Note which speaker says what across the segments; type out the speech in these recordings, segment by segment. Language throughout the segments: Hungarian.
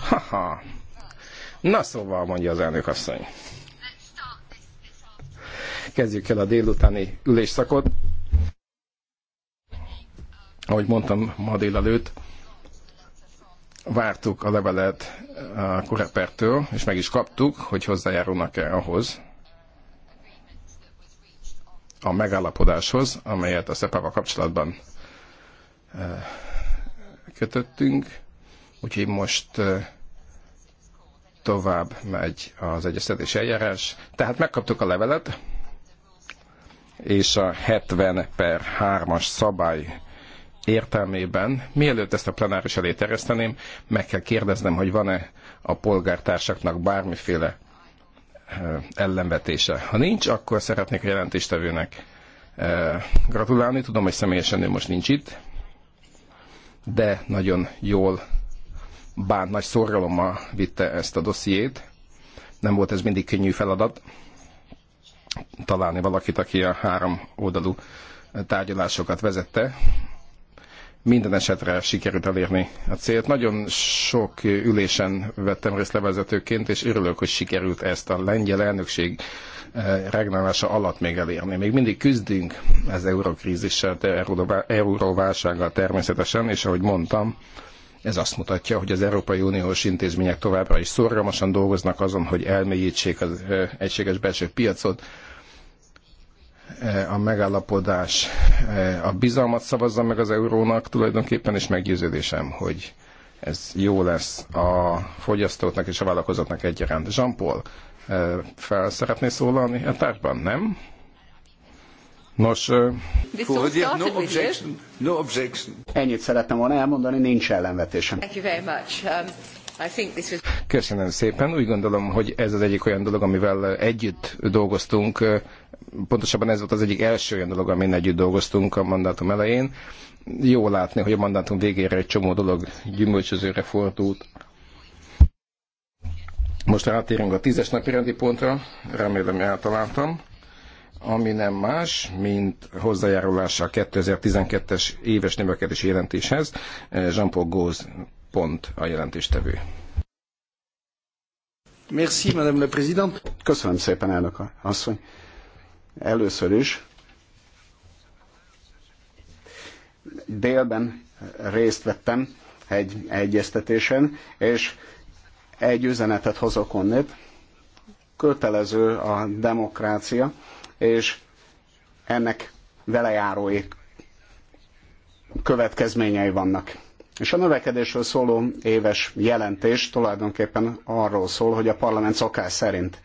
Speaker 1: Haha,
Speaker 2: Na szóval, mondja az elnök asszony. Kezdjük el a délutáni ülésszakot. Ahogy mondtam ma délelőtt, vártuk a levelet a Kurepertől, és meg is kaptuk, hogy hozzájárulnak-e ahhoz, a megállapodáshoz, amelyet a sepa kapcsolatban eh, kötöttünk. Úgyhogy most tovább megy az egyeztetés eljárás. Tehát megkaptuk a levelet, és a 70 per 3-as szabály értelmében, mielőtt ezt a plenáris elé terjeszteném, meg kell kérdeznem, hogy van-e a polgártársaknak bármiféle ellenvetése. Ha nincs, akkor szeretnék a jelentéstevőnek gratulálni. Tudom, hogy személyesen ő most nincs itt, de nagyon jól bár nagy szorgalommal vitte ezt a dossziét. Nem volt ez mindig könnyű feladat találni valakit, aki a három oldalú tárgyalásokat vezette. Minden esetre sikerült elérni a célt. Nagyon sok ülésen vettem részt levezetőként, és örülök, hogy sikerült ezt a lengyel elnökség eh, regnálása alatt még elérni. Még mindig küzdünk az eurokrízissel, euróválsággal természetesen, és ahogy mondtam, ez azt mutatja, hogy az Európai Uniós intézmények továbbra is szorgalmasan dolgoznak azon, hogy elmélyítsék az egységes belső piacot, a megállapodás a bizalmat szavazza meg az eurónak tulajdonképpen, és meggyőződésem, hogy ez jó lesz a fogyasztóknak és a vállalkozóknak egyaránt. Jean-Paul, fel
Speaker 3: szeretné szólalni a tárgyban, nem? Nos,
Speaker 1: no objection,
Speaker 3: no objection. ennyit szerettem volna elmondani, nincs ellenvetésem. Thank
Speaker 1: you very much. Um,
Speaker 2: Köszönöm szépen. Úgy gondolom, hogy ez az egyik olyan dolog, amivel együtt dolgoztunk. Pontosabban ez volt az egyik első olyan dolog, amin együtt dolgoztunk a mandátum elején. Jó látni, hogy a mandátum végére egy csomó dolog gyümölcsözőre fordult. Most rátérünk a tízes napi rendi pontra. Remélem, eltaláltam ami nem más, mint hozzájárulása a 2012-es éves növekedési jelentéshez. Jean-Paul Góz pont
Speaker 3: a jelentéstevő. Merci, Madame la Présidente. Köszönöm szépen, elnök asszony. Először is délben részt vettem egy egyeztetésen, és egy üzenetet hozok onnét. Kötelező a demokrácia, és ennek velejárói következményei vannak. És a növekedésről szóló éves jelentés tulajdonképpen arról szól, hogy a parlament szokás szerint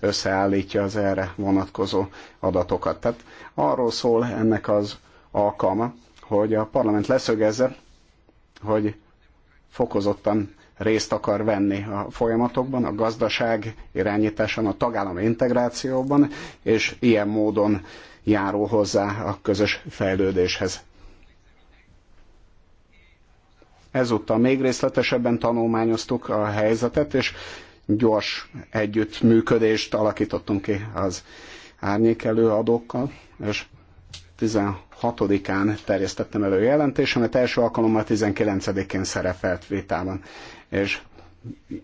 Speaker 3: összeállítja az erre vonatkozó adatokat. Tehát arról szól ennek az alkalma, hogy a parlament leszögezze, hogy fokozottan részt akar venni a folyamatokban, a gazdaság irányításán, a tagállami integrációban, és ilyen módon járul hozzá a közös fejlődéshez. Ezúttal még részletesebben tanulmányoztuk a helyzetet, és gyors együttműködést alakítottunk ki az árnyékelő adókkal, és 16-án terjesztettem elő jelentésemet, első alkalommal 19-én szerepelt vitában. És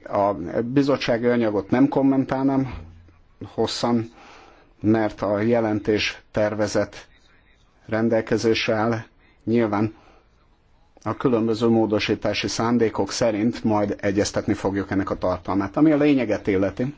Speaker 3: a bizottsági anyagot nem kommentálnám hosszan, mert a jelentés tervezet rendelkezésre áll. Nyilván a különböző módosítási szándékok szerint majd egyeztetni fogjuk ennek a tartalmát, ami a lényeget illeti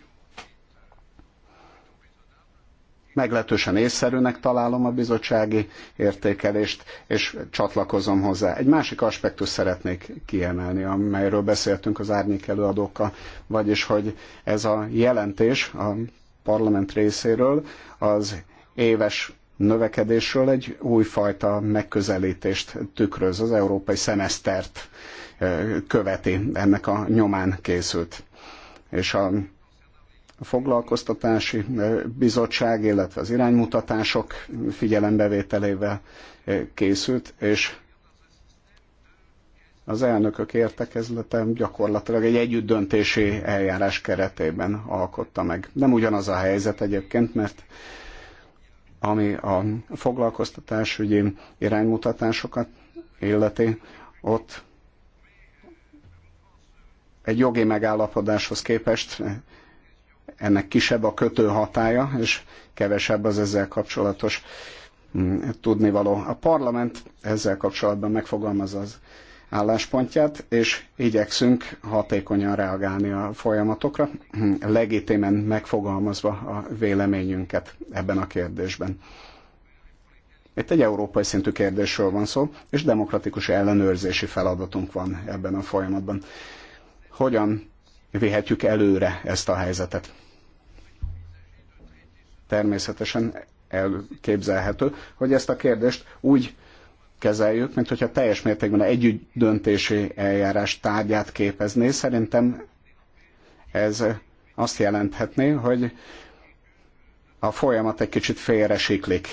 Speaker 3: meglehetősen észszerűnek találom a bizottsági értékelést, és csatlakozom hozzá. Egy másik aspektus szeretnék kiemelni, amelyről beszéltünk az árnyék előadókkal, vagyis, hogy ez a jelentés a parlament részéről az éves növekedésről egy újfajta megközelítést tükröz, az európai szemesztert követi, ennek a nyomán készült. És a a foglalkoztatási eh, bizottság, illetve az iránymutatások figyelembevételével eh, készült, és az elnökök értekezlete gyakorlatilag egy együttdöntési eljárás keretében alkotta meg. Nem ugyanaz a helyzet egyébként, mert ami a foglalkoztatásügyi iránymutatásokat illeti, ott egy jogi megállapodáshoz képest ennek kisebb a kötő hatája, és kevesebb az ezzel kapcsolatos mm, tudnivaló. A parlament ezzel kapcsolatban megfogalmaz az álláspontját, és igyekszünk hatékonyan reagálni a folyamatokra, mm, legitimen megfogalmazva a véleményünket ebben a kérdésben. Itt egy európai szintű kérdésről van szó, és demokratikus ellenőrzési feladatunk van ebben a folyamatban. Hogyan vihetjük előre ezt a helyzetet. Természetesen elképzelhető, hogy ezt a kérdést úgy kezeljük, mint hogyha teljes mértékben együtt döntési eljárás tárgyát képezné. Szerintem ez azt jelenthetné, hogy a folyamat egy kicsit félre siklik.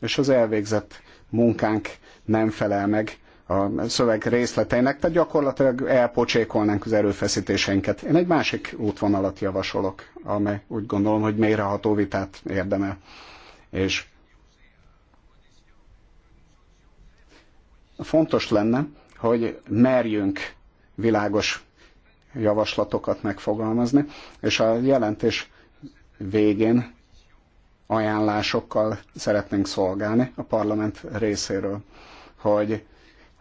Speaker 3: És az elvégzett munkánk nem felel meg a szöveg részleteinek, tehát gyakorlatilag elpocsékolnánk az erőfeszítéseinket. Én egy másik útvonalat javasolok, amely úgy gondolom, hogy mélyreható vitát érdemel. És fontos lenne, hogy merjünk világos javaslatokat megfogalmazni, és a jelentés végén ajánlásokkal szeretnénk szolgálni a parlament részéről, hogy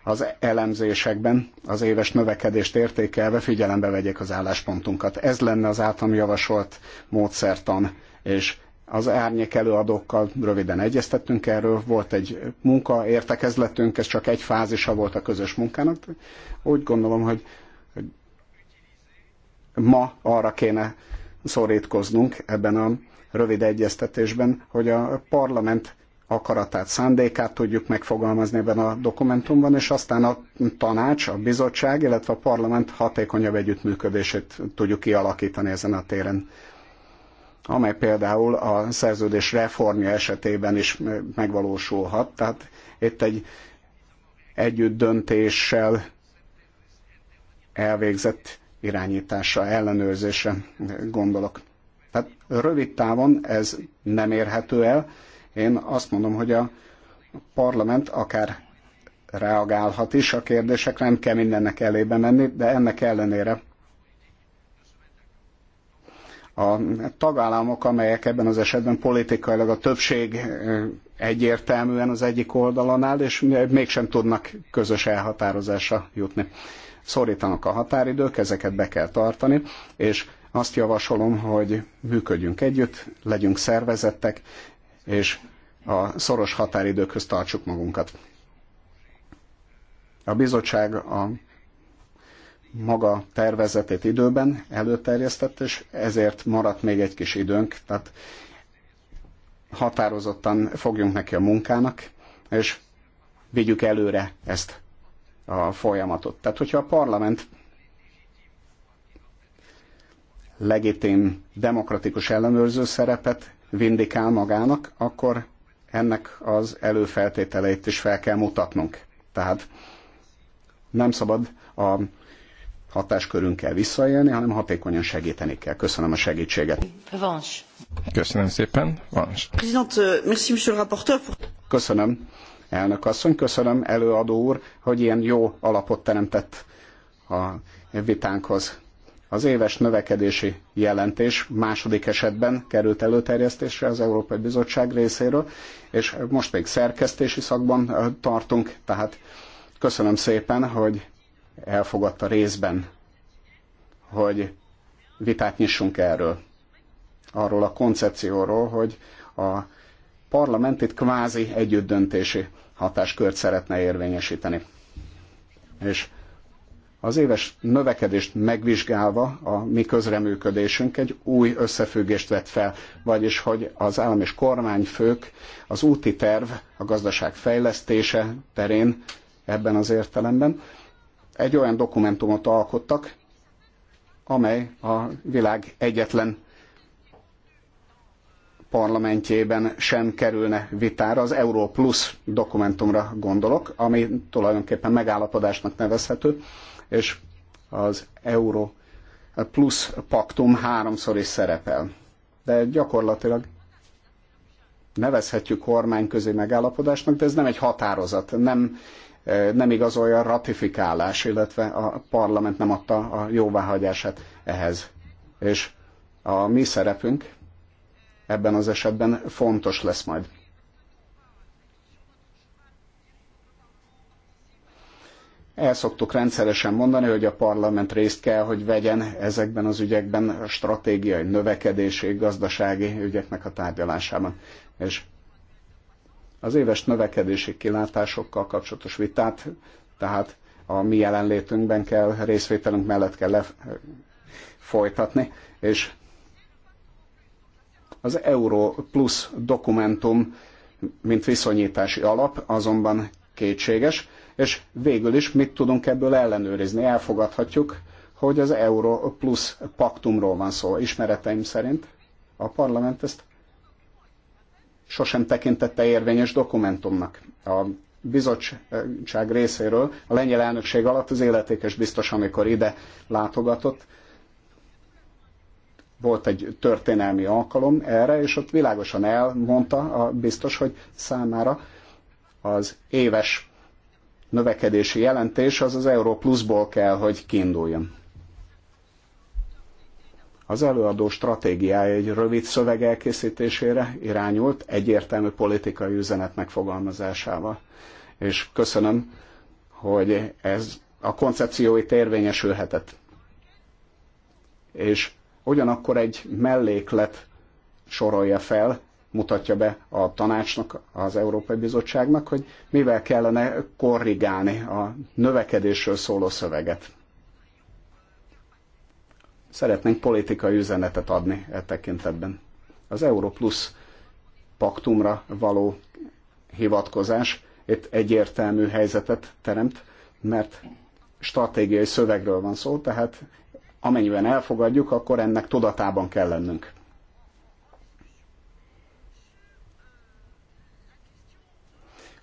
Speaker 3: az elemzésekben az éves növekedést értékelve figyelembe vegyék az álláspontunkat. Ez lenne az általam javasolt módszertan, és az árnyék előadókkal röviden egyeztettünk erről, volt egy munka, értekezletünk, ez csak egy fázisa volt a közös munkának. Úgy gondolom, hogy ma arra kéne szorítkoznunk ebben a rövid egyeztetésben, hogy a parlament akaratát, szándékát tudjuk megfogalmazni ebben a dokumentumban, és aztán a tanács, a bizottság, illetve a parlament hatékonyabb együttműködését tudjuk kialakítani ezen a téren amely például a szerződés reformja esetében is megvalósulhat. Tehát itt egy együtt döntéssel elvégzett irányítása ellenőrzésre gondolok. Tehát rövid távon ez nem érhető el, én azt mondom, hogy a parlament akár reagálhat is a kérdésekre, nem kell mindennek elébe menni, de ennek ellenére a tagállamok, amelyek ebben az esetben politikailag a többség egyértelműen az egyik oldalon áll, és mégsem tudnak közös elhatározásra jutni. Szorítanak a határidők, ezeket be kell tartani, és azt javasolom, hogy működjünk együtt, legyünk szervezettek, és a szoros határidőkhöz tartsuk magunkat. A bizottság a maga tervezetét időben előterjesztett, és ezért maradt még egy kis időnk, tehát határozottan fogjunk neki a munkának, és vigyük előre ezt a folyamatot. Tehát, hogyha a parlament legitim, demokratikus ellenőrző szerepet vindikál magának, akkor ennek az előfeltételeit is fel kell mutatnunk. Tehát nem szabad a hatáskörünkkel visszaélni, hanem hatékonyan segíteni kell. Köszönöm a segítséget. Köszönöm szépen. Köszönöm, elnök asszony, köszönöm, előadó úr, hogy ilyen jó alapot teremtett a vitánkhoz. Az éves növekedési jelentés második esetben került előterjesztésre az Európai Bizottság részéről, és most még szerkesztési szakban tartunk, tehát köszönöm szépen, hogy elfogadta részben, hogy vitát nyissunk erről. Arról a koncepcióról, hogy a parlament itt kvázi együttdöntési hatáskört szeretne érvényesíteni. És az éves növekedést megvizsgálva a mi közreműködésünk egy új összefüggést vett fel, vagyis hogy az állam és kormányfők az úti terv a gazdaság fejlesztése terén ebben az értelemben egy olyan dokumentumot alkottak, amely a világ egyetlen parlamentjében sem kerülne vitára, az Euró Plus dokumentumra gondolok, ami tulajdonképpen megállapodásnak nevezhető, és az euró plusz paktum háromszor is szerepel. De gyakorlatilag nevezhetjük kormányközi megállapodásnak, de ez nem egy határozat, nem, e, nem igazolja a ratifikálás, illetve a parlament nem adta a jóváhagyását ehhez. És a mi szerepünk ebben az esetben fontos lesz majd. el szoktuk rendszeresen mondani, hogy a parlament részt kell, hogy vegyen ezekben az ügyekben a stratégiai növekedési, gazdasági ügyeknek a tárgyalásában. És az éves növekedési kilátásokkal kapcsolatos vitát, tehát a mi jelenlétünkben kell, részvételünk mellett kell folytatni, és az Euro Plus dokumentum, mint viszonyítási alap, azonban kétséges, és végül is mit tudunk ebből ellenőrizni? Elfogadhatjuk, hogy az Euró plusz paktumról van szó. Ismereteim szerint a parlament ezt sosem tekintette érvényes dokumentumnak. A bizottság részéről a lengyel elnökség alatt az életékes biztos, amikor ide látogatott, volt egy történelmi alkalom erre, és ott világosan elmondta a biztos, hogy számára az éves növekedési jelentés az az Euró pluszból kell, hogy kiinduljon. Az előadó stratégiája egy rövid szöveg elkészítésére irányult, egyértelmű politikai üzenet megfogalmazásával. És köszönöm, hogy ez a koncepciói érvényesülhetett. És ugyanakkor egy melléklet sorolja fel mutatja be a tanácsnak, az Európai Bizottságnak, hogy mivel kellene korrigálni a növekedésről szóló szöveget. Szeretnénk politikai üzenetet adni e tekintetben. Az Euro Plus paktumra való hivatkozás itt egyértelmű helyzetet teremt, mert stratégiai szövegről van szó, tehát amennyiben elfogadjuk, akkor ennek tudatában kell lennünk.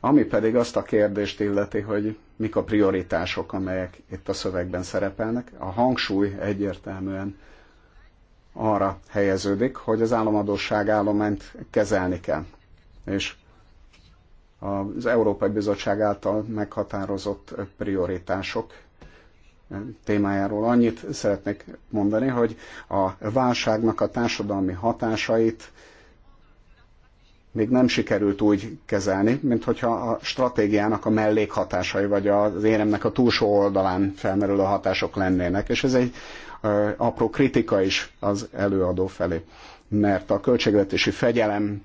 Speaker 3: Ami pedig azt a kérdést illeti, hogy mik a prioritások, amelyek itt a szövegben szerepelnek, a hangsúly egyértelműen arra helyeződik, hogy az államadóság állományt kezelni kell. És az Európai Bizottság által meghatározott prioritások témájáról annyit szeretnék mondani, hogy a válságnak a társadalmi hatásait még nem sikerült úgy kezelni, mint hogyha a stratégiának a mellékhatásai, vagy az éremnek a túlsó oldalán felmerülő hatások lennének. És ez egy apró kritika is az előadó felé. Mert a költségvetési fegyelem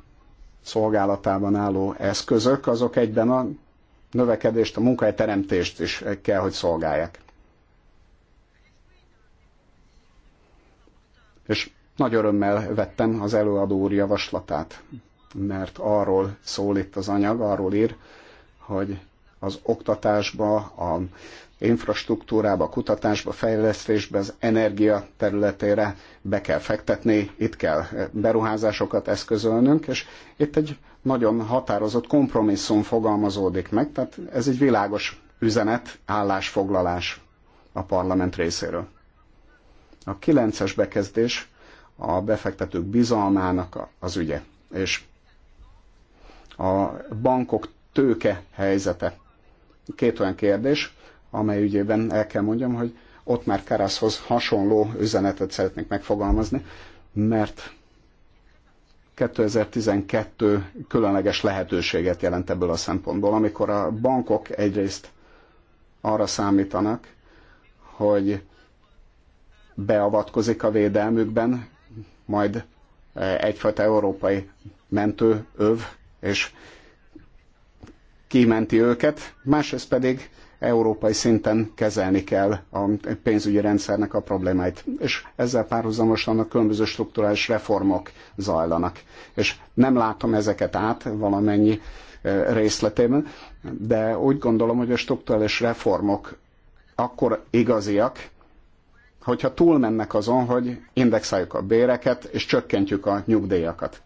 Speaker 3: szolgálatában álló eszközök, azok egyben a növekedést, a munkahelyteremtést is kell, hogy szolgálják. És nagy örömmel vettem az előadó úr javaslatát mert arról szól itt az anyag, arról ír, hogy az oktatásba, a infrastruktúrába, kutatásba, fejlesztésbe, az energia területére be kell fektetni, itt kell beruházásokat eszközölnünk, és itt egy nagyon határozott kompromisszum fogalmazódik meg, tehát ez egy világos üzenet, állásfoglalás a parlament részéről. A kilences bekezdés a befektetők bizalmának az ügye, és a bankok tőke helyzete. Két olyan kérdés, amely ügyében el kell mondjam, hogy ott már Karaszhoz hasonló üzenetet szeretnék megfogalmazni, mert 2012 különleges lehetőséget jelent ebből a szempontból, amikor a bankok egyrészt arra számítanak, hogy beavatkozik a védelmükben, majd eh, egyfajta európai mentőöv és kimenti őket, másrészt pedig európai szinten kezelni kell a pénzügyi rendszernek a problémáit. És ezzel párhuzamosan a különböző strukturális reformok zajlanak. És nem látom ezeket át valamennyi e, részletében, de úgy gondolom, hogy a strukturális reformok akkor igaziak, hogyha túlmennek azon, hogy indexáljuk a béreket és csökkentjük a nyugdíjakat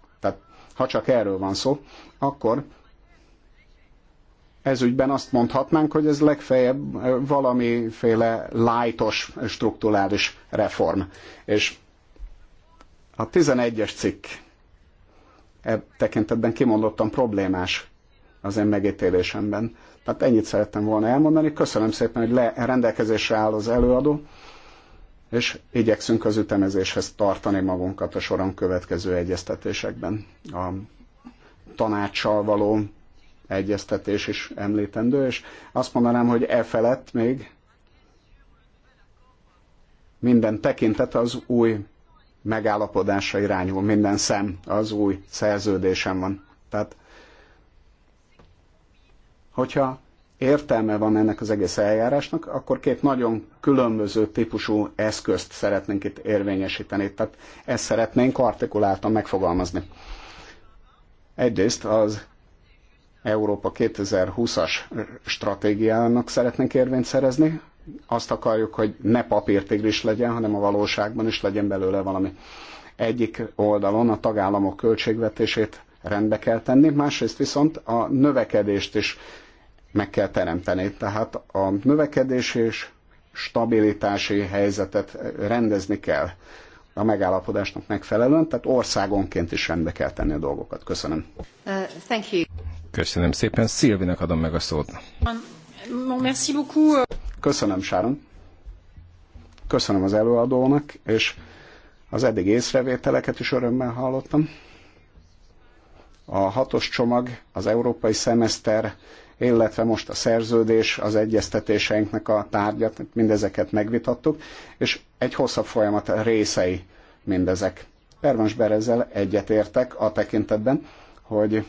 Speaker 3: ha csak erről van szó, akkor ez ügyben azt mondhatnánk, hogy ez legfeljebb eh, valamiféle lájtos strukturális reform. És a 11-es cikk e tekintetben kimondottan problémás az én megítélésemben. Tehát ennyit szerettem volna elmondani. Köszönöm szépen, hogy le rendelkezésre áll az előadó, és igyekszünk az ütemezéshez tartani magunkat a soron következő egyeztetésekben. A tanácssal való egyeztetés is említendő, és azt mondanám, hogy e felett még minden tekintet az új megállapodásra irányul, minden szem az új szerződésem van. Tehát, hogyha értelme van ennek az egész eljárásnak, akkor két nagyon különböző típusú eszközt szeretnénk itt érvényesíteni. Tehát ezt szeretnénk artikuláltan megfogalmazni. Egyrészt az Európa 2020-as stratégiának szeretnénk érvényt szerezni. Azt akarjuk, hogy ne papírtigris legyen, hanem a valóságban is legyen belőle valami. Egyik oldalon a tagállamok költségvetését rendbe kell tenni, másrészt viszont a növekedést is meg kell teremteni. Tehát a növekedés és stabilitási helyzetet rendezni kell a megállapodásnak megfelelően, tehát országonként is rendbe kell tenni a dolgokat. Köszönöm.
Speaker 1: Uh, thank you.
Speaker 3: Köszönöm szépen. Szilvinek adom meg a szót.
Speaker 1: Merci beaucoup.
Speaker 3: Köszönöm, Sáron. Köszönöm az előadónak, és az eddig észrevételeket is örömmel hallottam. A hatos csomag, az európai szemeszter illetve most a szerződés, az egyeztetéseinknek a tárgyat, mindezeket megvitattuk, és egy hosszabb folyamat részei mindezek. Pervans Berezzel egyetértek a tekintetben, hogy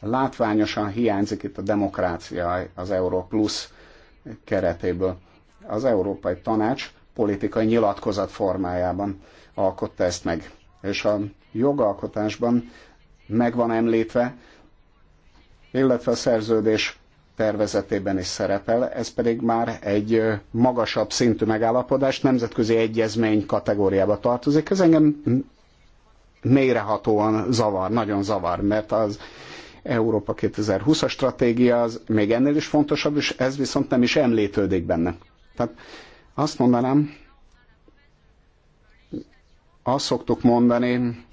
Speaker 3: látványosan hiányzik itt a demokrácia az Euró Plus keretéből. Az Európai Tanács politikai nyilatkozat formájában alkotta ezt meg. És a jogalkotásban meg van említve illetve a szerződés tervezetében is szerepel, ez pedig már egy magasabb szintű megállapodás, nemzetközi egyezmény kategóriába tartozik. Ez engem mélyrehatóan zavar, nagyon zavar, mert az Európa 2020-as stratégia az még ennél is fontosabb, és ez viszont nem is említődik benne. Tehát azt mondanám, azt szoktuk mondani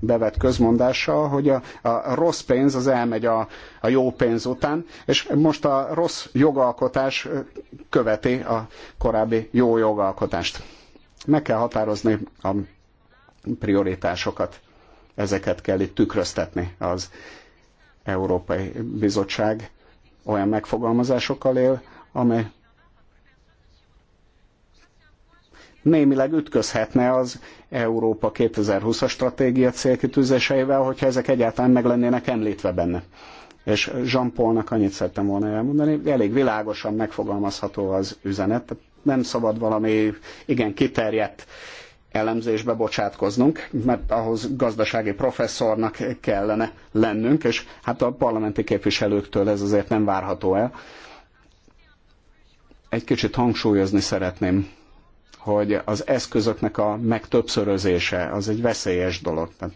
Speaker 3: bevett közmondással, hogy a, a rossz pénz az elmegy a, a jó pénz után, és most a rossz jogalkotás követi a korábbi jó jogalkotást. Meg kell határozni a prioritásokat, ezeket kell itt tükröztetni az Európai Bizottság olyan megfogalmazásokkal él, amely némileg ütközhetne az Európa 2020-as stratégia célkitűzéseivel, hogyha ezek egyáltalán meg lennének említve benne. És Jean Paulnak annyit szerettem volna elmondani, elég világosan megfogalmazható az üzenet, nem szabad valami igen kiterjedt elemzésbe bocsátkoznunk, mert ahhoz gazdasági professzornak kellene lennünk, és hát a parlamenti képviselőktől ez azért nem várható el. Egy kicsit hangsúlyozni szeretném hogy az eszközöknek a megtöbbszörözése az egy veszélyes dolog. Tehát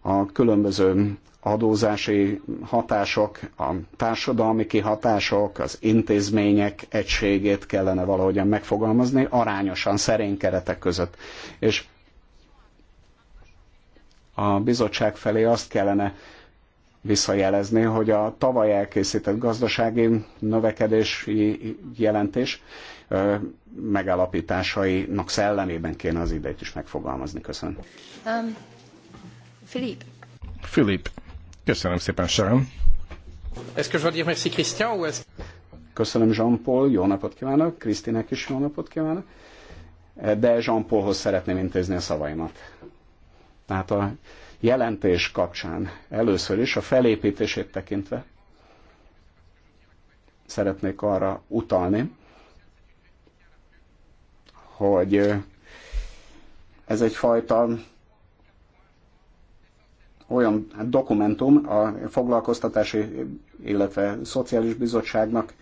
Speaker 3: a különböző adózási hatások, a társadalmi kihatások, az intézmények egységét kellene valahogyan megfogalmazni arányosan, szerény keretek között. És a bizottság felé azt kellene visszajelezni, hogy a tavaly elkészített gazdasági növekedési jelentés megállapításainak szellemében kéne az idejét is megfogalmazni. Köszönöm.
Speaker 1: Um, Philippe,
Speaker 3: Philippe. Köszönöm szépen, Sharon. Köszönöm, Jean-Paul. Jó napot kívánok. Krisztinek is jó napot kívánok. De Jean-Paulhoz szeretném intézni a szavaimat. Tehát a jelentés kapcsán először is a felépítését tekintve szeretnék arra utalni, hogy ez egyfajta olyan dokumentum a foglalkoztatási, illetve szociális bizottságnak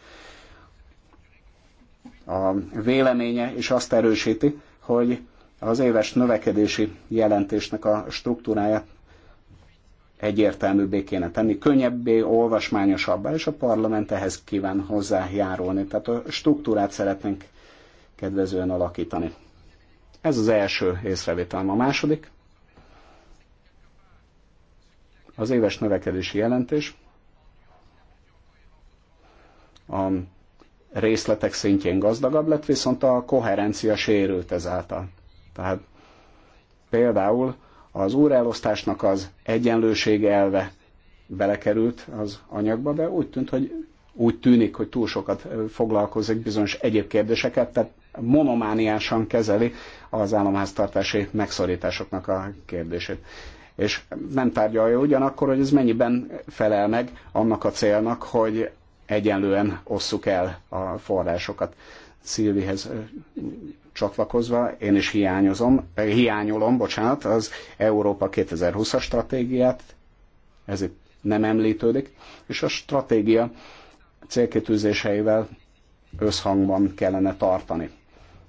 Speaker 3: a véleménye, és azt erősíti, hogy az éves növekedési jelentésnek a struktúráját egyértelműbbé kéne tenni, könnyebbé, olvasmányosabbá, és a parlament ehhez kíván hozzájárulni. Tehát a struktúrát szeretnénk kedvezően alakítani. Ez az első észrevételem. A második, az éves növekedési jelentés a részletek szintjén gazdagabb lett, viszont a koherencia sérült ezáltal. Tehát például az óraelosztásnak az egyenlőség elve belekerült az anyagba, de úgy tűnt, hogy úgy tűnik, hogy túl sokat foglalkozik bizonyos egyéb kérdéseket, tehát monomániásan kezeli az államháztartási megszorításoknak a kérdését. És nem tárgyalja ugyanakkor, hogy ez mennyiben felel meg annak a célnak, hogy egyenlően osszuk el a forrásokat. Szilvihez csatlakozva, én is hiányozom, eh, hiányolom, bocsánat, az Európa 2020-as stratégiát, ez itt nem említődik, és a stratégia célkitűzéseivel összhangban kellene tartani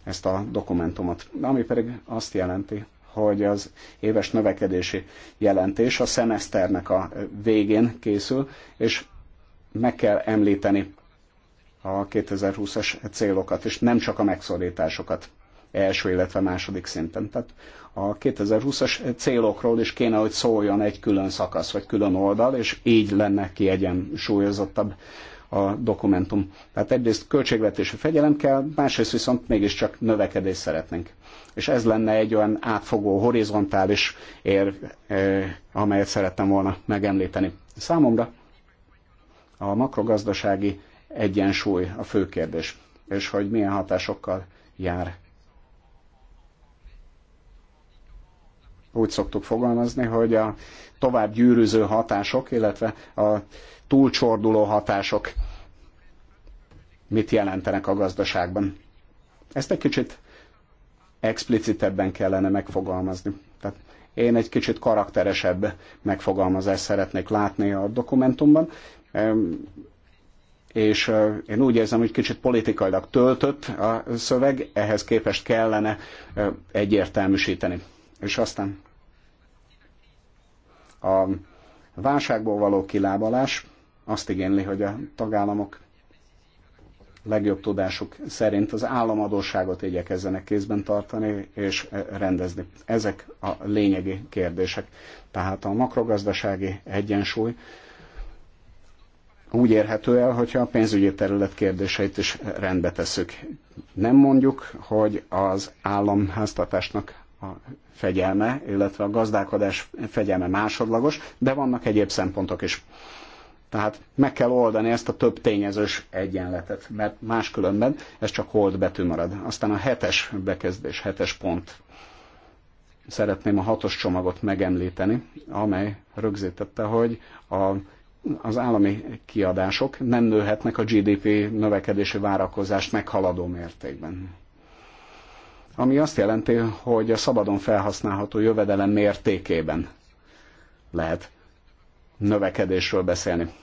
Speaker 3: ezt a dokumentumot, ami pedig azt jelenti, hogy az éves növekedési jelentés a szemeszternek a végén készül, és meg kell említeni a 2020-as célokat, és nem csak a megszorításokat első, illetve második szinten. Tehát a 2020-as célokról is kéne, hogy szóljon egy külön szakasz, vagy külön oldal, és így lenne kiegyensúlyozottabb a dokumentum. Tehát egyrészt költségvetési fegyelem kell, másrészt viszont mégiscsak növekedést szeretnénk. És ez lenne egy olyan átfogó, horizontális ér, eh, amelyet szerettem volna megemlíteni. Számomra a makrogazdasági egyensúly a fő kérdés, és hogy milyen hatásokkal jár úgy szoktuk fogalmazni, hogy a tovább gyűrűző hatások, illetve a túlcsorduló hatások mit jelentenek a gazdaságban. Ezt egy kicsit explicitebben kellene megfogalmazni. Tehát én egy kicsit karakteresebb megfogalmazást szeretnék látni a dokumentumban, ehm, és én úgy érzem, hogy kicsit politikailag töltött a szöveg, ehhez képest kellene egyértelműsíteni. És aztán a válságból való kilábalás azt igényli, hogy a tagállamok legjobb tudásuk szerint az államadóságot igyekezzenek kézben tartani és rendezni. Ezek a lényegi kérdések. Tehát a makrogazdasági egyensúly úgy érhető el, hogyha a pénzügyi terület kérdéseit is rendbe tesszük. Nem mondjuk, hogy az államháztatásnak a fegyelme, illetve a gazdálkodás fegyelme másodlagos, de vannak egyéb szempontok is. Tehát meg kell oldani ezt a több tényezős egyenletet, mert máskülönben ez csak hold betű marad. Aztán a hetes bekezdés, hetes pont. Szeretném a hatos csomagot megemlíteni, amely rögzítette, hogy a, az állami kiadások nem nőhetnek a GDP növekedési várakozást meghaladó mértékben ami azt jelenti, hogy a szabadon felhasználható jövedelem mértékében lehet növekedésről beszélni.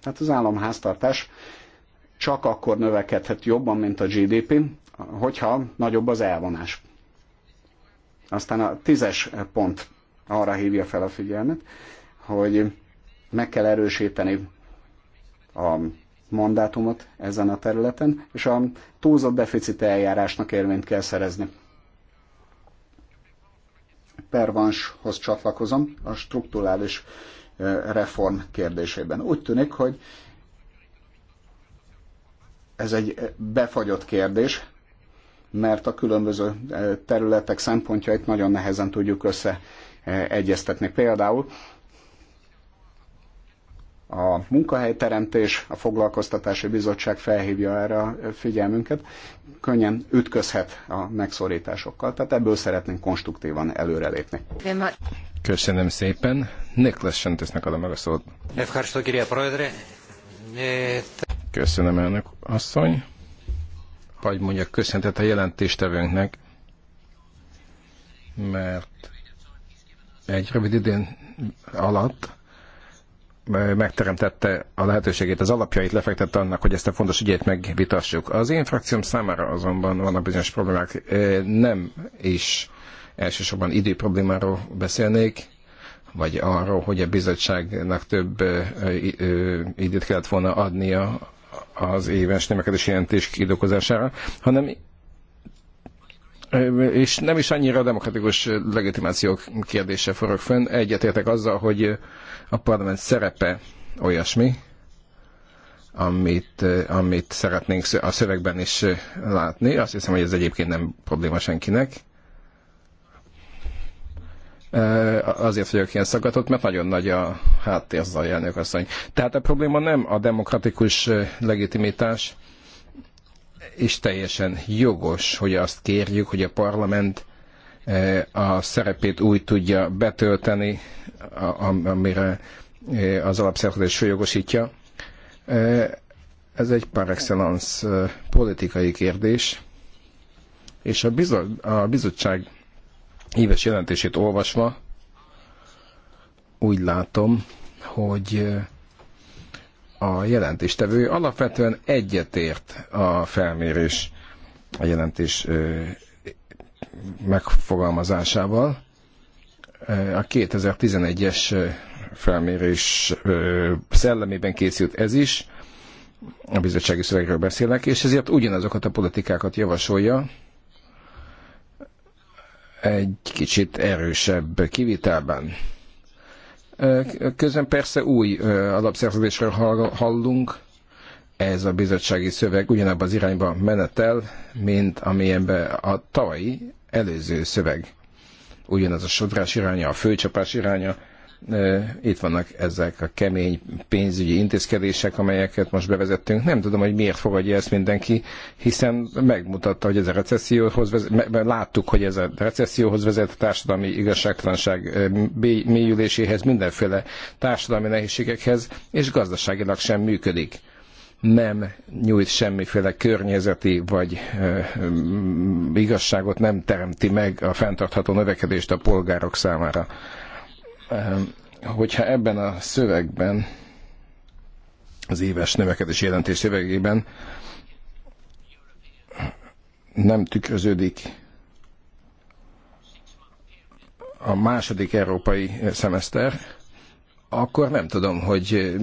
Speaker 3: Tehát az államháztartás csak akkor növekedhet jobban, mint a GDP, hogyha nagyobb az elvonás. Aztán a tízes pont arra hívja fel a figyelmet, hogy meg kell erősíteni a mandátumot ezen a területen, és a túlzott deficit eljárásnak érvényt kell szerezni. Pervanshoz csatlakozom a strukturális reform kérdésében. Úgy tűnik, hogy ez egy befagyott kérdés, mert a különböző területek szempontjait nagyon nehezen tudjuk összeegyeztetni. Például a munkahelyteremtés, a foglalkoztatási bizottság felhívja erre a figyelmünket, könnyen ütközhet a megszorításokkal, tehát ebből szeretnénk konstruktívan előrelépni.
Speaker 2: Köszönöm szépen. Niklas Sentesnek adom meg a szót.
Speaker 4: E,
Speaker 2: Köszönöm, elnök asszony. Hogy mondjak köszöntet a jelentéstevőnknek, mert egy rövid időn alatt megteremtette a lehetőségét, az alapjait lefektette annak, hogy ezt a fontos ügyét megvitassuk. Az én frakcióm számára azonban vannak bizonyos problémák. Nem is elsősorban idő problémáról beszélnék, vagy arról, hogy a bizottságnak több időt kellett volna adnia az éves nemekedési jelentés kidokozására, hanem és nem is annyira a demokratikus legitimáció kérdése forog fönn. Egyetértek azzal, hogy a parlament szerepe olyasmi, amit, amit szeretnénk a szövegben is látni. Azt hiszem, hogy ez egyébként nem probléma senkinek. Azért vagyok ilyen szaggatott, mert nagyon nagy a háttér zajjelnök asszony. Tehát a probléma nem a demokratikus legitimitás, és teljesen jogos, hogy azt kérjük, hogy a parlament eh, a szerepét úgy tudja betölteni, amire eh, az alapszerződés jogosítja. Eh, ez egy par excellence politikai kérdés, és a, bizot, a bizottság éves jelentését olvasva úgy látom, hogy a jelentéstevő alapvetően egyetért a felmérés, a jelentés megfogalmazásával. A 2011-es felmérés szellemében készült ez is, a bizottsági szövegről beszélek, és ezért ugyanazokat a politikákat javasolja, egy kicsit erősebb kivitelben Közben persze új alapszerződésről hallunk, ez a bizottsági szöveg ugyanabban az irányba menetel, mint amilyenbe a tavalyi előző szöveg. Ugyanaz a sodrás iránya, a főcsapás iránya, itt vannak ezek a kemény pénzügyi intézkedések, amelyeket most bevezettünk. Nem tudom, hogy miért fogadja ezt mindenki, hiszen megmutatta, hogy ez a recesszióhoz vezet, láttuk, hogy ez a recesszióhoz vezet a társadalmi igazságtalanság mélyüléséhez, mindenféle társadalmi nehézségekhez, és gazdaságilag sem működik nem nyújt semmiféle környezeti vagy ö, igazságot, nem teremti meg a fenntartható növekedést a polgárok számára. Ehm, hogyha ebben a szövegben, az éves növekedés jelentés szövegében nem tükröződik a második európai szemeszter, akkor nem tudom, hogy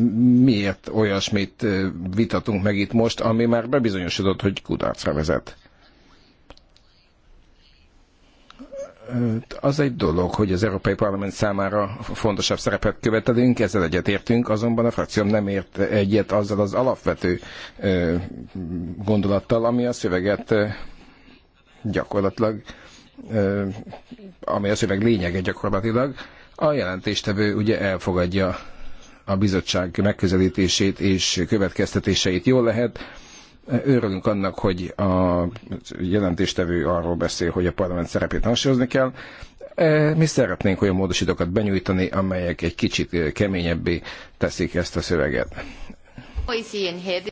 Speaker 2: miért olyasmit eh, vitatunk meg itt most, ami már bebizonyosodott, hogy kudarcra vezet. Az egy dolog, hogy az Európai Parlament számára fontosabb szerepet követelünk, ezzel egyetértünk, azonban a frakcióm nem ért egyet azzal az alapvető gondolattal, ami a szöveget gyakorlatilag, ami a szöveg lényege gyakorlatilag. A jelentéstevő ugye elfogadja a bizottság megközelítését és következtetéseit. Jól lehet, Örülünk annak, hogy a jelentéstevő arról beszél, hogy a parlament szerepét hangsúlyozni kell. E, mi szeretnénk olyan módosítókat benyújtani, amelyek egy kicsit keményebbé teszik ezt a szöveget.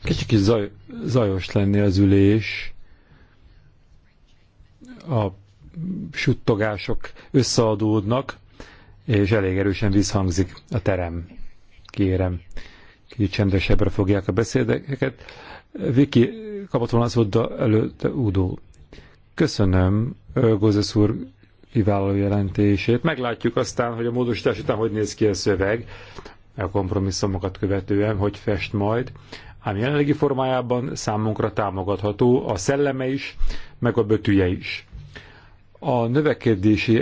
Speaker 2: Kicsit kis zaj,
Speaker 4: zajos lenni az ülés. A suttogások összeadódnak, és elég erősen visszhangzik a terem. Kérem, kicsit csendesebbre fogják a beszédeket. Viki kapott volna szót előtte Udo. Köszönöm Gózes úr kiváló jelentését. Meglátjuk aztán, hogy a módosítás után hogy néz ki a szöveg, a kompromisszumokat követően, hogy fest majd. Ám jelenlegi formájában számunkra támogatható a szelleme is, meg a bötüje is. A növekedési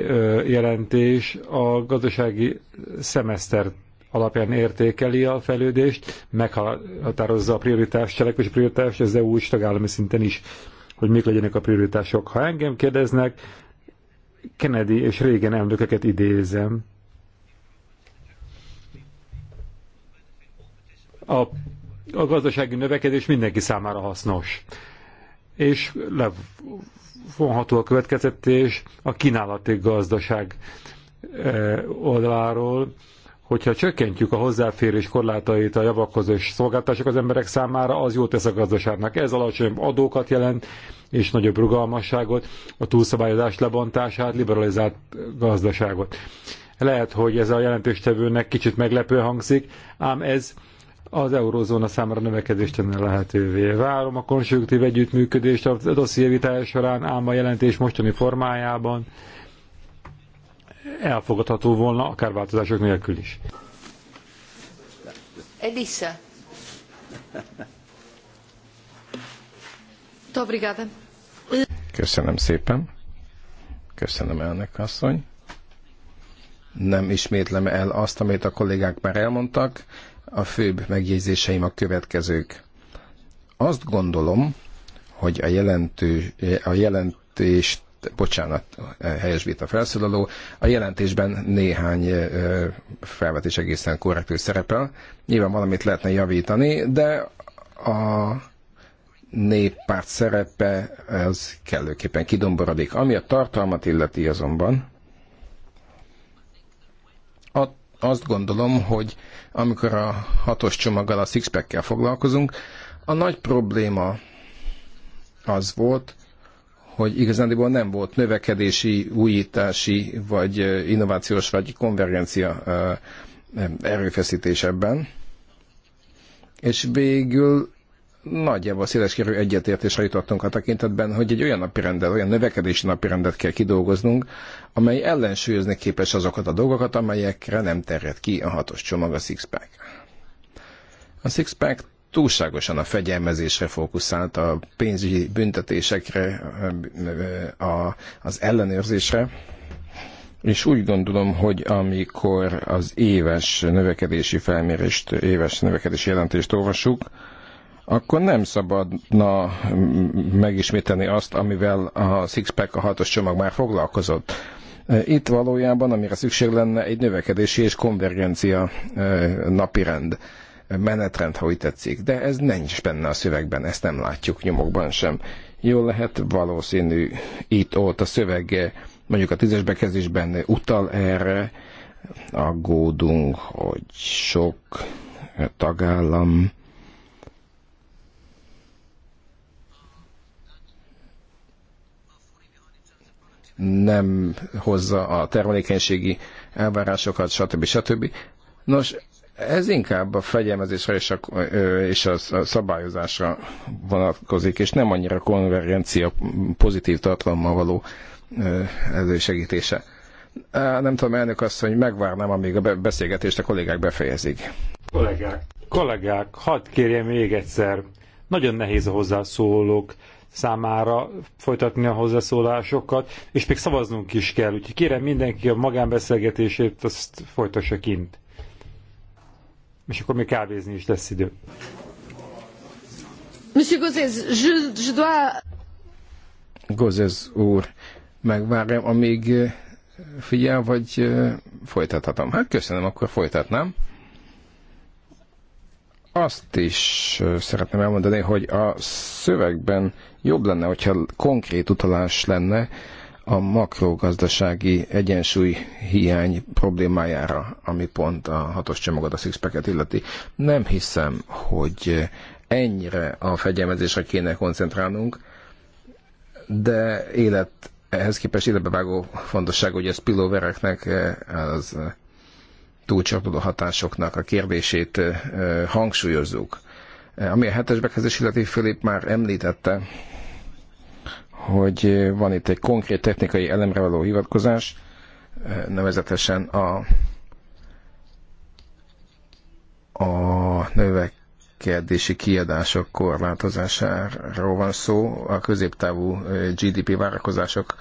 Speaker 4: jelentés a gazdasági szemesztert alapján értékeli a fejlődést, meghatározza a prioritás, cselekvési prioritás az EU és tagállami szinten is, hogy mik legyenek a prioritások. Ha engem kérdeznek, Kennedy és régen elnököket idézem. A, a gazdasági növekedés mindenki számára hasznos. És levonható a következtetés a kínálati gazdaság eh, oldaláról, hogyha csökkentjük a hozzáférés korlátait a javakhoz és szolgáltatások az emberek számára, az jót tesz a gazdaságnak. Ez alacsonyabb adókat jelent, és nagyobb rugalmasságot, a túlszabályozás lebontását, liberalizált gazdaságot. Lehet, hogy ez a jelentéstevőnek kicsit meglepő hangzik, ám ez az Eurózóna számára növekedést tenni lehetővé. Várom a konstruktív együttműködést a dosszié során, ám a jelentés mostani formájában elfogadható volna, akár változások nélkül is.
Speaker 1: Elisa.
Speaker 2: Köszönöm szépen. Köszönöm elnök asszony. Nem ismétlem el azt, amit a kollégák már elmondtak. A főbb megjegyzéseim a következők. Azt gondolom, hogy a, jelentő, a jelentést bocsánat, helyes a felszólaló. A jelentésben néhány felvetés egészen korrektül szerepel. Nyilván valamit lehetne javítani, de a néppárt szerepe az kellőképpen kidomborodik. Ami a tartalmat illeti azonban, azt gondolom, hogy amikor a hatos csomaggal, a sixpack foglalkozunk, a nagy probléma az volt, hogy igazándiból nem volt növekedési, újítási vagy innovációs vagy konvergencia erőfeszítés ebben. És végül nagyjából széleskörű egyetértésre jutottunk a tekintetben, hogy egy olyan napirendet, olyan növekedési napirendet kell kidolgoznunk, amely ellensúlyozni képes azokat a dolgokat, amelyekre nem terjed ki a hatos csomag, a Sixpack. A Sixpack túlságosan a fegyelmezésre fókuszált, a pénzügyi büntetésekre, a, az ellenőrzésre. És úgy gondolom, hogy amikor az éves növekedési felmérést, éves növekedési jelentést olvassuk, akkor nem szabadna megismételni azt, amivel a Sixpack a hatos csomag már foglalkozott. Itt valójában, amire szükség lenne, egy növekedési és konvergencia napirend menetrend, ha úgy tetszik. De ez nincs benne a szövegben, ezt nem látjuk nyomokban sem. Jól lehet valószínű itt-ott a szöveg mondjuk a tízes bekezdésben utal erre, aggódunk, hogy sok tagállam nem hozza a termelékenységi elvárásokat, stb. stb. Nos, ez inkább a fegyelmezésre és a, és a szabályozásra vonatkozik, és nem annyira konvergencia pozitív tartalommal való elősegítése. Nem tudom, elnök azt, hogy megvárnám, amíg a beszélgetést a kollégák befejezik.
Speaker 4: Kollégák, kollégák, hadd kérjem még egyszer. Nagyon nehéz a hozzászólók számára folytatni a hozzászólásokat, és még szavaznunk is kell. Úgyhogy kérem mindenki a magánbeszélgetését, azt folytassa kint és akkor még kávézni is lesz idő.
Speaker 1: Monsieur Gozes, je, je dois...
Speaker 4: Gozes úr, megvárjam,
Speaker 2: amíg figyel, vagy folytathatom. Hát köszönöm, akkor folytatnám. Azt is szeretném elmondani, hogy a szövegben jobb lenne, hogyha konkrét utalás lenne a makrogazdasági egyensúly hiány problémájára, ami pont a hatos csomagot, a sixpacket illeti. Nem hiszem, hogy ennyire a fegyelmezésre kéne koncentrálnunk, de élet, ehhez képest életbevágó fontosság, hogy a spillóvereknek, az túlcsapodó hatásoknak a kérdését hangsúlyozzuk. Ami a hetes bekezdés illeti Filip már említette, hogy eh, van itt egy konkrét technikai elemre való hivatkozás, eh, nevezetesen a, a növekedési kiadások korlátozásáról van szó a középtávú eh, GDP várakozások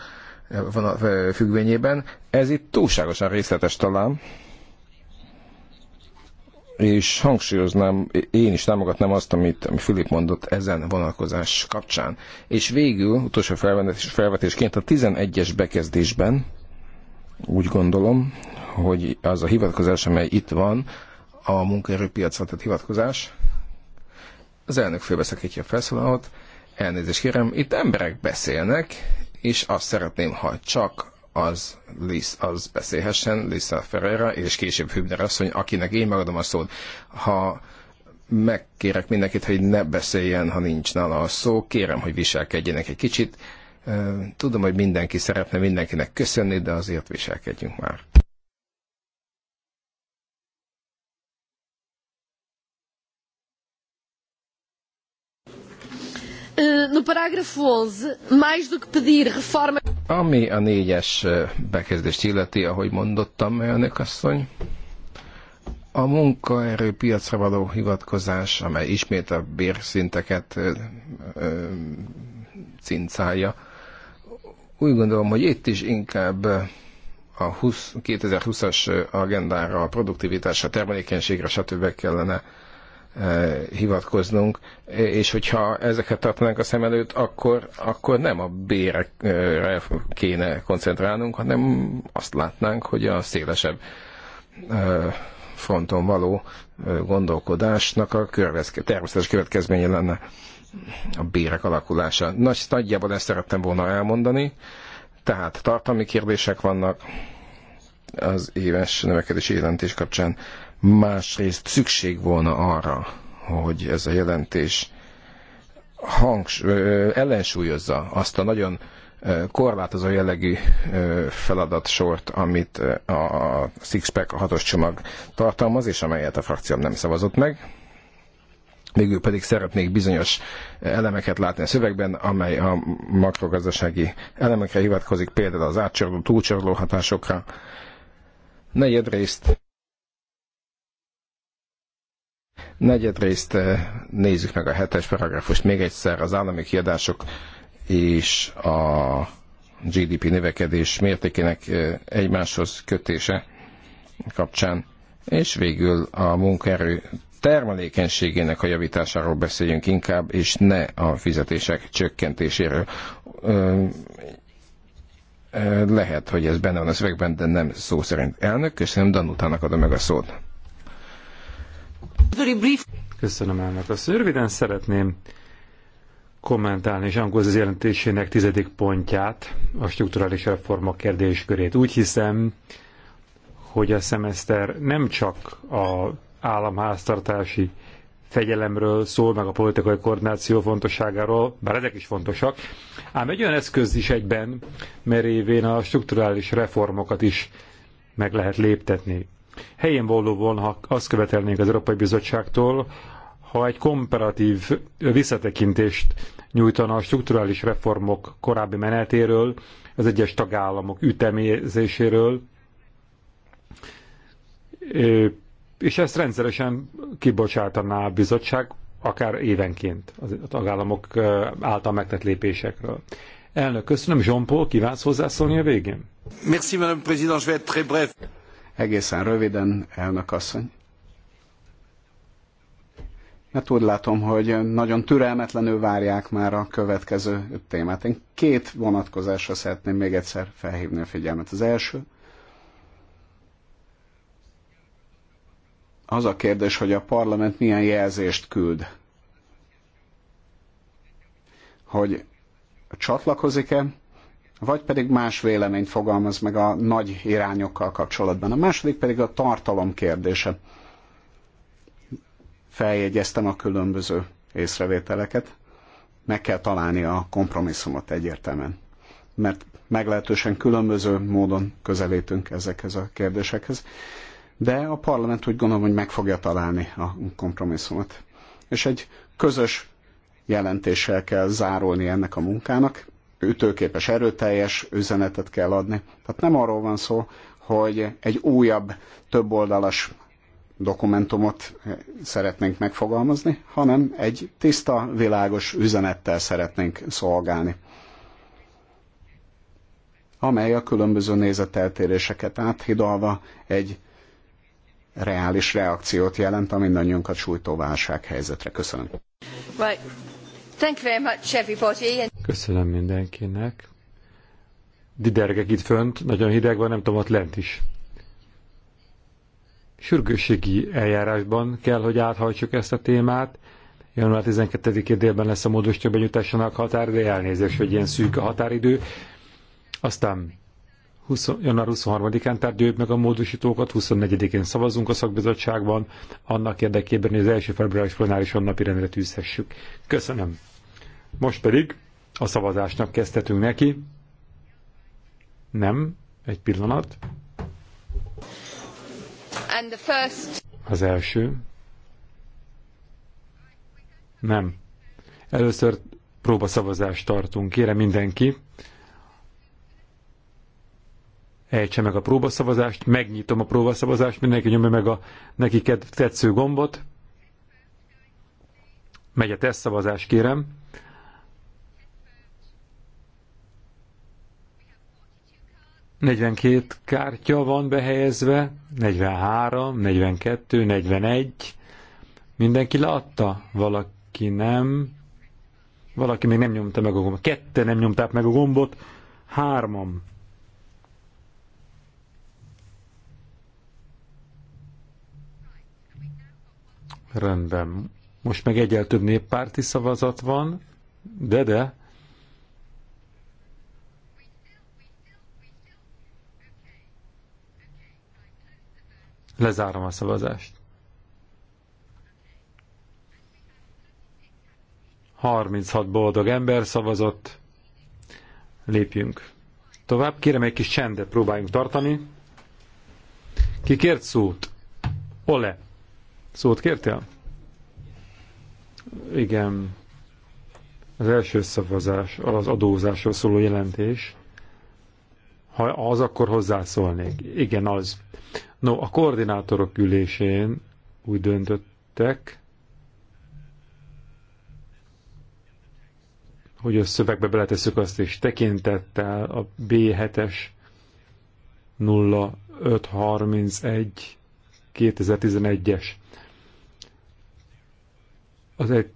Speaker 2: függvényében. Ez itt túlságosan részletes talán, és hangsúlyoznám, én is támogatnám azt, amit, Filip mondott ezen vonalkozás kapcsán. És végül, utolsó felvetésként a 11-es bekezdésben úgy gondolom, hogy az a hivatkozás, amely itt van, a munkaerőpiacra tett hivatkozás, az elnök félbeszakítja a felszólalót, elnézést kérem, itt emberek beszélnek, és azt szeretném, ha csak az, az beszélhessen, Lisa Ferreira, és később Hübner asszony, akinek én megadom a szót. Ha megkérek mindenkit, hogy ne beszéljen, ha nincs nála a szó, kérem, hogy viselkedjenek egy kicsit. Tudom, hogy mindenki szeretne mindenkinek köszönni, de azért viselkedjünk már.
Speaker 1: Eh, no parágrafo 11, mais do que pedir reforma...
Speaker 2: Ami a négyes eh, bekezdést illeti, ahogy mondottam, elnök asszony, a munkaerőpiacra való hivatkozás, amely ismét a bérszinteket ö, eh, ö, cincálja, úgy gondolom, hogy itt is inkább a 20, 2020-as agendára, a produktivitásra, a termelékenységre, stb. kellene Eh, hivatkoznunk, és hogyha ezeket tartanánk a szem előtt, akkor, akkor nem a bérekre kéne koncentrálnunk, hanem azt látnánk, hogy a szélesebb eh, fronton való eh, gondolkodásnak a körvezke, természetes következménye lenne a bérek alakulása. Nagy, nagyjából ezt szerettem volna elmondani, tehát tartalmi kérdések vannak az éves növekedési jelentés kapcsán másrészt szükség volna arra, hogy ez a jelentés hangs, ö, ellensúlyozza azt a nagyon korlátozó jellegű feladatsort, amit a Sixpack, a hatos csomag tartalmaz, és amelyet a frakcióm nem szavazott meg. Végül pedig szeretnék bizonyos elemeket látni a szövegben, amely a makrogazdasági elemekre hivatkozik, például az átcsorló, túlcsorló hatásokra. Negyedrészt Negyedrészt eh, nézzük meg a hetes paragrafust még egyszer. Az állami kiadások és a GDP növekedés mértékének eh, egymáshoz kötése kapcsán, és végül a munkaerő termelékenységének a javításáról beszéljünk inkább, és ne a fizetések csökkentéséről. Lehet, hogy ez benne van a szövegben, de nem szó szerint. Elnök, köszönöm, Danutának adom meg a szót.
Speaker 4: Köszönöm elnök. Azt röviden szeretném kommentálni Zsankóz az jelentésének tizedik pontját, a strukturális reforma kérdéskörét. Úgy hiszem, hogy a szemeszter nem csak a államháztartási fegyelemről szól, meg a politikai koordináció fontosságáról, bár ezek is fontosak, ám egy olyan eszköz is egyben, mert révén a strukturális reformokat is meg lehet léptetni. Helyén volna, ha azt követelnénk az Európai Bizottságtól, ha egy komparatív visszatekintést nyújtana a strukturális reformok korábbi menetéről, az egyes tagállamok ütemézéséről, és ezt rendszeresen kibocsátaná a bizottság, akár évenként a tagállamok által megtett lépésekről. Elnök, köszönöm. Jean-Paul, kívánsz hozzászólni a végén?
Speaker 2: Merci, Madame Président, je vais être très bref.
Speaker 4: Egészen röviden, elnök asszony.
Speaker 3: Mert úgy látom, hogy nagyon türelmetlenül várják már a következő témát. Én két vonatkozásra szeretném még egyszer felhívni a figyelmet. Az első, az a kérdés, hogy a parlament milyen jelzést küld. Hogy csatlakozik-e vagy pedig más véleményt fogalmaz meg a nagy irányokkal kapcsolatban. A második pedig a tartalom kérdése. Feljegyeztem a különböző észrevételeket. Meg kell találni a kompromisszumot egyértelműen. Mert meglehetősen különböző módon közelítünk ezekhez a kérdésekhez. De a parlament úgy gondolom, hogy meg fogja találni a kompromisszumot. És egy közös jelentéssel kell zárulni ennek a munkának, ütőképes, erőteljes üzenetet kell adni. Tehát nem arról van szó, hogy egy újabb, többoldalas dokumentumot szeretnénk megfogalmazni, hanem egy tiszta, világos üzenettel szeretnénk szolgálni, amely a különböző nézeteltéréseket áthidalva egy reális reakciót jelent a mindannyiunkat sújtó válsághelyzetre. Köszönöm.
Speaker 1: Right. Thank you very much everybody.
Speaker 4: Köszönöm mindenkinek. Didergek itt fönt, nagyon hideg van, nem tudom, ott lent is. Sürgősségi eljárásban kell, hogy áthajtsuk ezt a témát. Január 12-én délben lesz a módosítja benyújtásának határ, de elnézés, hogy ilyen szűk a határidő. Aztán 20, január 23-án tárgyaljuk meg a módosítókat, 24-én szavazunk a szakbizottságban, annak érdekében, hogy az első februáris plenáris napi rendre tűzhessük. Köszönöm! Most pedig a szavazásnak kezdhetünk neki. Nem, egy pillanat.
Speaker 1: And the first...
Speaker 4: Az első. Nem. Először próbaszavazást tartunk. Kérem mindenki, ejtse meg a próbaszavazást, megnyitom a próbaszavazást, mindenki nyomja meg a neki tetsző gombot. Megy a szavazás, kérem. 42 kártya van behelyezve, 43, 42, 41. Mindenki leadta? Valaki nem. Valaki még nem nyomta meg a gombot. Kette nem nyomták meg a gombot. Hárman. Rendben. Most meg egyel több néppárti szavazat van. De, de. Lezárom a szavazást. 36 boldog ember szavazott. Lépjünk. Tovább kérem egy kis csendet próbáljunk tartani. Ki kért szót? Ole. Szót kértél? Igen. Az első szavazás, az adózásról szóló jelentés. Ha az, akkor hozzászólnék. Igen, az. No, a koordinátorok ülésén úgy döntöttek, hogy a szövegbe beletesszük azt is tekintettel a B7-es 0531 2011-es az egy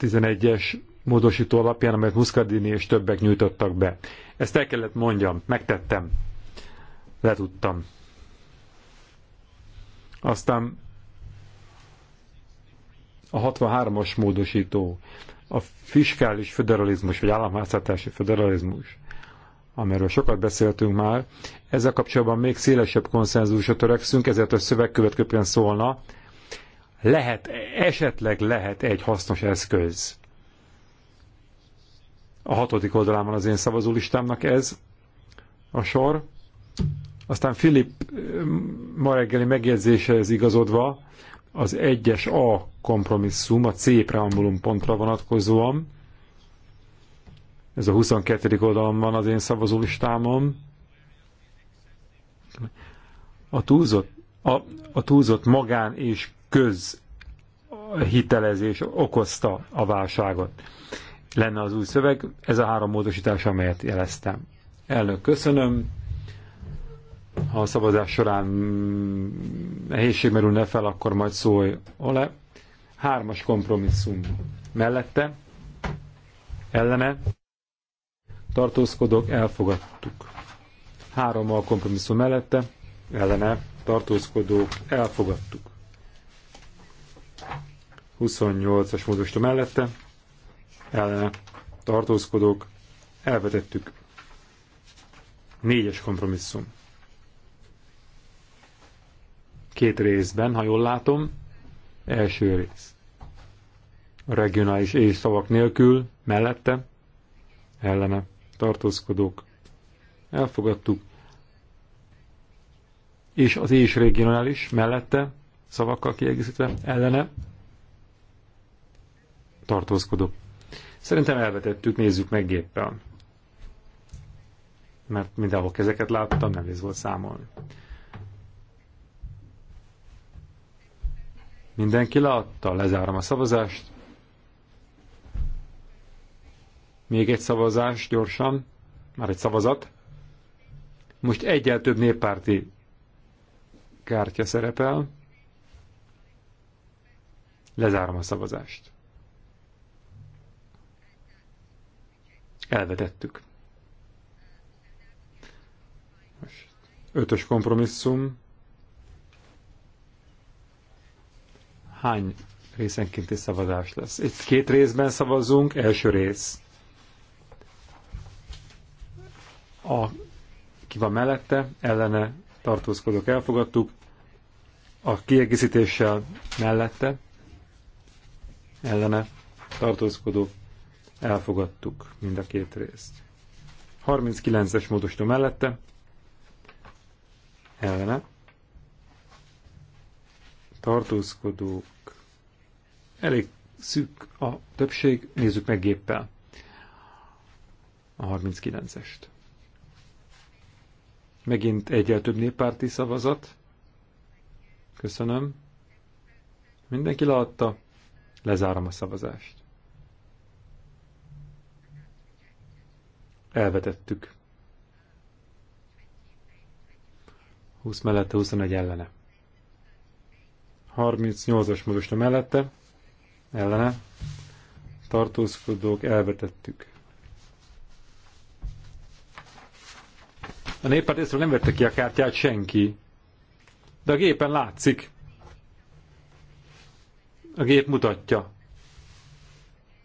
Speaker 4: 11-es módosító alapján, amelyet Muscadini és többek nyújtottak be. Ezt el kellett mondjam, megtettem, letudtam. Aztán a 63-as módosító, a fiskális föderalizmus, vagy államháztartási föderalizmus, amiről sokat beszéltünk már, ezzel kapcsolatban még szélesebb konszenzusra törekszünk, ezért a szöveg következően szólna, lehet, esetleg lehet egy hasznos eszköz a hatodik oldalán van az én szavazólistámnak ez a sor. Aztán Filip eh, ma reggeli megjegyzésehez igazodva az egyes A kompromisszum, a C preambulum pontra vonatkozóan. Ez a 22. oldalon van az én szavazólistámon. A túlzott, a, a túlzott magán és köz hitelezés okozta a válságot lenne az új szöveg. Ez a három módosítás, amelyet jeleztem. Elnök, köszönöm. Ha a szavazás során nehézség merülne fel, akkor majd szólj ole. Hármas kompromisszum mellette, ellene, tartózkodok, elfogadtuk. Három a kompromisszum mellette, ellene, tartózkodók, elfogadtuk. 28-as módosító mellette, ellene tartózkodók elvetettük. Négyes kompromisszum. Két részben, ha jól látom, első rész. A regionális és szavak nélkül, mellette, ellene tartózkodók elfogadtuk, és az és regionális mellette, szavakkal kiegészítve, ellene tartózkodók Szerintem elvetettük, nézzük meg géppel. Mert mindenhol kezeket láttam, nem ez volt számolni. Mindenki látta, lezárom a szavazást. Még egy szavazás gyorsan, már egy szavazat. Most egyel több néppárti kártya szerepel. Lezárom a szavazást. Elvetettük. Most ötös kompromisszum. Hány részenkénti szavazás lesz? Itt két részben szavazunk. Első rész. A, ki van mellette, ellene tartózkodók elfogadtuk. A kiegészítéssel mellette, ellene tartózkodók Elfogadtuk mind a két részt. 39-es módostó mellette. Ellene. Tartózkodók. Elég szűk a többség. Nézzük meg géppel a 39-est. Megint egyel több néppárti szavazat. Köszönöm. Mindenki leadta. Lezárom a szavazást. Elvetettük. 20 mellette, 21 ellene. 38-as a mellette, ellene. Tartózkodók, elvetettük. A néppárt észre nem vette ki a kártyát senki. De a gépen látszik. A gép mutatja.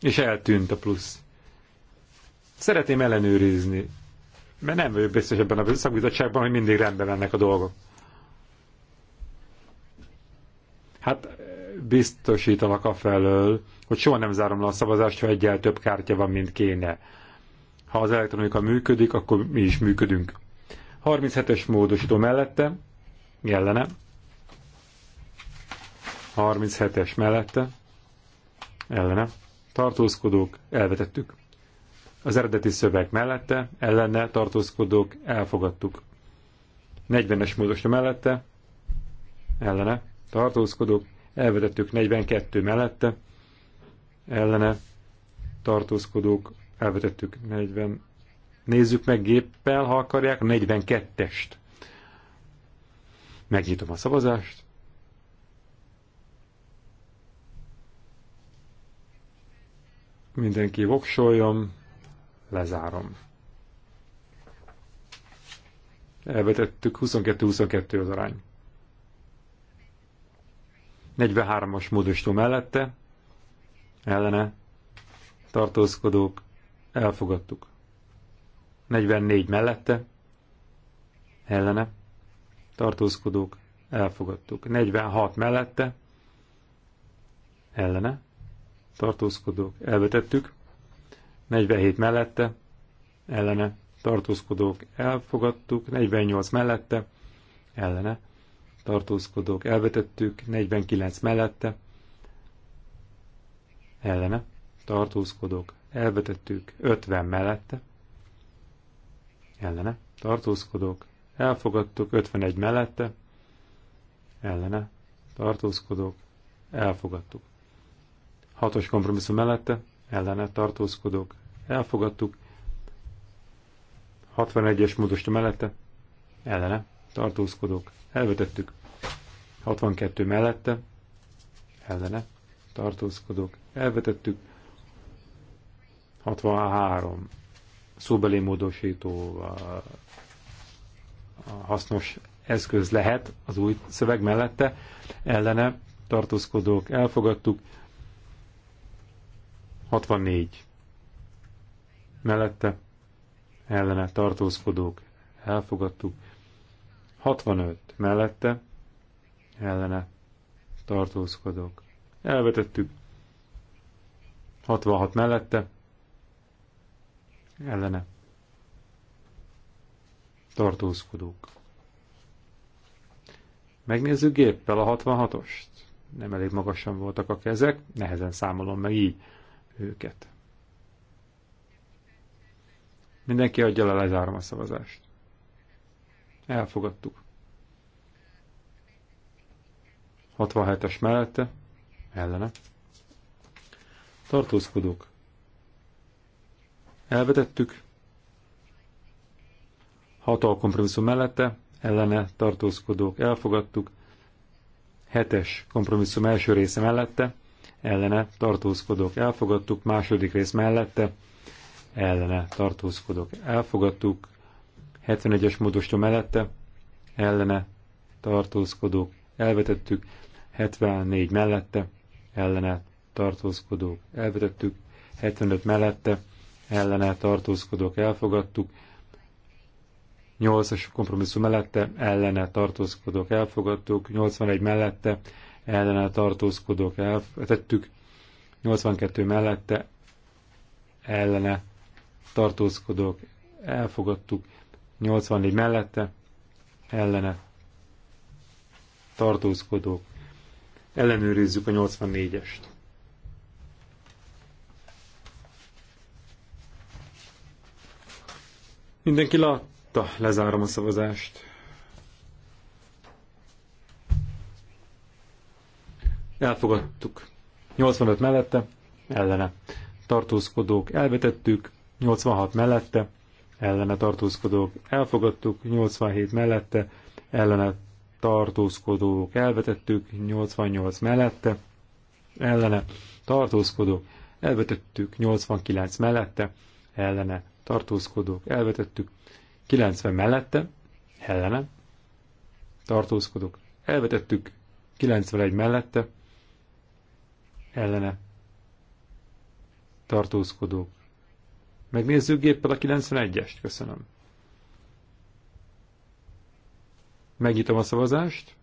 Speaker 4: És eltűnt a plusz. Szeretném ellenőrizni, mert nem vagyok biztos ebben a szakbizottságban, hogy mindig rendben mennek a dolgok. Hát biztosítalak a felől, hogy soha nem zárom le a szavazást, ha egyel több kártya van, mint kéne. Ha az elektronika működik, akkor mi is működünk. 37-es módosító mellette, jellene. 37-es mellette, ellene. Tartózkodók, elvetettük az eredeti szöveg mellette, ellene tartózkodók elfogadtuk. 40-es módosra mellette, ellene tartózkodók, elvetettük 42 mellette, ellene tartózkodók, elvetettük 40. Nézzük meg géppel, ha akarják, 42-est. Megnyitom a szavazást. Mindenki voksoljon lezárom. Elvetettük 22-22 az arány. 43-as módosító mellette, ellene, tartózkodók, elfogadtuk. 44 mellette, ellene, tartózkodók, elfogadtuk. 46 mellette, ellene, tartózkodók, elvetettük. 47 mellette, ellene tartózkodók elfogadtuk, 48 mellette, ellene tartózkodók elvetettük, 49 mellette, ellene tartózkodók elvetettük, 50 mellette, ellene tartózkodók elfogadtuk, 51 mellette, ellene tartózkodók elfogadtuk. Hatos kompromisszum mellette, ellene tartózkodók elfogadtuk. 61-es módosító mellette, ellene, tartózkodók, elvetettük. 62 mellette, ellene, tartózkodók, elvetettük. 63 szóbeli módosító a hasznos eszköz lehet az új szöveg mellette, ellene tartózkodók elfogadtuk. 64 mellette ellene tartózkodók elfogadtuk, 65 mellette ellene tartózkodók elvetettük, 66 mellette ellene tartózkodók. Megnézzük géppel a 66-ost. Nem elég magasan voltak a kezek, nehezen számolom meg így őket. Mindenki adja le, lezárom a szavazást. Elfogadtuk. 67-es mellette, ellene. Tartózkodók. Elvetettük. 6 kompromisszum mellette, ellene tartózkodók. Elfogadtuk. 7-es kompromisszum első része mellette, ellene tartózkodók. Elfogadtuk. Második rész mellette, ellene tartózkodok. Elfogadtuk 71-es módostó mellette, ellene tartózkodók, elvetettük 74 mellette, ellene tartózkodók, elvetettük 75 mellette, ellene tartózkodók, elfogadtuk 8-as kompromisszum mellette, ellene tartózkodók, elfogadtuk 81 mellette, ellene tartózkodók, elvetettük 82 mellette, ellene tartózkodók, elfogadtuk. 84 mellette, ellene, tartózkodók. Ellenőrizzük a 84-est. Mindenki látta, lezárom a szavazást. Elfogadtuk. 85 mellette, ellene. Tartózkodók elvetettük, 86 mellette, ellene tartózkodók elfogadtuk, 87 mellette, ellene tartózkodók elvetettük, 88 mellette, ellene tartózkodók elvetettük, 89 mellette, ellene tartózkodók elvetettük, 90 mellette, ellene tartózkodók elvetettük, 91 mellette, ellene tartózkodók Megnézzük géppel a 91-est. Köszönöm. Megnyitom a szavazást.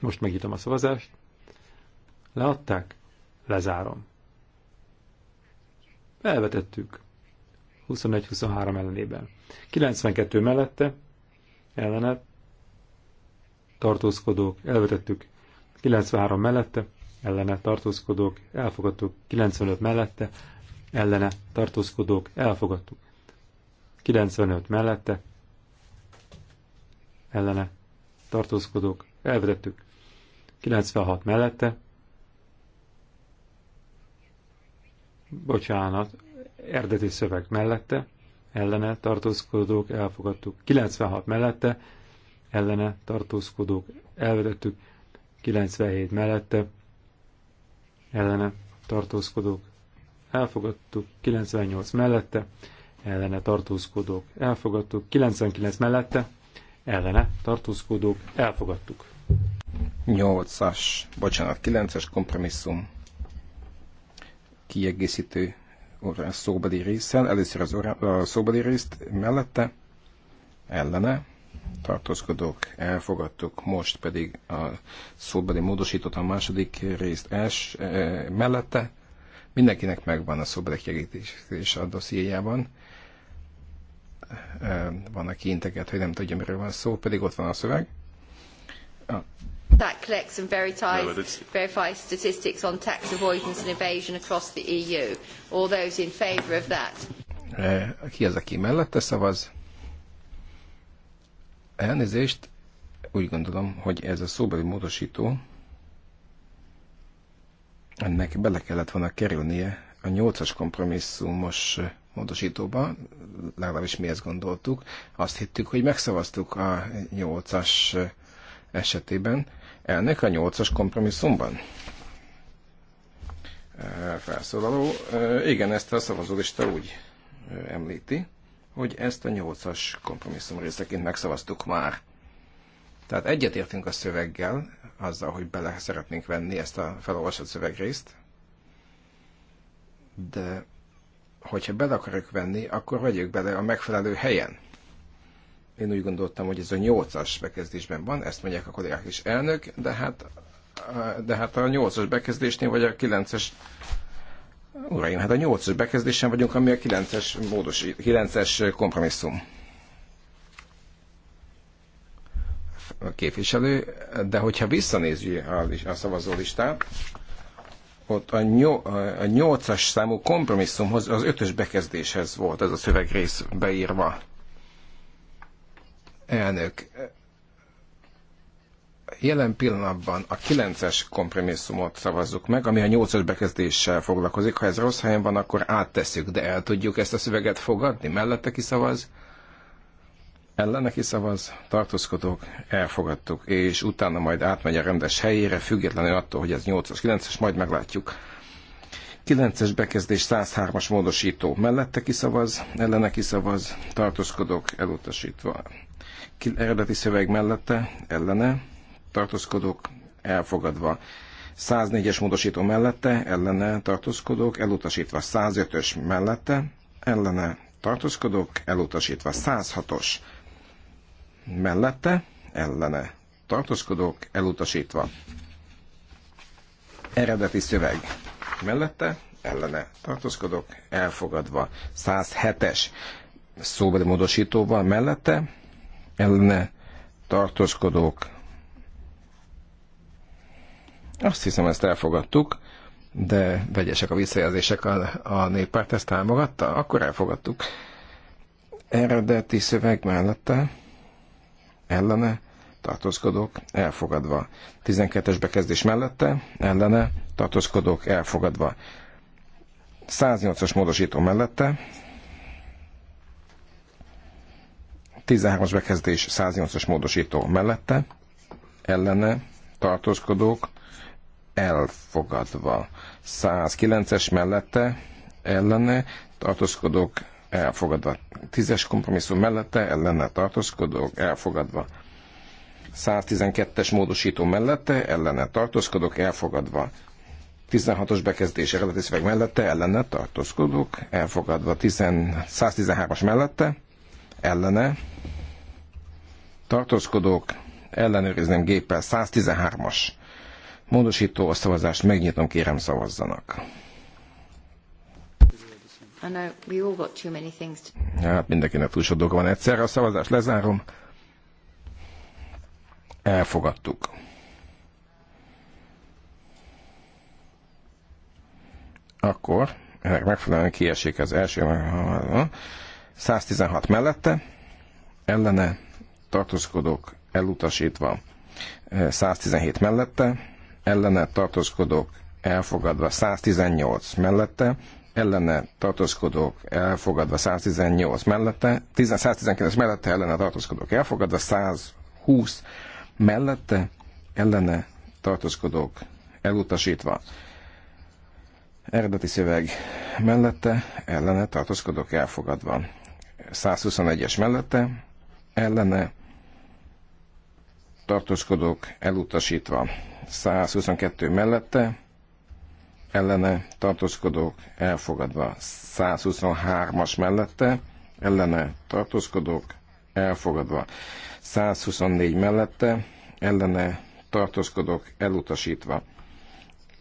Speaker 4: Most megnyitom a szavazást. Leadták. Lezárom. Elvetettük. 21-23 ellenében. 92 mellette, ellene, tartózkodók, elvetettük. 93 mellette, ellene tartózkodók, elfogadtuk. 95 mellette, ellene tartózkodók, elfogadtuk. 95 mellette, ellene tartózkodók, elvetettük. 96 mellette, bocsánat, erdeti szöveg mellette, ellene tartózkodók, elfogadtuk. 96 mellette, ellene tartózkodók, elvetettük. 97 mellette, ellene tartózkodók elfogadtuk, 98 mellette ellene tartózkodók elfogadtuk, 99 mellette ellene tartózkodók elfogadtuk.
Speaker 2: 8-as, bocsánat, 9-es kompromisszum kiegészítő órás szóbeli részen, először az órá, a szóbeli részt mellette, ellene, tartózkodók elfogadtuk, most pedig a szóbeli módosított a második részt els, e, e mellette. Mindenkinek megvan a szóbeli kiegítés a dossziéjában. E, van, aki integet, hogy nem tudja, miről van szó, pedig ott van a szöveg. A,
Speaker 1: that collects and verifies, verifies statistics on tax avoidance and evasion across the EU. All those in favour of that?
Speaker 2: E, ki az, aki mellette szavaz? Elnézést, úgy gondolom, hogy ez a szóbeli módosító, ennek bele kellett volna kerülnie a nyolcas kompromisszumos módosítóba, legalábbis mi ezt gondoltuk, azt hittük, hogy megszavaztuk a nyolcas esetében. ennek a nyolcas kompromisszumban? Felszólaló. Igen, ezt a szavazólista úgy említi hogy ezt a nyolcas kompromisszum részeként megszavaztuk már. Tehát egyetértünk a szöveggel, azzal, hogy bele szeretnénk venni ezt a felolvasott szövegrészt, de hogyha bele akarok venni, akkor vegyük bele a megfelelő helyen. Én úgy gondoltam, hogy ez a nyolcas bekezdésben van, ezt mondják a kollégák is elnök, de hát, de hát a nyolcas bekezdésnél vagy a kilences Uraim, hát a nyolcas bekezdésen vagyunk, ami a kilences módos, kilences kompromisszum. A képviselő, de hogyha visszanézi a, a szavazólistát, ott a, nyol, a 8 számú kompromisszumhoz, az ötös bekezdéshez volt ez a szövegrész beírva. Elnök, jelen pillanatban a 9-es kompromisszumot szavazzuk meg, ami a 8-as bekezdéssel foglalkozik. Ha ez rossz helyen van, akkor áttesszük, de el tudjuk ezt a szöveget fogadni. Mellette szavaz? ellene szavaz? tartózkodók, elfogadtuk, és utána majd átmegy a rendes helyére, függetlenül attól, hogy ez 8-as, 9-es, majd meglátjuk. 9-es bekezdés 103-as módosító mellette kiszavaz, ellene kiszavaz, tartózkodók elutasítva. Eredeti szöveg mellette, ellene, tartózkodók elfogadva. 104-es módosító mellette, ellene tartózkodók, elutasítva 105-ös mellette, ellene tartózkodók, elutasítva 106-os mellette, ellene tartózkodók, elutasítva. Eredeti szöveg mellette, ellene tartózkodók, elfogadva. 107-es szóbeli módosítóval mellette, ellene tartózkodók, azt hiszem, ezt elfogadtuk, de vegyesek a visszajelzések, a, a néppárt ezt támogatta, akkor elfogadtuk. Eredeti szöveg mellette, ellene, tartózkodók, elfogadva. 12-es bekezdés mellette, ellene, tartózkodók, elfogadva. 108-as módosító mellette, 13-as bekezdés 108-as módosító mellette, ellene tartózkodók elfogadva. 109-es mellette ellene tartózkodók elfogadva. 10-es kompromisszum mellette ellene tartózkodók elfogadva. 112-es módosító mellette ellene tartózkodók elfogadva. 16-os bekezdés eredeti szöveg mellette ellene tartózkodók elfogadva. 113-as mellette ellene tartózkodók ellenőrizném géppel 113-as Módosító a szavazást megnyitom, kérem szavazzanak. Hát mindenkinek túl sok dolga van egyszerre. A szavazást lezárom. Elfogadtuk. Akkor ennek megfelelően kiesik az első 116 mellette, ellene tartózkodók elutasítva 117 eh, mellette, ellene tartózkodók elfogadva 118 mellette, ellene tartózkodók elfogadva 118 mellette, 119 mellette ellene tartózkodók elfogadva 120 mellette, ellene tartózkodók elutasítva. Eredeti szöveg mellette, ellene tartózkodók elfogadva. 121-es mellette, ellene tartózkodók elutasítva. 122 mellette, ellene tartózkodók elfogadva. 123-as mellette, ellene tartózkodók elfogadva. 124 mellette, ellene tartózkodók elutasítva.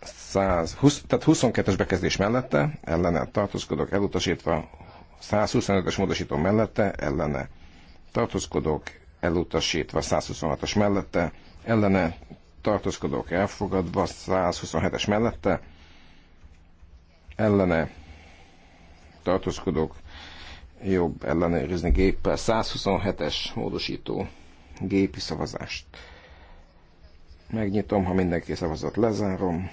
Speaker 2: 120, tehát 22-es bekezdés mellette, ellene tartózkodók elutasítva, 125-ös módosító mellette, ellene tartózkodók elutasítva 126-os mellette, ellene tartózkodók elfogadva 127-es mellette, ellene tartózkodók jobb ellenőrizni géppel 127-es módosító gépi szavazást. Megnyitom, ha mindenki szavazott, lezárom.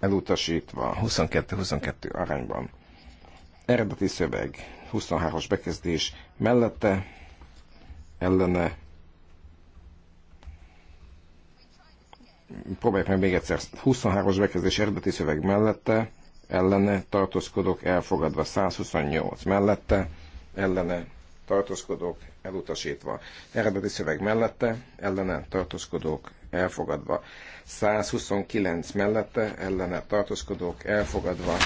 Speaker 2: Elutasítva 22-22 arányban. Eredeti szöveg 23-as bekezdés mellette, ellene. Próbálják meg még egyszer. 23-as bekezdés eredeti szöveg mellette, ellene tartózkodok, elfogadva 128 mellette, ellene tartózkodok, elutasítva. Eredeti szöveg mellette, ellene tartózkodok, elfogadva. 129 mellette, ellene tartózkodok, elfogadva.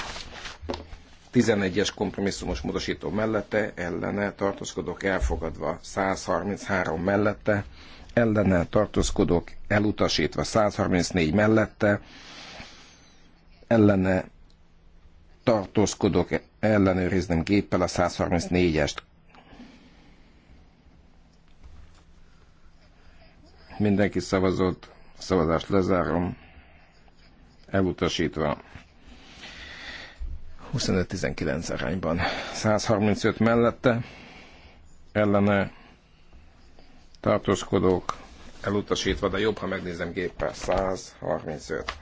Speaker 2: 11-es kompromisszumos módosító mellette, ellene tartózkodók elfogadva, 133 mellette, ellene tartózkodók elutasítva, 134 mellette, ellene tartózkodók ellenőriznem géppel a 134-est. Mindenki szavazott, szavazást lezárom, elutasítva. 25-19 arányban. 135 mellette ellene tartózkodók elutasítva, de jobb, ha megnézem géppel. 135.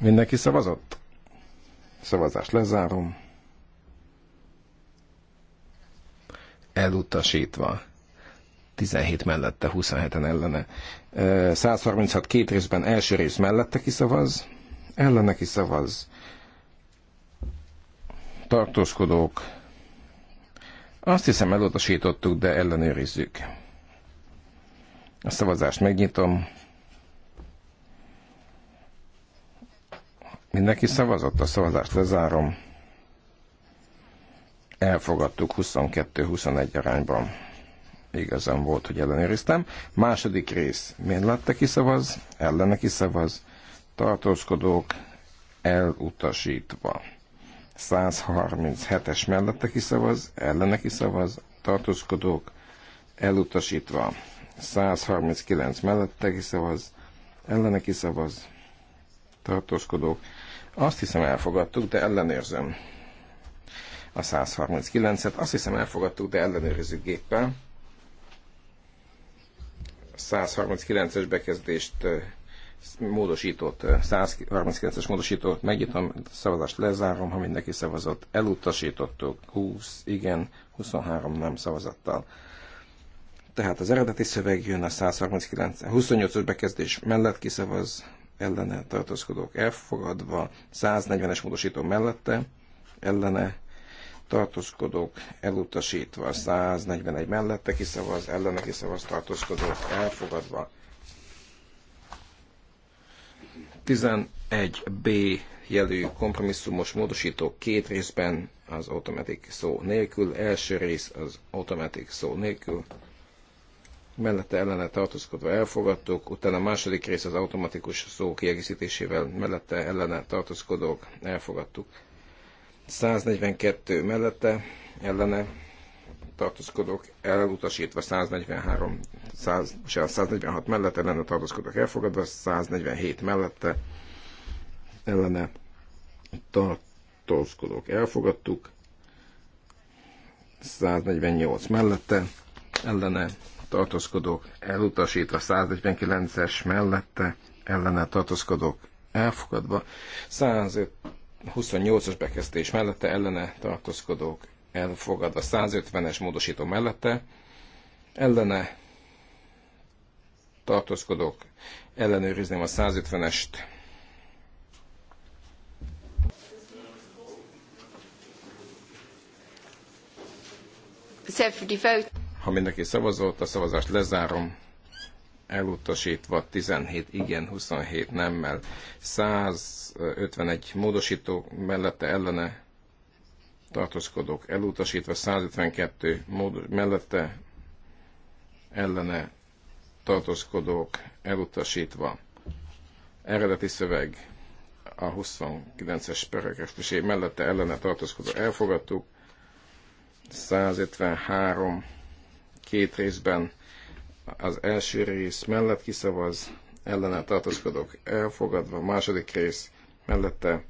Speaker 2: Mindenki szavazott? Szavazást lezárom. Elutasítva. 17 mellette, 27-en ellene. 136 két részben első rész mellette kiszavaz, ellene kiszavaz. Tartózkodók. Azt hiszem elutasítottuk, de ellenőrizzük. A szavazást megnyitom. Mindenki szavazott, a szavazást lezárom. Elfogadtuk 22-21 arányban igazam volt, hogy ellenőriztem. Második rész, mellette kiszavaz, ellene kiszavaz, tartózkodók elutasítva. 137-es mellette kiszavaz, ellene kiszavaz, tartózkodók elutasítva. 139 mellette kiszavaz, ellene kiszavaz, tartózkodók. Azt hiszem elfogadtuk, de ellenőrzöm a 139-et. Azt hiszem elfogadtuk, de ellenőrizzük géppel. 139-es bekezdést módosított, 139-es módosított, megnyitom, szavazást lezárom, ha mindenki szavazott, elutasítottuk, 20 igen, 23 nem szavazattal. Tehát az eredeti szöveg jön a 139, 28-os bekezdés mellett kiszavaz, ellene tartózkodók elfogadva, 140-es módosító mellette, ellene tartózkodók elutasítva, 141 mellette kiszavaz, ellene kiszavaz, tartózkodók elfogadva. 11b jelű kompromisszumos módosító két részben az automatic szó nélkül, első rész az automatic szó nélkül, mellette ellene tartózkodva elfogadtuk, utána a második rész az automatikus szó kiegészítésével mellette ellene tartózkodók elfogadtuk. 142 mellette ellene tartózkodók elutasítva 143, 100, 146 mellette ellene tartózkodók elfogadva, 147 mellette ellene tartózkodók elfogadtuk, 148 mellette ellene tartózkodók elutasítva, 149-es mellette ellene tartózkodók elfogadva, 105 28-as bekezdés mellette ellene tartózkodók elfogadva 150-es módosító mellette ellene tartózkodók ellenőrizném a 150-est Ha mindenki szavazott, a szavazást lezárom elutasítva 17 igen, 27 nemmel, 151 módosító mellette ellene tartózkodók elutasítva, 152 mód, mellette ellene tartózkodók elutasítva. Eredeti szöveg a 29-es perekestésé mellette ellene tartózkodó elfogadtuk, 153 két részben az első rész mellett kiszavaz, ellene tartózkodok elfogadva, második rész mellette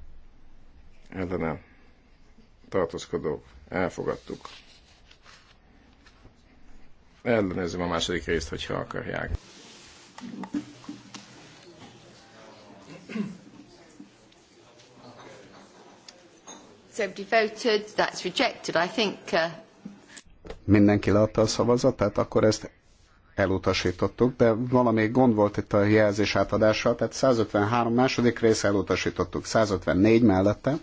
Speaker 2: ellene tartózkodók elfogadtuk. Ellenezem a második részt, hogyha akarják.
Speaker 1: that's rejected. I think uh...
Speaker 3: Mindenki látta a szavazatát, akkor ezt elutasítottuk, de valami gond volt itt a jelzés átadással, tehát 153 második rész elutasítottuk, 154 mellette.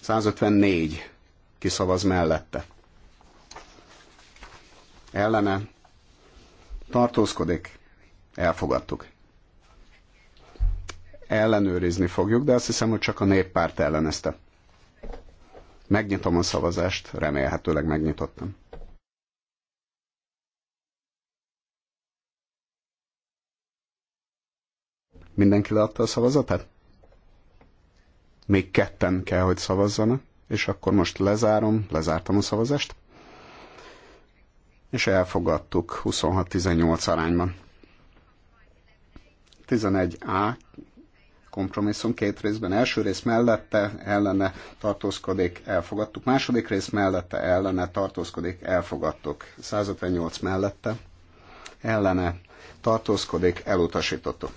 Speaker 3: 154 kiszavaz mellette. Ellene tartózkodik, elfogadtuk. Ellenőrizni fogjuk, de azt hiszem, hogy csak a néppárt ellenezte. Megnyitom a szavazást, remélhetőleg megnyitottam. Mindenki leadta a szavazatát? Még ketten kell, hogy szavazzanak, és akkor most lezárom, lezártam a szavazást, és elfogadtuk 26-18 arányban. 11A kompromisszum két részben. Első rész mellette ellene tartózkodik, elfogadtuk. Második rész mellette ellene tartózkodik, elfogadtuk. 158 mellette ellene tartózkodik, elutasítottuk.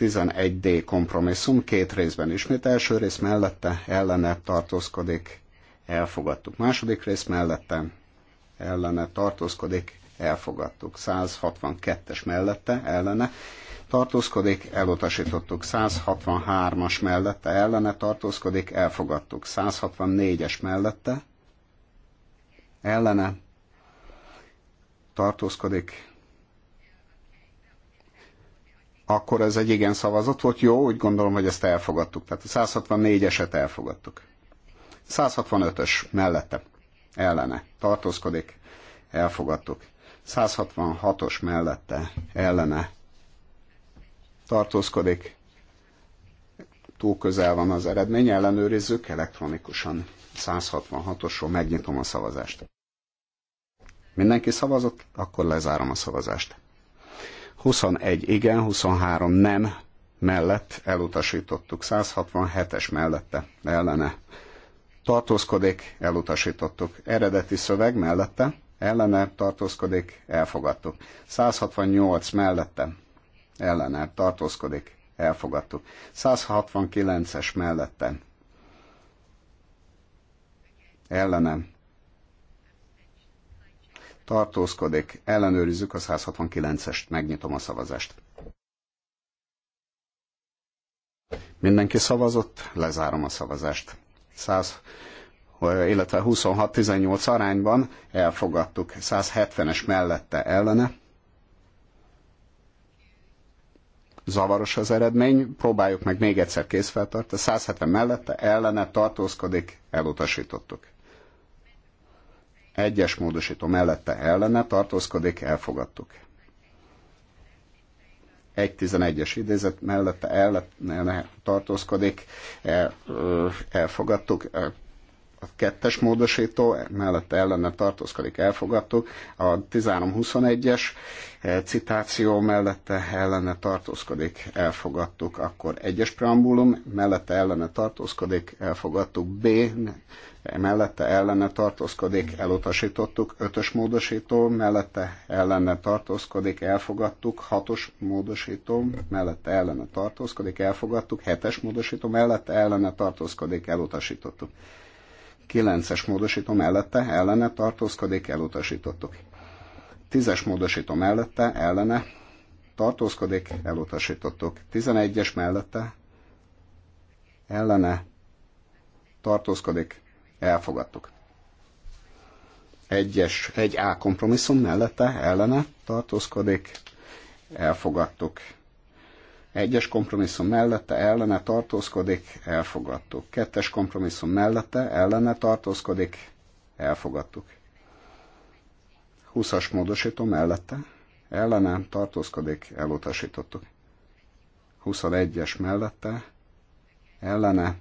Speaker 3: 11D kompromisszum két részben ismét. Első rész mellette ellene tartózkodik, elfogadtuk. Második rész mellette ellene tartózkodik, elfogadtuk. 162-es mellette ellene tartózkodik, elutasítottuk. 163-as mellette ellene tartózkodik, elfogadtuk. 164-es mellette ellene tartózkodik, akkor ez egy igen szavazat volt. Jó, úgy gondolom, hogy ezt elfogadtuk. Tehát a 164-eset elfogadtuk. 165-ös mellette, ellene, tartózkodik, elfogadtuk. 166-os mellette, ellene, tartózkodik, túl közel van az eredmény, ellenőrizzük elektronikusan. 166-osról megnyitom a szavazást. Mindenki szavazott, akkor lezárom a szavazást. 21 igen, 23 nem mellett elutasítottuk. 167-es mellette ellene. Tartózkodik, elutasítottuk. Eredeti szöveg mellette, ellene tartózkodik, elfogadtuk. 168 mellette, ellene tartózkodik, elfogadtuk. 169-es mellette, ellenem tartózkodik, ellenőrizzük a 169-est, megnyitom a szavazást. Mindenki szavazott, lezárom a szavazást. 100, illetve 26-18 arányban elfogadtuk, 170-es mellette ellene. Zavaros az eredmény, próbáljuk meg még egyszer készfeltartani. 170 mellette ellene tartózkodik, elutasítottuk. Egyes módosító mellette ellene tartózkodik, elfogadtuk. 1.11-es idézet mellette ellene tartózkodik, el, elfogadtuk. A kettes módosító mellette ellene tartózkodik, elfogadtuk. A 13.21-es eh, citáció mellette ellene tartózkodik, elfogadtuk. Akkor egyes preambulum mellette ellene tartózkodik, elfogadtuk. B mellette ellene tartózkodik, elutasítottuk, ötös módosító, mellette ellene tartózkodik, elfogadtuk, hatos módosító, mellette ellene tartózkodik, elfogadtuk, hetes módosító, mellette ellene tartózkodik, elutasítottuk. Kilences módosító mellette ellene tartózkodik, elutasítottuk. Tízes módosító mellette ellene tartózkodik, elutasítottuk. Tizenegyes mellette ellene tartózkodik, elfogadtuk. Egyes, egy A kompromisszum mellette ellene tartózkodik, elfogadtuk. Egyes kompromisszum mellette ellene tartózkodik, elfogadtuk. Kettes kompromisszum mellette ellene tartózkodik, elfogadtuk. Húszas módosító mellette ellene tartózkodik, elutasítottuk. 21-es mellette ellene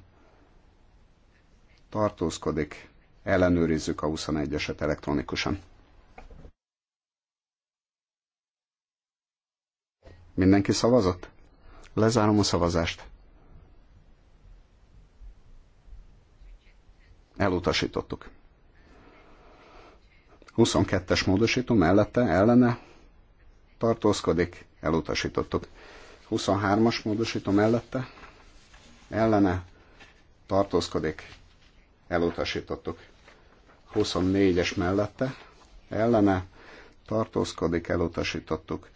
Speaker 3: tartózkodik, ellenőrizzük a 21-eset elektronikusan. Mindenki szavazott? Lezárom a szavazást. Elutasítottuk. 22-es módosító mellette, ellene tartózkodik, elutasítottuk. 23-as módosító mellette, ellene tartózkodik, elutasítottuk. 24-es mellette ellene tartózkodik, elutasítottuk.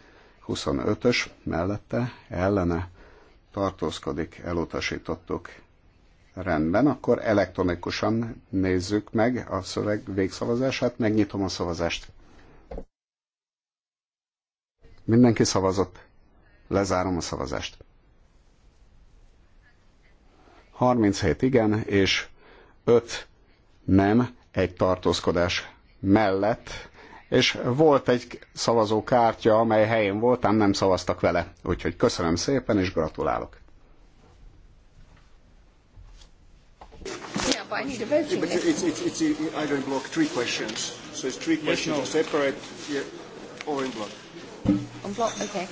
Speaker 3: 25-ös mellette ellene tartózkodik, elutasítottuk. Rendben, akkor elektronikusan nézzük meg a szöveg végszavazását, megnyitom a szavazást. Mindenki szavazott. Lezárom a szavazást. 37 igen, és öt nem, egy tartózkodás mellett, és volt egy szavazókártya, amely helyén voltam, nem szavaztak vele. Úgyhogy köszönöm szépen, és gratulálok. Yeah, but I need a voting but it's, it's, it's I don't block three questions. So it's three questions yes, no. separate yeah, or in block.
Speaker 1: On block, okay.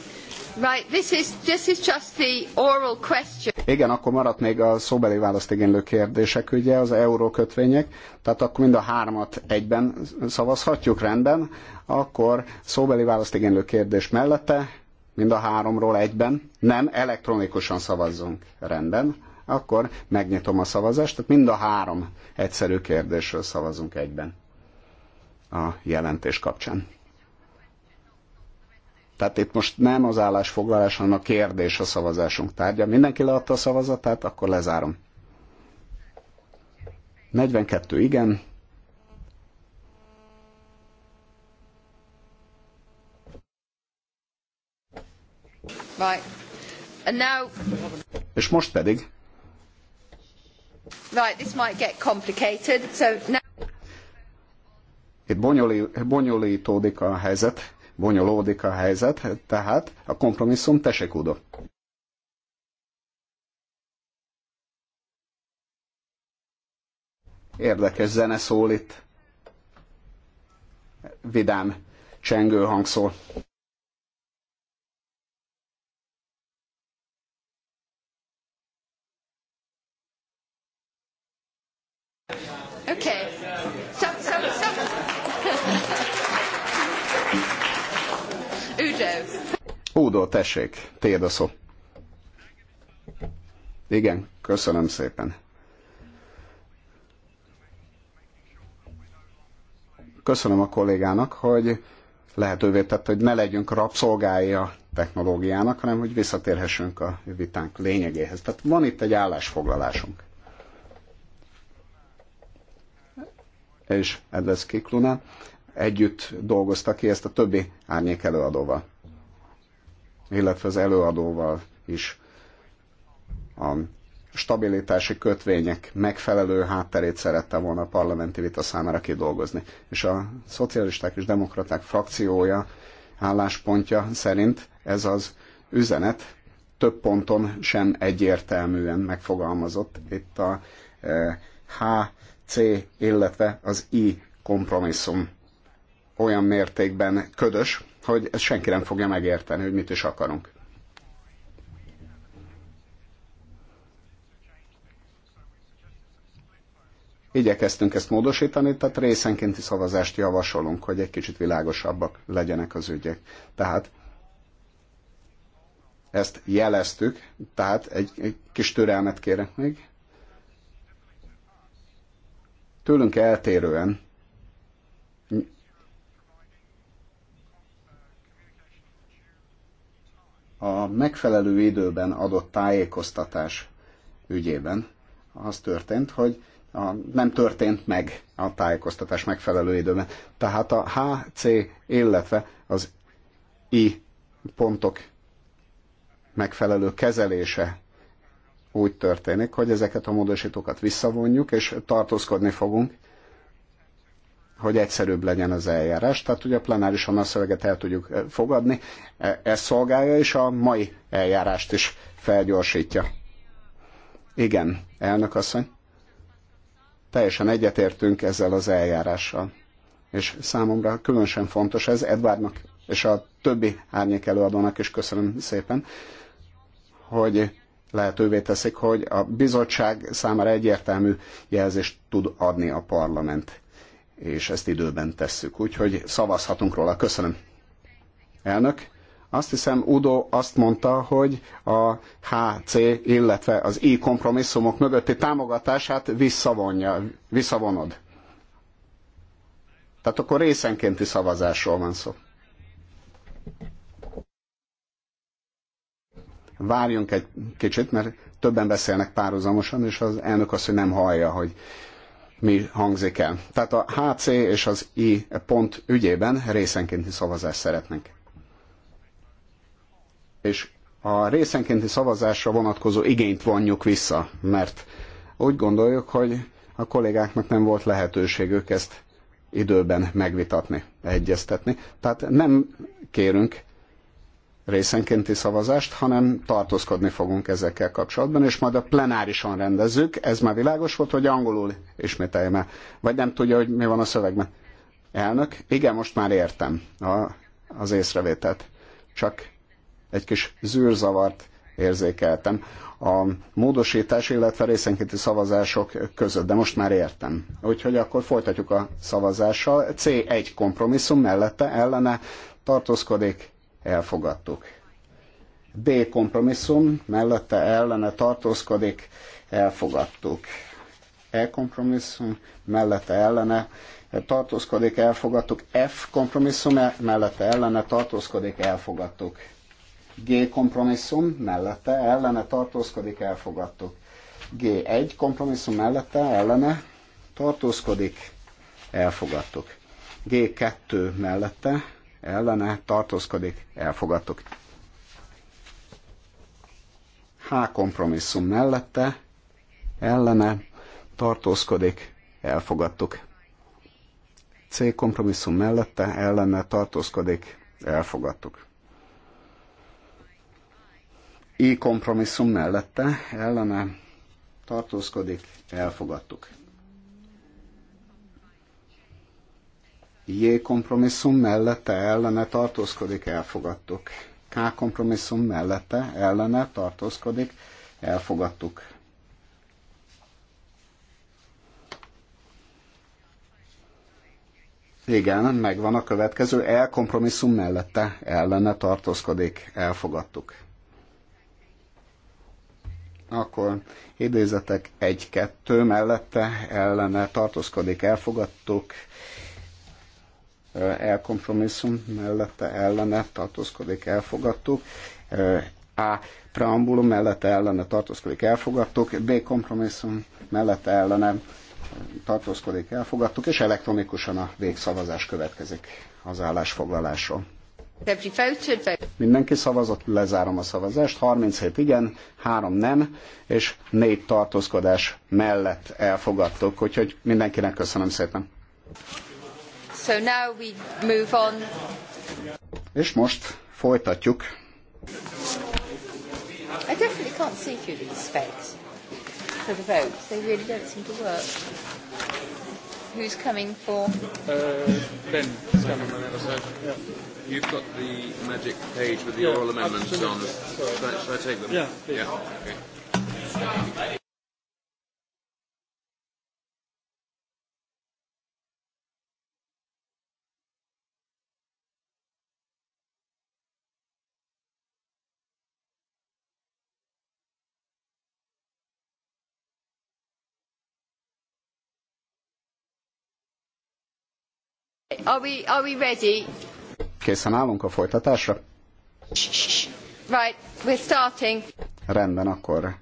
Speaker 1: Right, this is, this is just the oral question.
Speaker 3: Igen, akkor maradt még a szóbeli választigénylő kérdések, ugye, az eurókötvények, tehát akkor mind a hármat egyben szavazhatjuk, rendben, akkor szóbeli választigénylő kérdés mellette, mind a háromról egyben, nem, elektronikusan szavazzunk, rendben, akkor megnyitom a szavazást, tehát mind a három egyszerű kérdésről szavazunk egyben a jelentés kapcsán. Tehát itt most nem az állásfoglalás, hanem a kérdés a szavazásunk tárgya. Mindenki leadta a szavazatát, akkor lezárom. 42 igen,
Speaker 1: Right. And now...
Speaker 3: És most pedig.
Speaker 1: Right, this might get complicated, so now...
Speaker 3: Itt bonyolítódik a helyzet bonyolódik a helyzet, tehát a kompromisszum tesekúdó. Érdekes zene szól itt. Vidám csengő hangszól. Údó, tessék, tiéd a szó. Igen, köszönöm szépen. Köszönöm a kollégának, hogy lehetővé tette, hogy ne legyünk rabszolgái a technológiának, hanem hogy visszatérhessünk a vitánk lényegéhez. Tehát van itt egy állásfoglalásunk. És Edvesz Kikluna együtt dolgozta ki ezt a többi árnyék előadóval illetve az előadóval is a stabilitási kötvények megfelelő hátterét szerette volna a parlamenti vita számára kidolgozni. És a szocialisták és demokraták frakciója álláspontja szerint ez az üzenet több ponton sem egyértelműen megfogalmazott. Itt a HC, eh, illetve az I kompromisszum olyan mértékben ködös, hogy ezt senki nem fogja megérteni, hogy mit is akarunk. Igyekeztünk ezt módosítani, tehát részenkénti szavazást javasolunk, hogy egy kicsit világosabbak legyenek az ügyek. Tehát ezt jeleztük, tehát egy, egy kis türelmet kérek még. Tőlünk eltérően a megfelelő időben adott tájékoztatás ügyében az történt, hogy a, nem történt meg a tájékoztatás megfelelő időben. Tehát a HC, illetve az I pontok megfelelő kezelése úgy történik, hogy ezeket a módosítókat visszavonjuk, és tartózkodni fogunk hogy egyszerűbb legyen az eljárás. Tehát ugye a plenáris szöveget el tudjuk eh, fogadni. Eh, ez szolgálja, és a mai eljárást is felgyorsítja. Igen, elnök asszony. Teljesen egyetértünk ezzel az eljárással. És számomra különösen fontos ez Edvárnak és a többi árnyék előadónak is köszönöm szépen, hogy lehetővé teszik, hogy a bizottság számára egyértelmű jelzést tud adni a parlament és ezt időben tesszük. Úgyhogy szavazhatunk róla. Köszönöm. Elnök, azt hiszem Udo azt mondta, hogy a HC, illetve az I kompromisszumok mögötti támogatását visszavonja, visszavonod. Tehát akkor részenkénti szavazásról van szó. Várjunk egy kicsit, mert többen beszélnek párhuzamosan, és az elnök azt, hogy nem hallja, hogy mi hangzik el. Tehát a HC és az I pont ügyében részenkénti szavazást szeretnénk. És a részenkénti szavazásra vonatkozó igényt vonjuk vissza, mert úgy gondoljuk, hogy a kollégáknak nem volt lehetőségük ezt időben megvitatni, egyeztetni. Tehát nem kérünk részenkénti szavazást, hanem tartózkodni fogunk ezekkel kapcsolatban, és majd a plenárison rendezzük. Ez már világos volt, hogy angolul ismételjem el. Vagy nem tudja, hogy mi van a szövegben. Elnök, igen, most már értem a, az észrevételt. Csak egy kis zűrzavart érzékeltem a módosítás, illetve részenkénti szavazások között, de most már értem. Úgyhogy akkor folytatjuk a szavazással. C1 kompromisszum mellette ellene tartózkodik, elfogadtuk. B kompromisszum, mellette ellene tartózkodik, elfogadtuk. E kompromisszum, mellette ellene tartózkodik, elfogadtuk. F kompromisszum, mellette ellene tartózkodik, elfogadtuk. G kompromisszum, mellette ellene tartózkodik, elfogadtuk. G1 kompromisszum mellette ellene tartózkodik, elfogadtuk. G2 mellette ellene tartózkodik, elfogadtuk. H kompromisszum mellette, ellene tartózkodik, elfogadtuk. C kompromisszum mellette, ellene tartózkodik, elfogadtuk. I kompromisszum mellette, ellene tartózkodik, elfogadtuk. J kompromisszum mellette ellene tartózkodik, elfogadtuk. K kompromisszum mellette ellene tartózkodik, elfogadtuk. Igen, megvan a következő. E kompromisszum mellette ellene tartózkodik, elfogadtuk. Akkor idézetek 1-2 mellette ellene tartózkodik, elfogadtuk elkompromisszum mellette ellene tartózkodik, elfogadtuk. A preambulum mellette ellene tartózkodik, elfogadtuk. B kompromisszum mellette ellene tartózkodik, elfogadtuk, és elektronikusan a végszavazás következik az állásfoglalásról. Mindenki szavazott, lezárom a szavazást, 37 igen, 3 nem, és 4 tartózkodás mellett elfogadtuk, úgyhogy mindenkinek köszönöm szépen.
Speaker 1: So now we move on.
Speaker 3: És most folytatjuk.
Speaker 1: I definitely can't see through these specs for the votes. They really don't seem to work. Who's coming for? Uh,
Speaker 4: ben is coming on the other side. Yeah. You've got the magic page with the yeah, oral amendments absolutely. on. Should I, should I take them? Yeah. Please. Yeah. Okay.
Speaker 1: are we, are we ready?
Speaker 3: Készen állunk a folytatásra?
Speaker 1: Right, we're starting.
Speaker 3: Rendben, akkor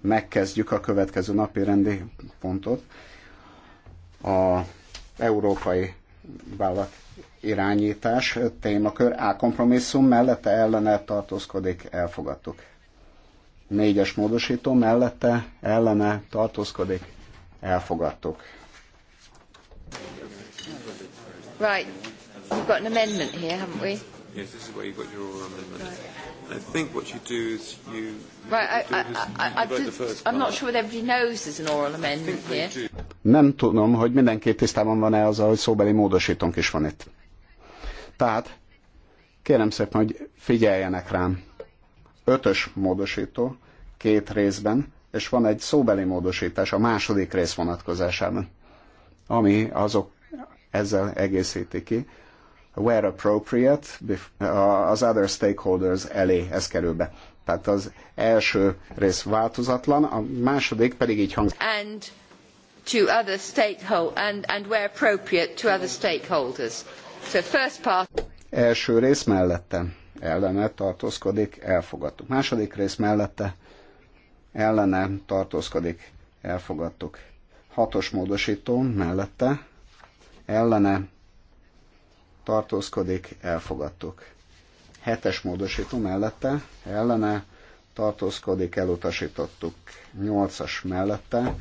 Speaker 3: megkezdjük a következő napi rendi pontot. A európai vállalat irányítás témakör A kompromisszum mellette ellene tartózkodik, elfogadtuk. Négyes módosító mellette ellene tartózkodik, elfogadtuk.
Speaker 1: Right. We've got an amendment here, haven't we?
Speaker 4: Yes, this is where you've got your oral amendment. Right. I think what you do is you. right, I, I, I, I just, I'm not sure
Speaker 1: whether everybody knows there's an oral amendment here.
Speaker 3: Nem tudom, hogy mindenki tisztában van-e azzal, hogy szóbeli módosítónk is van itt. Tehát kérem szépen, hogy figyeljenek rám. Ötös módosító, két részben, és van egy szóbeli módosítás a második rész vonatkozásában, ami azok ezzel egészíti ki. Where appropriate, az other stakeholders elé ez kerül be. Tehát az első rész változatlan, a második pedig így hangzik.
Speaker 1: And to other stakeholders, and, and where appropriate to other stakeholders. So first part...
Speaker 3: Első rész mellette ellene tartózkodik, elfogadtuk. Második rész mellette ellene tartózkodik, elfogadtuk. Hatos módosító mellette ellene tartózkodik, elfogadtuk. Hetes módosító mellette, ellene tartózkodik, elutasítottuk. Nyolcas mellette,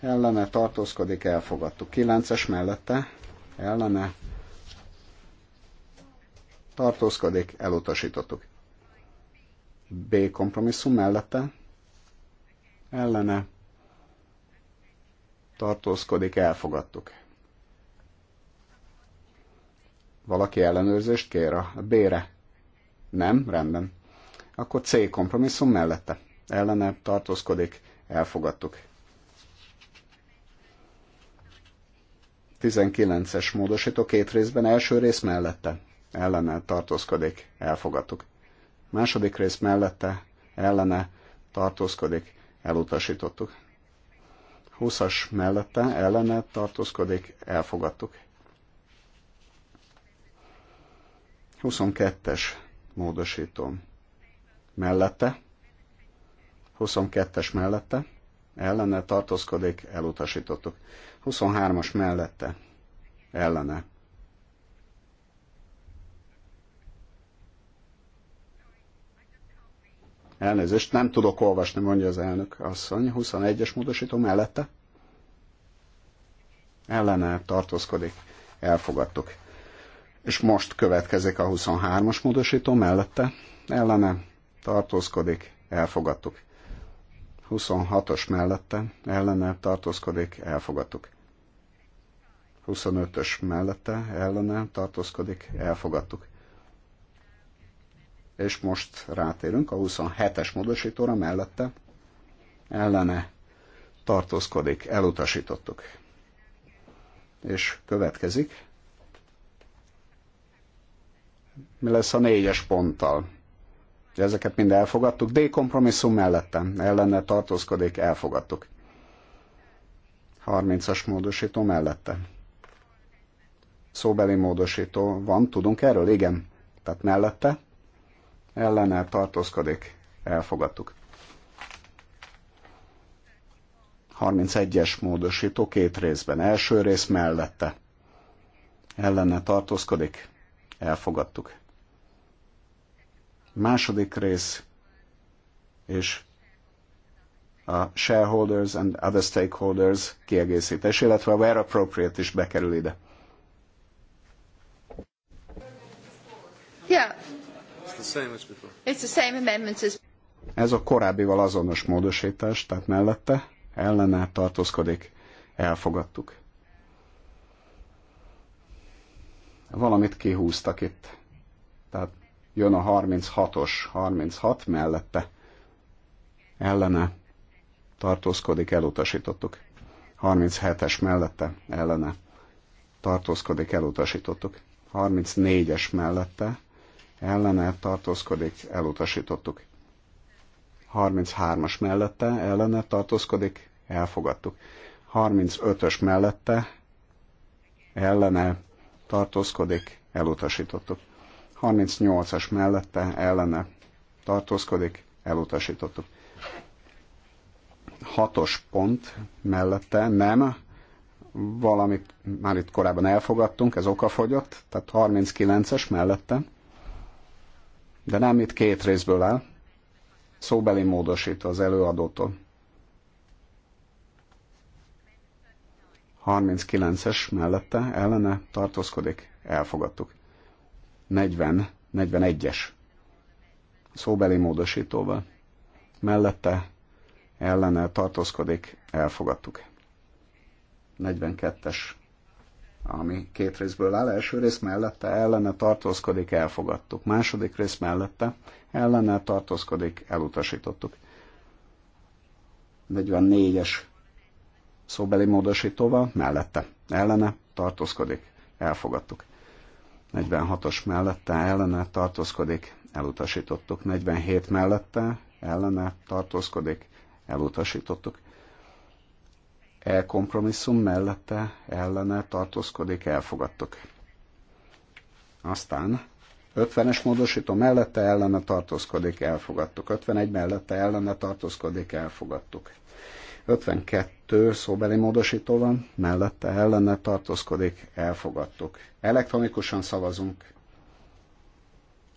Speaker 3: ellene tartózkodik, elfogadtuk. Kilences mellette, ellene tartózkodik, elutasítottuk. B kompromisszum mellette, ellene tartózkodik, elfogadtuk. Valaki ellenőrzést kér a B-re? Nem? Rendben. Akkor C kompromisszum mellette. Ellene tartózkodik, elfogadtuk. 19-es módosító két részben első rész mellette. Ellene tartózkodik, elfogadtuk. Második rész mellette, ellene tartózkodik, elutasítottuk. 20-as mellette, ellene tartózkodik, elfogadtuk. 22-es módosítom mellette, 22-es mellette, ellene tartózkodik, elutasítottuk. 23-as mellette, ellene. Elnézést, nem tudok olvasni, mondja az elnök asszony. 21-es módosító mellette, ellene tartózkodik, elfogadtuk. És most következik a 23-as módosító mellette, ellene tartózkodik, elfogadtuk. 26-os mellette, ellene tartózkodik, elfogadtuk. 25-ös mellette, ellene tartózkodik, elfogadtuk. És most rátérünk a 27-es módosítóra mellette, ellene tartózkodik, elutasítottuk. És következik mi lesz a négyes ponttal. Ezeket mind elfogadtuk. D kompromisszum mellettem. Ellene tartózkodik, elfogadtuk. 30-as módosító mellette. Szóbeli módosító van, tudunk erről? Igen. Tehát mellette ellene tartózkodik, elfogadtuk. 31-es módosító két részben. Első rész mellette. Ellene tartózkodik, Elfogadtuk. Második rész, és a shareholders and other stakeholders kiegészítés, illetve a where appropriate is bekerül ide.
Speaker 1: Yeah.
Speaker 5: It's the same as before.
Speaker 1: It's the same as...
Speaker 3: Ez a korábbival azonos módosítás, tehát mellette ellene tartózkodik, elfogadtuk. valamit kihúztak itt. Tehát jön a 36-os, 36 mellette ellene tartózkodik, elutasítottuk. 37-es mellette ellene tartózkodik, elutasítottuk. 34-es mellette ellene tartózkodik, elutasítottuk. 33-as mellette ellene tartózkodik, elfogadtuk. 35-ös mellette ellene tartózkodik, elutasítottuk. 38-as mellette ellene tartózkodik, elutasítottuk. 6-os pont mellette nem, valamit már itt korábban elfogadtunk, ez okafogyott, tehát 39-es mellette, de nem itt két részből áll, szóbeli módosító az előadótól. 39-es mellette ellene tartózkodik, elfogadtuk. 40, 41-es szóbeli módosítóval mellette ellene tartózkodik, elfogadtuk. 42-es, ami két részből áll, első rész mellette ellene tartózkodik, elfogadtuk. Második rész mellette ellene tartózkodik, elutasítottuk. 44-es szóbeli módosítóval, mellette, ellene, tartózkodik, elfogadtuk. 46-os mellette, ellene, tartózkodik, elutasítottuk. 47 mellette, ellene, tartózkodik, elutasítottuk. E kompromisszum mellette, ellene, tartózkodik, elfogadtuk. Aztán 50-es módosító mellette ellene tartózkodik, elfogadtuk. 51 mellette ellene tartózkodik, elfogadtuk. 52 szóbeli módosító van, mellette ellene tartózkodik, elfogadtuk. Elektronikusan szavazunk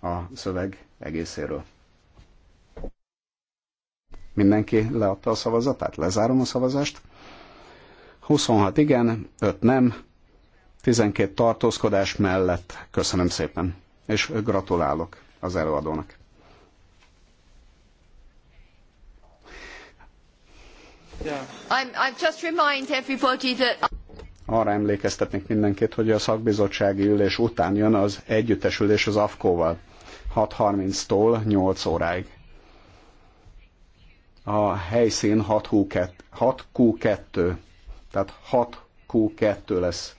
Speaker 3: a szöveg egészéről. Mindenki leadta a szavazatát? Lezárom a szavazást. 26 igen, 5 nem, 12 tartózkodás mellett. Köszönöm szépen, és gratulálok az előadónak. Arra emlékeztetnék mindenkit, hogy a szakbizottsági ülés után jön az együttesülés az AFKO-val. 6.30-tól 8 óráig. A helyszín 6Q2, tehát 6Q2 lesz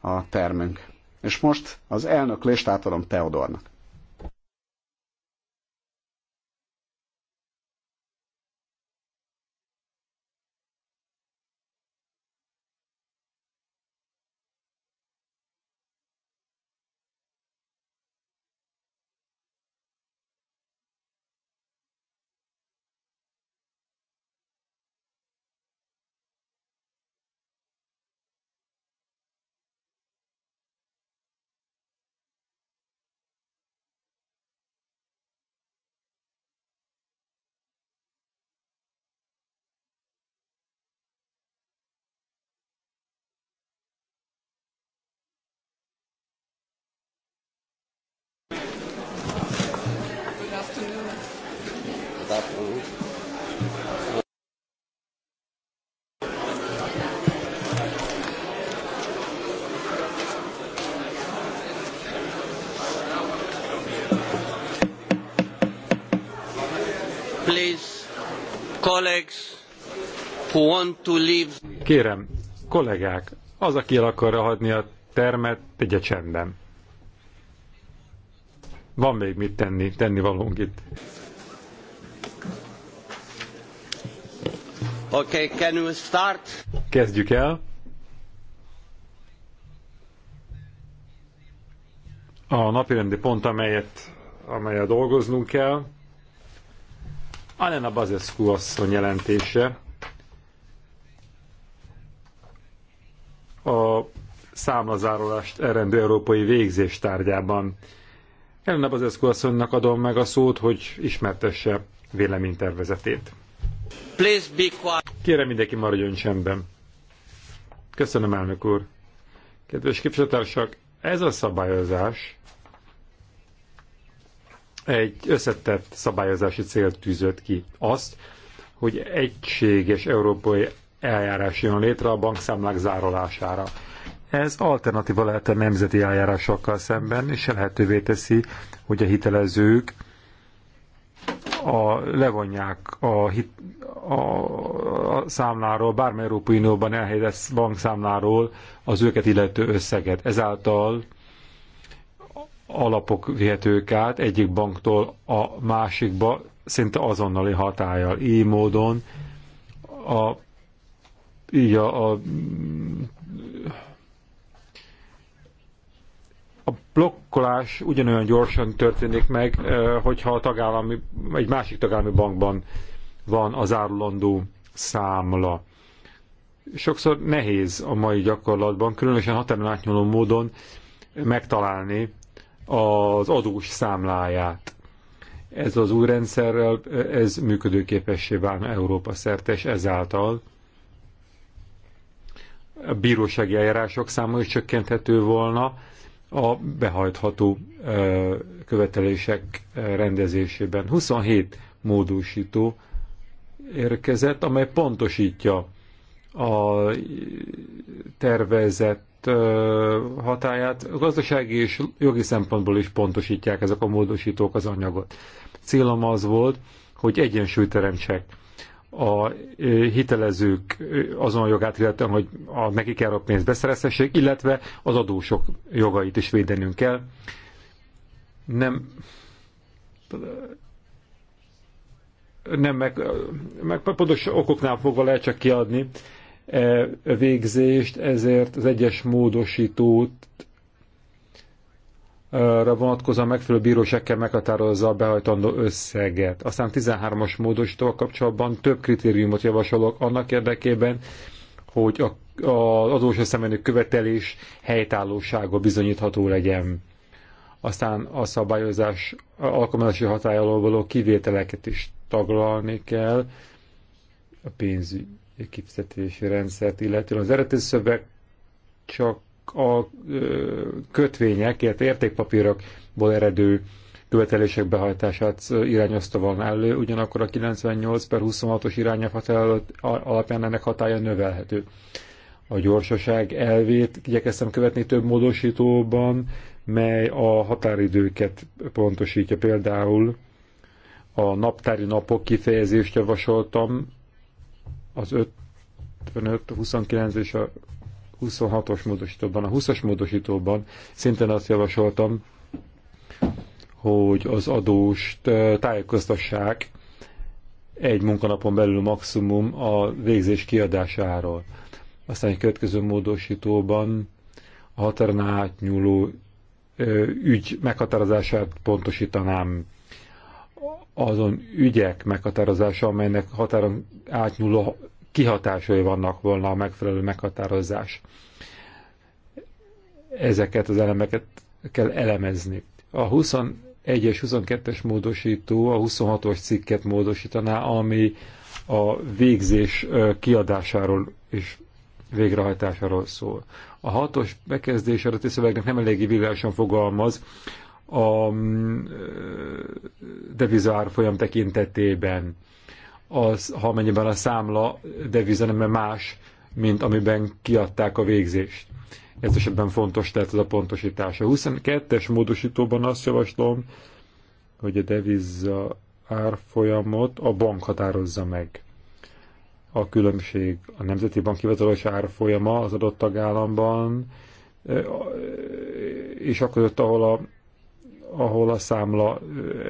Speaker 3: a termünk. És most az elnök listát adom Teodornak.
Speaker 4: Kérem, kollégák, az, aki el akarja hagyni a termet, tegye csendben. Van még mit tenni, tenni itt.
Speaker 5: Okay, can we start?
Speaker 4: Kezdjük el. A napirendi pont, amelyet, amelyet dolgoznunk kell, Alena Bazescu asszony jelentése a számlazárolást elrendő európai végzés tárgyában. Elena Bazescu asszonynak adom meg a szót, hogy ismertesse véleménytervezetét. Kérem mindenki maradjon csendben. Köszönöm, elnök úr. Kedves képviselőtársak, ez a szabályozás egy összetett szabályozási célt tűzött ki. Azt, hogy egységes európai eljárás jön létre a bankszámlák zárolására. Ez alternatíva lehet a nemzeti eljárásokkal szemben, és lehetővé teszi, hogy a hitelezők a, levonják a, hit, a, a számláról, bármely Európai Unióban elhelyezett bankszámláról az őket illető összeget. Ezáltal alapok vihetők át egyik banktól a másikba szinte azonnali hatállal, Így módon a, így a, a, a blokkolás ugyanolyan gyorsan történik meg, hogyha a tagállami, egy másik tagállami bankban van az árulandó számla. Sokszor nehéz a mai gyakorlatban, különösen határon átnyúló módon megtalálni az adós számláját. Ez az új rendszerrel, ez működőképessé válna Európa szerte, és ezáltal a bírósági eljárások száma is csökkenthető volna, a behajtható követelések rendezésében. 27 módosító érkezett, amely pontosítja a tervezett hatáját gazdasági és jogi szempontból is pontosítják ezek a módosítók az anyagot. Célom az volt, hogy egyensúlyt teremtsek a hitelezők azon a jogát, illetve hogy a nekik a pénzt beszerezhessék, illetve az adósok jogait is védenünk kell. Nem nem meg, meg pontos okoknál fogva lehet csak kiadni E, végzést, ezért az egyes módosítót e, vonatkozóan megfelelő bíróság kell meghatározza a behajtandó összeget. Aztán 13-as módosítóval kapcsolatban több kritériumot javasolok annak érdekében, hogy a, az adósra szembenő követelés helytállósága bizonyítható legyen. Aztán a szabályozás alkalmazási hatály alól való kivételeket is taglalni kell a pénzügy kifizetési rendszert, illetve az eredeti szöveg csak a kötvények, illetve értékpapírokból eredő követelések behajtását irányozta volna elő, ugyanakkor a 98 per 26-os irányelv alapján ennek hatája növelhető. A gyorsaság elvét igyekeztem követni több módosítóban, mely a határidőket pontosítja. Például a naptári napok kifejezést javasoltam, az 55, 29 és a 26-os módosítóban, a 20-as módosítóban szintén azt javasoltam, hogy az adóst tájékoztassák egy munkanapon belül maximum a végzés kiadásáról. Aztán egy következő módosítóban a határnál átnyúló ügy meghatározását pontosítanám azon ügyek meghatározása, amelynek határon átnyúló kihatásai vannak volna a megfelelő meghatározás. Ezeket az elemeket kell elemezni. A 21-es, 22-es módosító a 26-os cikket módosítaná, ami a végzés kiadásáról és végrehajtásáról szól. A hatos bekezdés eredeti szövegnek nem eléggé világosan fogalmaz a mm, devizárfolyam tekintetében, az, ha mennyiben a számla deviza nem más, mint amiben kiadták a végzést. Ez esetben fontos tehát ez a pontosítás. A 22-es módosítóban azt javaslom, hogy a deviza árfolyamot a bank határozza meg. A különbség a Nemzeti Bank hivatalos árfolyama az adott tagállamban, és akkor ott, ahol a ahol a számla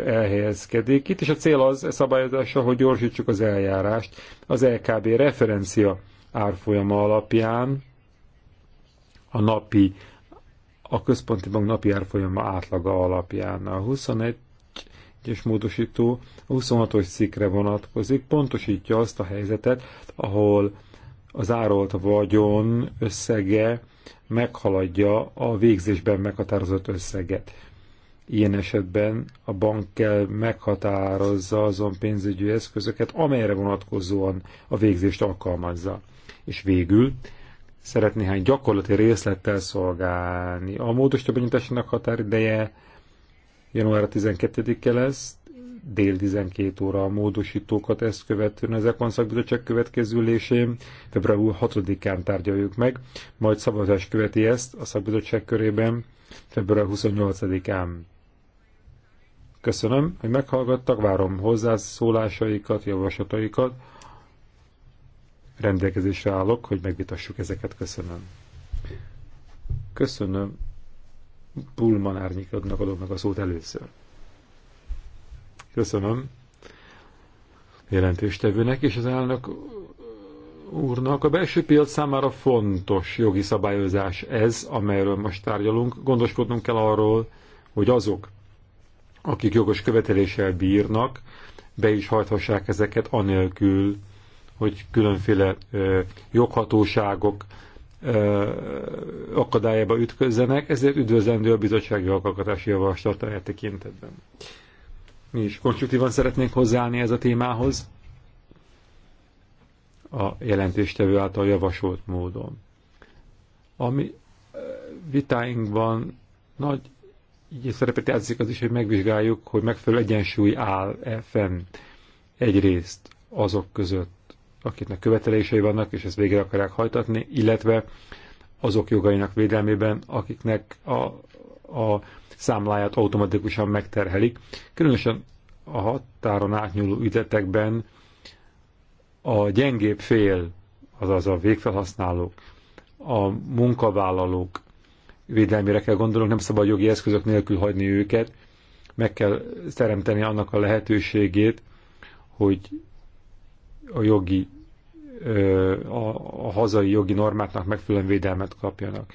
Speaker 4: elhelyezkedik. Itt is a cél az a e szabályozása, hogy gyorsítsuk az eljárást az LKB referencia árfolyama alapján a napi, a központi bank napi árfolyama átlaga alapján. A 21 es módosító a 26-os cikkre vonatkozik, pontosítja azt a helyzetet, ahol az árolt vagyon összege meghaladja a végzésben meghatározott összeget. Ilyen esetben a bank kell meghatározza azon pénzügyi eszközöket, amelyre vonatkozóan a végzést alkalmazza. És végül szeret néhány gyakorlati részlettel szolgálni. A módosító benyújtásának határideje január 12-e lesz, dél 12 óra a módosítókat ezt követően az Ekon szakbizottság következő ülésén, február 6-án tárgyaljuk meg, majd szavazás követi ezt a szakbizottság körében február 28-án. Köszönöm, hogy meghallgattak, várom hozzászólásaikat, javaslataikat. Rendelkezésre állok, hogy megvitassuk ezeket. Köszönöm. Köszönöm. Pulman árnyékodnak adom meg a szót először. Köszönöm jelentéstevőnek és az elnök úrnak. A belső piac számára fontos jogi szabályozás ez, amelyről most tárgyalunk. Gondoskodnunk kell arról, hogy azok, akik jogos követeléssel bírnak, be is hajthassák ezeket anélkül, hogy különféle ö, joghatóságok ö, akadályába ütközzenek, ezért üdvözlendő a bizottsági alkalmatási javaslata e tekintetben. Mi is konstruktívan szeretnénk hozzáállni ez a témához a jelentéstevő által javasolt módon. Ami vitáinkban nagy így szerepet játszik az is, hogy megvizsgáljuk, hogy megfelelő egyensúly áll-e fenn egyrészt azok között, akiknek követelései vannak, és ezt végre akarják hajtatni, illetve azok jogainak védelmében, akiknek a, a számláját automatikusan megterhelik. Különösen a határon átnyúló ügyletekben a gyengébb fél, azaz a végfelhasználók, a munkavállalók védelmére kell gondolunk, nem szabad jogi eszközök nélkül hagyni őket, meg kell teremteni annak a lehetőségét, hogy a jogi, a, a hazai jogi normáknak megfelelően védelmet kapjanak.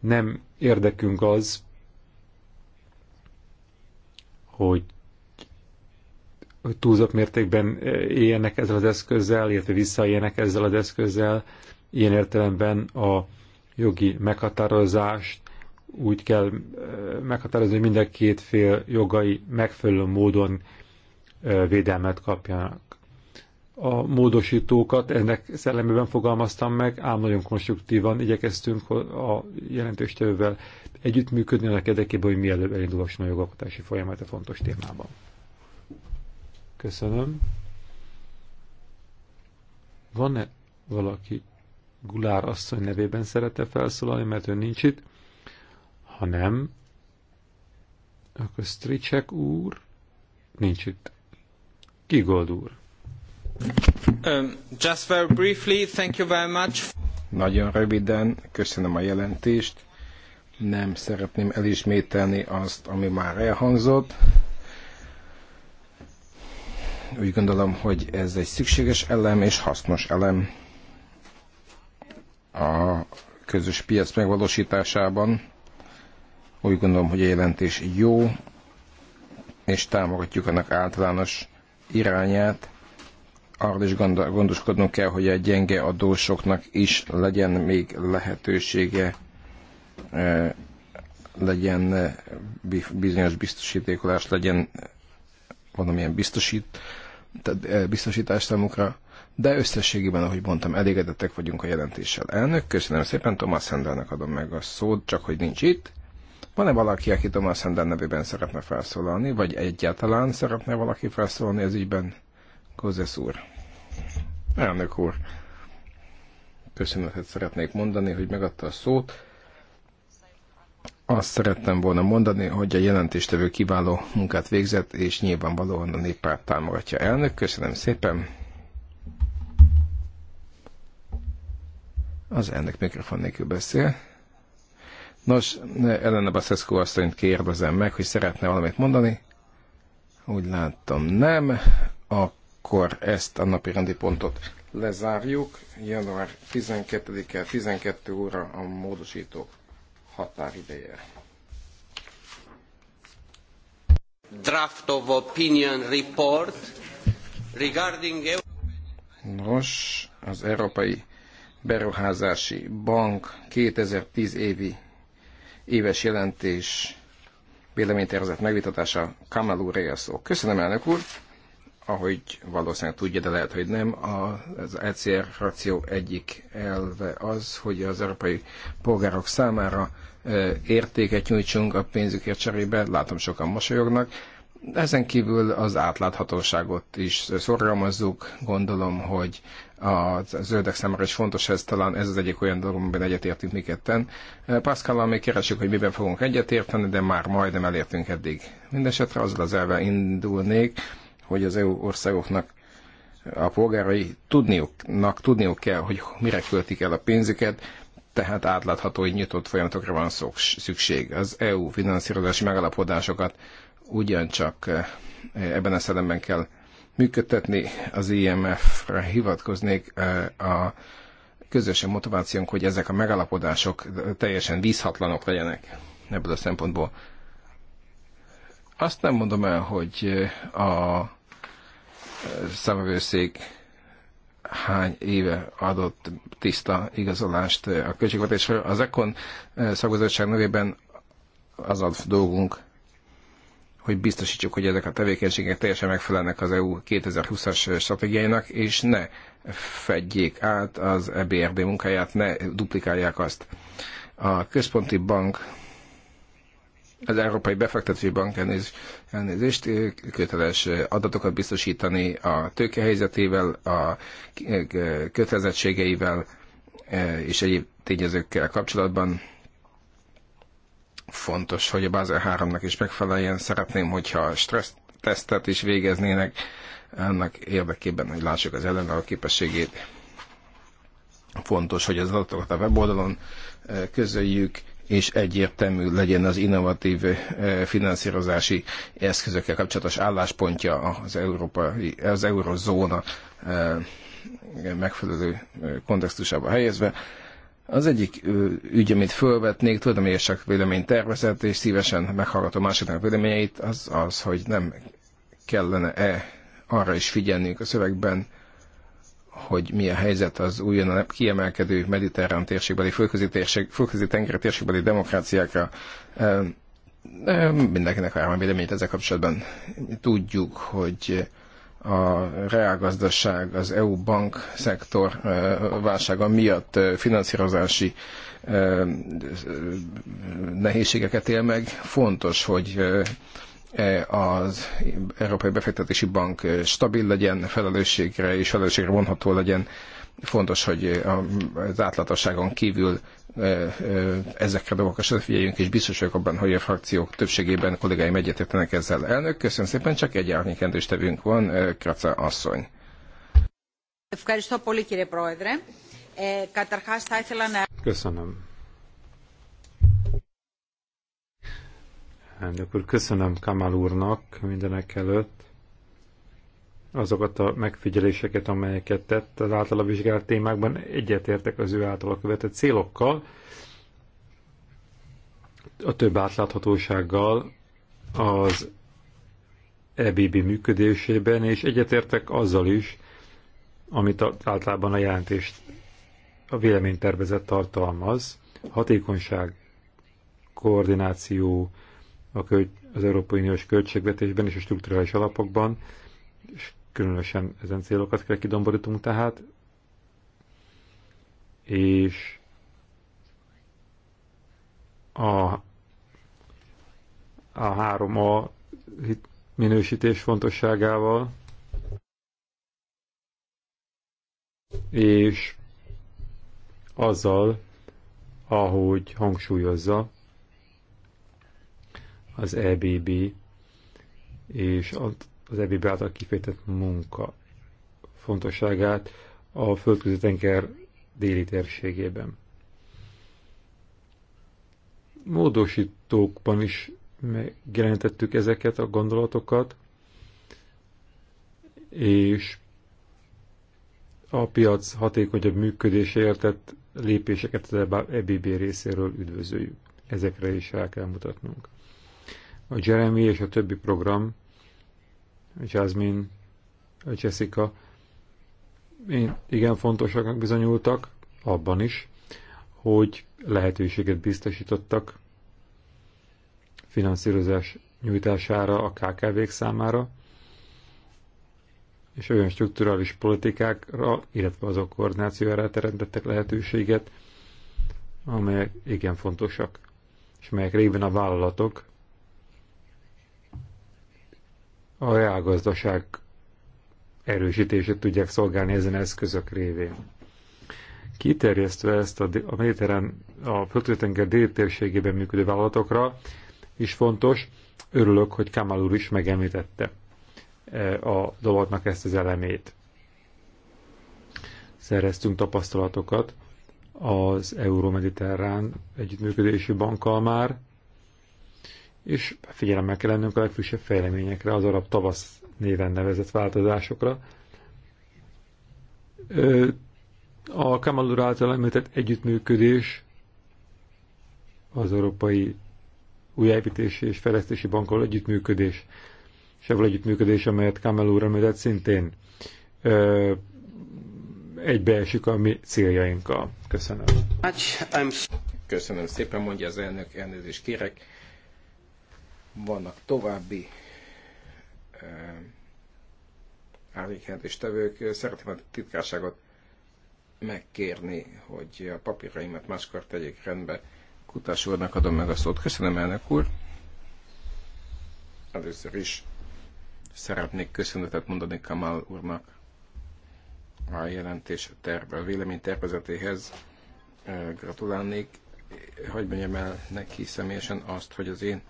Speaker 4: Nem érdekünk az, hogy hogy túlzott mértékben éljenek ezzel az eszközzel, illetve visszaéljenek ezzel az eszközzel. Ilyen értelemben a jogi meghatározást úgy kell meghatározni, hogy mind a két fél jogai megfelelő módon védelmet kapjanak. A módosítókat ennek szellemében fogalmaztam meg, ám nagyon konstruktívan igyekeztünk a jelentőstevővel együttműködni annak érdekében, hogy mielőbb elindulhasson a jogalkotási folyamat a fontos témában. Köszönöm. Van-e valaki, Gulár asszony nevében szerette felszólalni, mert ő nincs itt. Ha nem, akkor Stricek úr nincs itt. Kigold úr.
Speaker 2: Um, just very briefly, thank you very much. Nagyon röviden, köszönöm a jelentést. Nem szeretném elismételni azt, ami már elhangzott. Úgy gondolom, hogy ez egy szükséges elem és hasznos elem a közös piac megvalósításában. Úgy gondolom, hogy a jelentés jó, és támogatjuk annak általános irányát. Arról is gondoskodnunk kell, hogy a gyenge adósoknak is legyen még lehetősége, e, legyen e, bizonyos biztosítékolás, legyen valamilyen biztosít, e, biztosítás számukra de összességében, ahogy mondtam, elégedettek vagyunk a jelentéssel. Elnök, köszönöm szépen, Thomas Hendelnek adom meg a szót, csak hogy nincs itt. Van-e valaki, aki Thomas Hendel nevében szeretne felszólalni, vagy egyáltalán szeretne valaki felszólalni ez ügyben? Kozesz úr. Elnök úr. Köszönetet szeretnék mondani, hogy megadta a szót. Azt szerettem volna mondani, hogy a jelentéstevő kiváló munkát végzett, és nyilvánvalóan a néppárt támogatja elnök. Köszönöm szépen. Az ennek mikrofon nélkül beszél. Nos, Elena Baszeszko asszonyt kérdezem meg, hogy szeretne valamit mondani. Úgy láttam, nem. Akkor ezt a napi rendi pontot lezárjuk. Január 12-e, 12 óra a módosítók határideje.
Speaker 5: Draft of Opinion Report regarding...
Speaker 2: Nos, az Európai Beruházási Bank 2010 évi éves jelentés véleménytervezet megvitatása Kamal úr szó. Köszönöm, elnök úr! Ahogy valószínűleg tudja, de lehet, hogy nem, az ECR frakció egyik elve az, hogy az európai polgárok számára értéket nyújtsunk a pénzükért cserébe. Látom, sokan mosolyognak ezen kívül az átláthatóságot is szorgalmazzuk. Gondolom, hogy a zöldek számára is fontos ez, talán ez az egyik olyan dolog, amiben egyetértünk mi ketten. Pascal, még keresjük, hogy miben fogunk egyetérteni, de már majdnem elértünk eddig. Mindenesetre azzal az elve indulnék, hogy az EU országoknak a polgárai tudniuknak tudniuk kell, hogy mire költik el a pénzüket, tehát átlátható, hogy nyitott folyamatokra van szükség. Az EU finanszírozási megalapodásokat ugyancsak eh, ebben a szellemben kell működtetni. Az IMF-re hivatkoznék eh, a közös motivációnk, hogy ezek a megalapodások teljesen vízhatlanok legyenek ebből a szempontból. Azt nem mondom el, hogy eh, a szavavőszék hány éve adott tiszta igazolást a költségvetésre. Az Ekon szakbizottság nevében az a dolgunk, hogy biztosítsuk, hogy ezek a tevékenységek teljesen megfelelnek az EU 2020-as stratégiájának, és ne fedjék át az EBRD munkáját, ne duplikálják azt. A központi bank, az Európai Befektetési Bank elnézést köteles adatokat biztosítani a tőkehelyzetével, a kötelezettségeivel e, és egyéb tényezőkkel kapcsolatban fontos, hogy a Basel 3-nak is megfeleljen. Szeretném, hogyha stressz tesztet is végeznének annak érdekében, hogy lássuk az ellenálló képességét. Fontos, hogy az adatokat a weboldalon eh, közöljük, és egyértelmű legyen az innovatív eh, finanszírozási eszközökkel kapcsolatos álláspontja az, európai, az eurozóna eh, megfelelő kontextusába helyezve az egyik ügy, amit fölvetnék, tudom, hogy csak vélemény tervezett, és szívesen meghallgatom másoknak véleményeit, az az, hogy nem kellene-e arra is figyelnünk a szövegben, hogy mi a helyzet az újonnan kiemelkedő mediterrán térségbeli, fölközi térség, tengeri térségbeli demokráciákra. Mindenkinek várom a véleményt ezzel kapcsolatban. Tudjuk, hogy a reálgazdaság, az EU bank szektor válsága miatt finanszírozási nehézségeket él meg. Fontos, hogy e az Európai Befektetési Bank stabil legyen, felelősségre és felelősségre vonható legyen. Fontos, hogy az átlatosságon kívül ezekre a dolgokra se figyeljünk, és biztos vagyok abban, hogy a frakciók többségében kollégáim egyetértenek ezzel. Elnök, köszönöm szépen, csak egy árnyékendős tevünk van, Kraca asszony.
Speaker 4: Köszönöm. Elnök úr, köszönöm Kamal úrnak mindenek előtt azokat a megfigyeléseket, amelyeket tett az általa vizsgált témákban, egyetértek az ő a követett célokkal, a több átláthatósággal az EBB működésében, és egyetértek azzal is, amit általában a jelentést a véleménytervezet tartalmaz, hatékonyság, koordináció a költ, az Európai Uniós költségvetésben és a strukturális alapokban, Különösen ezen célokat kell kidomborítunk tehát, és a, a 3A minősítés fontosságával, és azzal, ahogy hangsúlyozza az EBB és a az ebébe által kifejtett munka fontosságát a földközi tenger déli térségében. Módosítókban is megjelentettük ezeket a gondolatokat, és a piac hatékonyabb működéséért tett lépéseket az EBB részéről üdvözöljük. Ezekre is rá kell mutatnunk. A Jeremy és a többi program Jasmine, Jessica, én igen fontosaknak bizonyultak, abban is, hogy lehetőséget biztosítottak finanszírozás nyújtására a KKV-k számára, és olyan strukturális politikákra, illetve azok koordinációjára teremtettek lehetőséget, amelyek igen fontosak, és melyek régen a vállalatok a reálgazdaság erősítését tudják szolgálni ezen eszközök révén. Kiterjesztve ezt a, a méteren a Földtenger déli térségében működő vállalatokra is fontos, örülök, hogy Kamal úr is megemlítette e, a dolognak ezt az elemét. Szereztünk tapasztalatokat az Euró-Mediterrán együttműködési bankkal már, és figyelemmel kell lennünk a legfrissebb fejleményekre, az arab tavasz néven nevezett változásokra. A Kamalur által említett együttműködés az Európai Újjáépítési és Fejlesztési Bankkal együttműködés, és ebből együttműködés, amelyet Kamalur említett szintén egybeesik a mi céljainkkal. Köszönöm.
Speaker 2: Köszönöm szépen, mondja az elnök, elnézést kérek vannak további tevők. Szeretném a titkárságot megkérni, hogy a papíraimat máskor tegyék rendbe. Kutás úrnak adom meg a szót. Köszönöm, elnök úr. Először is szeretnék köszönetet mondani Kamal úrnak a jelentés terve, a vélemény tervezetéhez. Gratulálnék. hogy mondjam el neki személyesen azt, hogy az én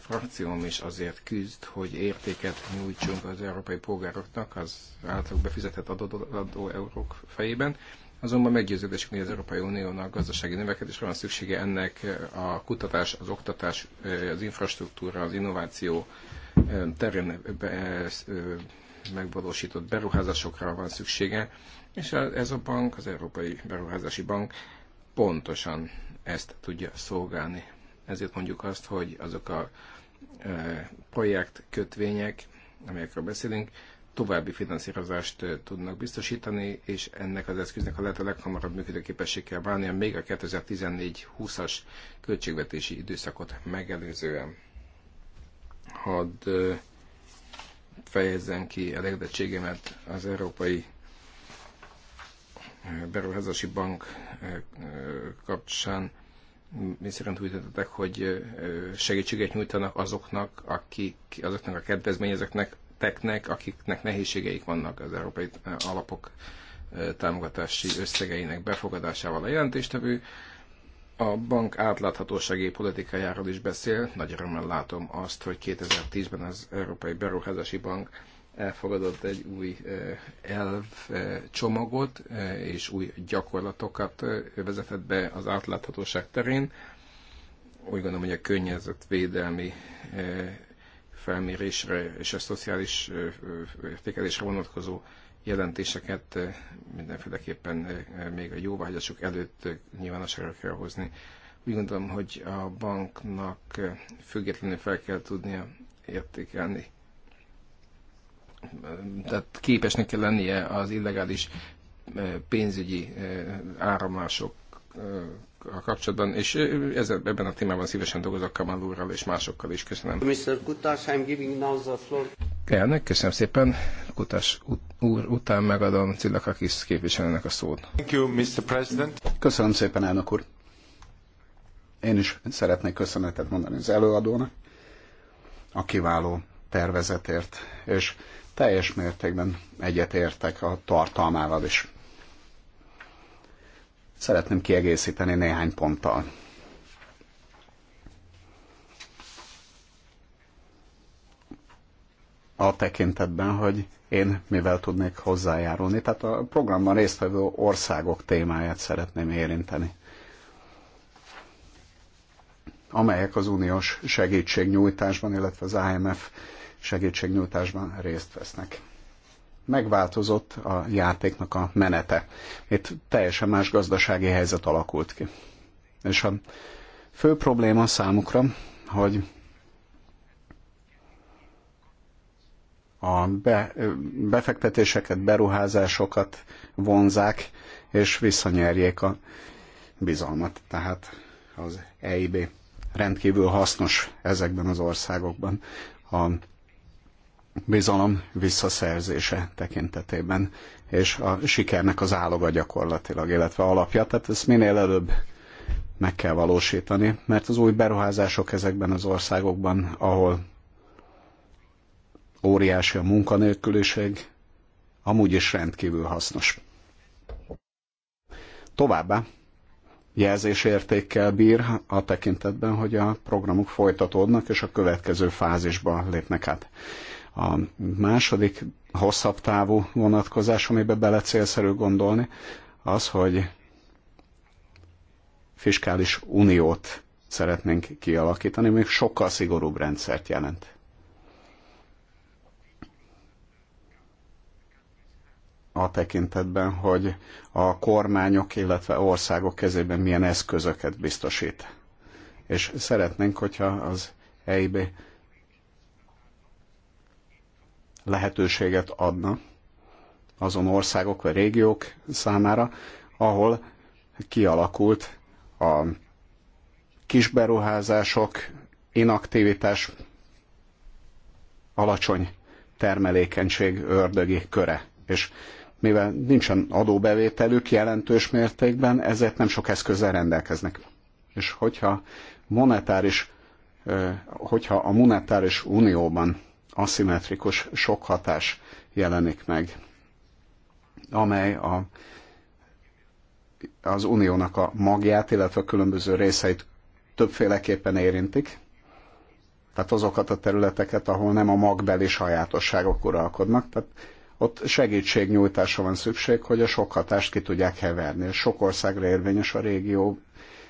Speaker 2: frakcióm is azért küzd, hogy értéket nyújtsunk az európai polgároknak az általuk befizetett adó, adó eurók fejében. Azonban meggyőződésünk, hogy az Európai Uniónak gazdasági növekedésre van szüksége ennek a kutatás, az oktatás, az infrastruktúra, az innováció terén megvalósított beruházásokra van szüksége, és ez a bank, az Európai Beruházási Bank pontosan ezt tudja szolgálni. Ezért mondjuk azt, hogy azok a e, projekt kötvények, amelyekről beszélünk, további finanszírozást e, tudnak biztosítani, és ennek az eszköznek a lehető leghamarabb működőképessé kell válnia még a 2014-20-as költségvetési időszakot megelőzően. Hadd e, fejezzen ki elégedettségemet az Európai Beruházási Bank kapcsán miniszterelnök úgy tettetek, hogy segítséget nyújtanak azoknak, akik, azoknak a kedvezményezeknek, teknek, akiknek nehézségeik vannak az európai alapok támogatási összegeinek befogadásával a jelentéstevő. A bank átláthatósági politikájáról is beszél. Nagy örömmel látom azt, hogy 2010-ben az Európai Beruházási Bank elfogadott egy új eh, elv eh, csomagot eh, és új gyakorlatokat vezetett be az átláthatóság terén. Úgy gondolom, hogy a környezetvédelmi felmérésre és a szociális értékelésre vonatkozó jelentéseket mindenféleképpen még a jóvágyásuk előtt nyilvánosságra kell hozni. Úgy gondolom, hogy a banknak függetlenül fel kell tudnia értékelni tehát képesnek kell lennie az illegális pénzügyi áramlások a kapcsolatban, és ezzel, ebben a témában szívesen dolgozok Kamal úrral és másokkal is. Köszönöm.
Speaker 5: Mr. Kutas, I'm giving now the floor.
Speaker 2: Kellnek, köszönöm szépen. Kutas úr után megadom
Speaker 3: Cillakakis képviselőnek a szót.
Speaker 1: Thank you, Mr. President.
Speaker 3: Köszönöm szépen, elnök úr. Én is szeretnék köszönetet mondani az előadónak a kiváló tervezetért, és teljes mértékben egyetértek a tartalmával is. Szeretném kiegészíteni néhány ponttal. a tekintetben, hogy én mivel tudnék hozzájárulni. Tehát a programban résztvevő országok témáját szeretném érinteni, amelyek az uniós segítségnyújtásban, illetve az IMF segítségnyújtásban részt vesznek. Megváltozott a játéknak a menete. Itt teljesen más gazdasági helyzet alakult ki. És a fő probléma számukra, hogy a be, befektetéseket, beruházásokat vonzák, és visszanyerjék a bizalmat. Tehát az EIB rendkívül hasznos ezekben az országokban a bizalom visszaszerzése tekintetében, és a sikernek az áloga gyakorlatilag, illetve alapja. Tehát ezt minél előbb meg kell valósítani, mert az új beruházások ezekben az országokban, ahol óriási a munkanélküliség, amúgy is rendkívül hasznos. Továbbá jelzésértékkel bír a tekintetben, hogy a programok folytatódnak és a következő fázisba lépnek át. A második hosszabb távú vonatkozás, amiben bele célszerű gondolni, az, hogy fiskális uniót szeretnénk kialakítani, még sokkal szigorúbb rendszert jelent. a tekintetben, hogy a kormányok, illetve országok kezében milyen eszközöket biztosít. És szeretnénk, hogyha az EIB lehetőséget adna azon országok vagy régiók számára, ahol kialakult a kisberuházások, inaktivitás, alacsony termelékenység ördögi köre. És mivel nincsen adóbevételük jelentős mértékben, ezért nem sok eszközzel rendelkeznek. És hogyha monetáris, hogyha a monetáris unióban aszimmetrikus sokhatás jelenik meg, amely a, az uniónak a magját, illetve a különböző részeit többféleképpen érintik, tehát azokat a területeket, ahol nem a magbeli sajátosságok uralkodnak, tehát ott segítségnyújtásra van szükség, hogy a sok hatást ki tudják heverni. Sok országra érvényes a régió,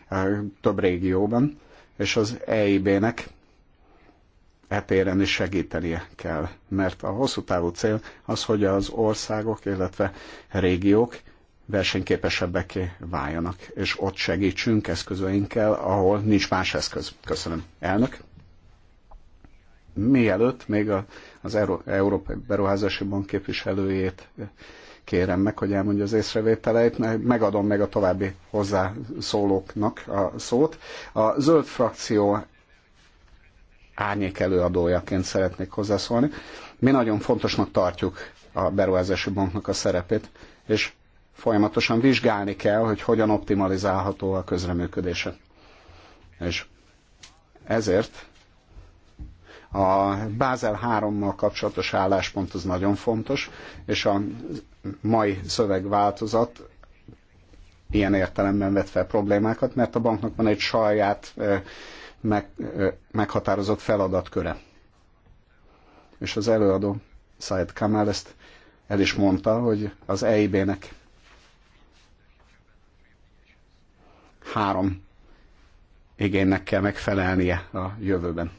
Speaker 3: eh, több régióban, és az EIB-nek etéren is segítenie kell, mert a hosszú távú cél az, hogy az országok, illetve régiók versenyképesebbeké váljanak, és ott segítsünk eszközöinkkel, ahol nincs más eszköz. Köszönöm. Elnök? Mielőtt még a, az Euró- Európai Beruházási Bank képviselőjét kérem meg, hogy elmondja az észrevételeit, mert megadom meg a további hozzászólóknak a szót. A zöld frakció árnyék előadójaként szeretnék hozzászólni. Mi nagyon fontosnak tartjuk a beruházási banknak a szerepét, és folyamatosan vizsgálni kell, hogy hogyan optimalizálható a közreműködése. És ezért a Bázel 3-mal kapcsolatos álláspont az nagyon fontos, és a mai szövegváltozat ilyen értelemben vett fel problémákat, mert a banknak van egy saját meg, meghatározott feladatköre. És az előadó, Said Kamal ezt el is mondta, hogy az EIB-nek három igénynek kell megfelelnie a jövőben.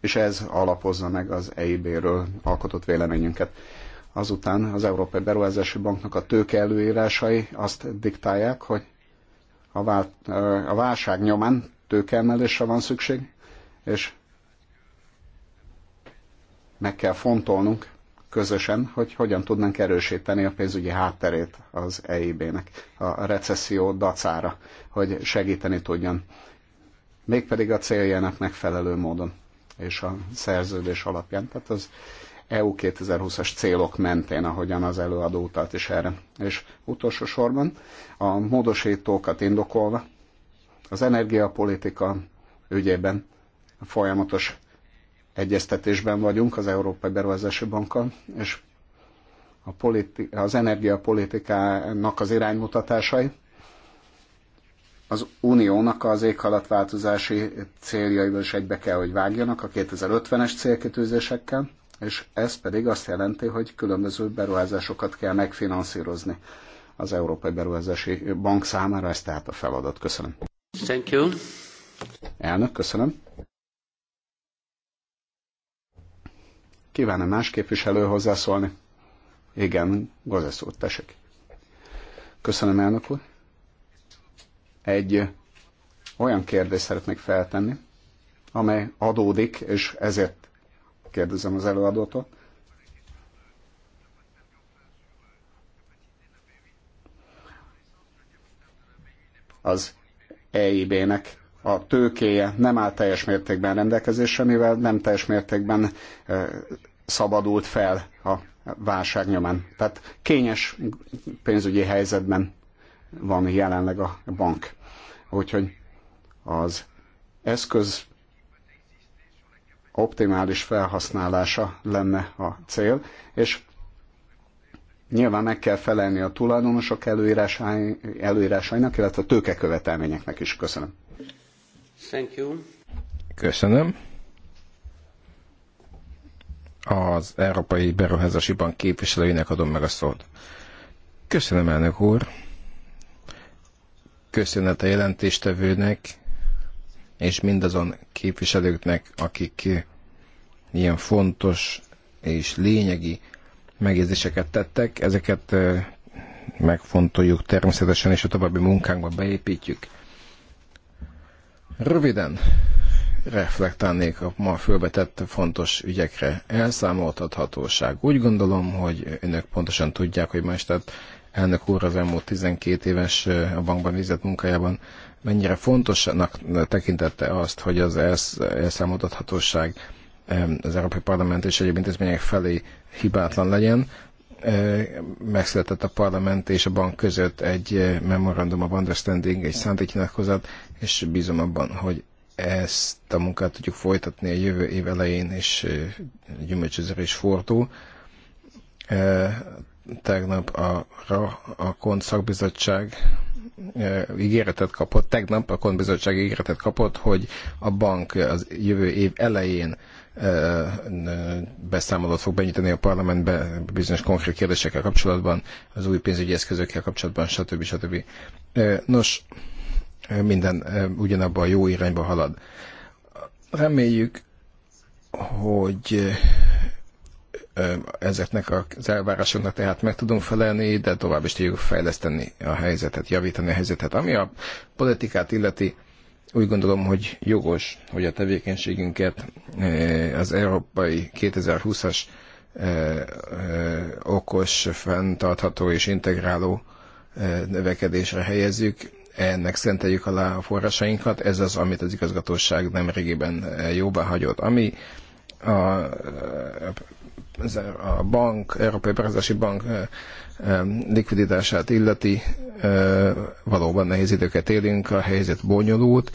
Speaker 3: És ez alapozza meg az EIB-ről alkotott véleményünket. Azután az Európai Beruházási Banknak a tőke előírásai azt diktálják, hogy a, vál, a válság nyomán tőkeemelésre van szükség, és meg kell fontolnunk közösen, hogy hogyan tudnánk erősíteni a pénzügyi hátterét az EIB-nek a recesszió dacára, hogy segíteni tudjon. Mégpedig a céljának megfelelő módon és a szerződés alapján. Tehát az EU 2020-as célok mentén, ahogyan az előadó utalt is erre. És utolsó sorban a módosítókat indokolva az energiapolitika ügyében folyamatos egyeztetésben vagyunk az Európai Beruházási Bankkal, és a politi- az energiapolitikának az iránymutatásai az uniónak az éghalatváltozási céljaival is egybe kell, hogy vágjanak a 2050-es célkitűzésekkel, és ez pedig azt jelenti, hogy különböző beruházásokat kell megfinanszírozni az Európai Beruházási Bank számára, ez tehát a feladat. Köszönöm. Thank you. Elnök, köszönöm. Kívánom más képviselő hozzászólni? Igen, Gazesz úr, tessék. Köszönöm, elnök úr. Egy olyan kérdést szeretnék feltenni, amely adódik, és ezért kérdezem az előadótól. Az EIB-nek a tőkéje nem áll teljes mértékben rendelkezésre, mivel nem teljes mértékben szabadult fel a válság nyomán. Tehát kényes pénzügyi helyzetben van jelenleg a bank. Úgyhogy az eszköz optimális felhasználása lenne a cél, és nyilván meg kell felelni a tulajdonosok előírásainak, illetve a tőkekövetelményeknek is. Köszönöm. Thank you. Köszönöm.
Speaker 2: Az Európai Beruházási Bank képviselőinek adom meg a szót. Köszönöm, elnök úr. Köszönet a jelentéstevőnek és mindazon képviselőknek, akik ilyen fontos és lényegi megjegyzéseket tettek. Ezeket megfontoljuk természetesen, és a további munkánkba beépítjük. Röviden reflektálnék a ma fölbetett fontos ügyekre. Elszámoltathatóság. Úgy gondolom, hogy önök pontosan tudják, hogy Mestert elnök úr az elmúlt 12 éves a bankban vizet munkájában mennyire fontosnak tekintette azt, hogy az elszámoltathatóság az Európai Parlament és egyéb intézmények felé hibátlan legyen. Megszületett a parlament és a bank között egy eh, memorandum of understanding, egy szándéknyilatkozat, és bízom abban, hogy ezt a munkát tudjuk folytatni a jövő év elején, és eh, gyümölcsözőre is fordul. Eh, tegnap a, a KONT szakbizottság ígéretet kapott, tegnap a kontbizottság ígéretet kapott, hogy a bank az jövő év elején beszámolót fog benyújtani a parlamentbe bizonyos konkrét kérdésekkel kapcsolatban, az új pénzügyi eszközökkel kapcsolatban, stb. stb. Nos, minden ugyanabban a jó irányba halad. Reméljük, hogy ezeknek az elvárásoknak tehát meg tudunk felelni, de tovább is tudjuk fejleszteni a helyzetet, javítani a helyzetet. Ami a politikát illeti, úgy gondolom, hogy jogos, hogy a tevékenységünket az Európai 2020-as okos, fenntartható és integráló növekedésre helyezzük. Ennek szenteljük alá a forrásainkat, ez az, amit az igazgatóság nemrégiben jóvá hagyott. Ami a a bank, Európai Beruházási Bank likviditását illeti, valóban nehéz időket élünk, a helyzet bonyolult.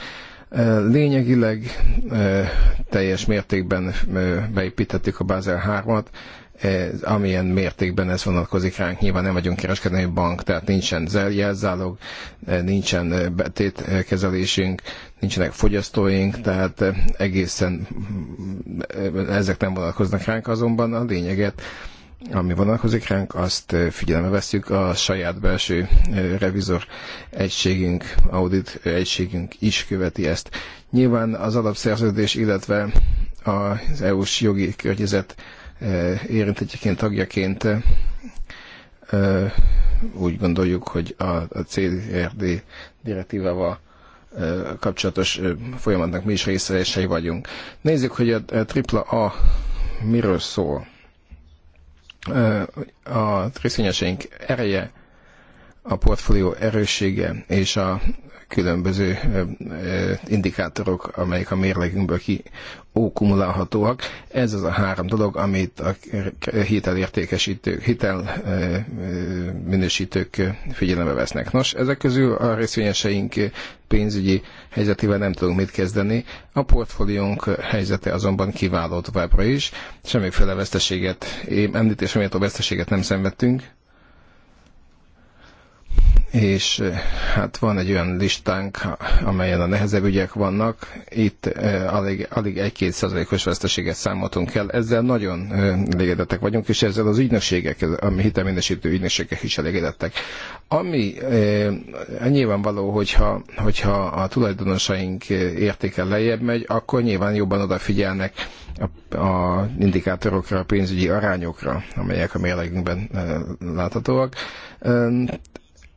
Speaker 2: Lényegileg teljes mértékben beépítettük a Basel 3-at, amilyen mértékben ez vonatkozik ránk. Nyilván nem vagyunk kereskedelmi bank, tehát nincsen jelzálog, nincsen betétkezelésünk, nincsenek fogyasztóink, tehát eh, egészen eh, ezek nem vonatkoznak ránk, azonban a lényeget, ami vonatkozik ránk, azt eh, figyelembe veszük a saját belső revizor egységünk, audit egységünk is követi ezt. Nyilván az alapszerződés, illetve az EU-s jogi környezet érintetjeként, tagjaként úgy gondoljuk, hogy a CRD direktívával kapcsolatos folyamatnak mi is részesei vagyunk. Nézzük, hogy a AAA miről szól. A részvényeseink ereje, a portfólió erőssége és a különböző indikátorok, amelyek a mérlegünkből ki ókumulálhatóak. Ez az a három dolog, amit a hitelértékesítők, hitel minősítők figyelembe vesznek. Nos, ezek közül a részvényeseink pénzügyi helyzetével nem tudunk mit kezdeni. A portfóliónk helyzete azonban kiváló továbbra is. Semmiféle veszteséget, én említésem a veszteséget nem szenvedtünk és eh, hát van egy olyan listánk, amelyen a nehezebb ügyek vannak. Itt eh, alig, alig egy-két százalékos veszteséget számoltunk el. Ezzel nagyon eh, elégedettek vagyunk, és ezzel az ügynökségek, a hitelminősítő ügynökségek is elégedettek. Ami eh, nyilvánvaló, hogyha, hogyha a tulajdonosaink értéke lejjebb megy, akkor nyilván jobban odafigyelnek a, a indikátorokra, a pénzügyi arányokra, amelyek a mérlegünkben láthatóak.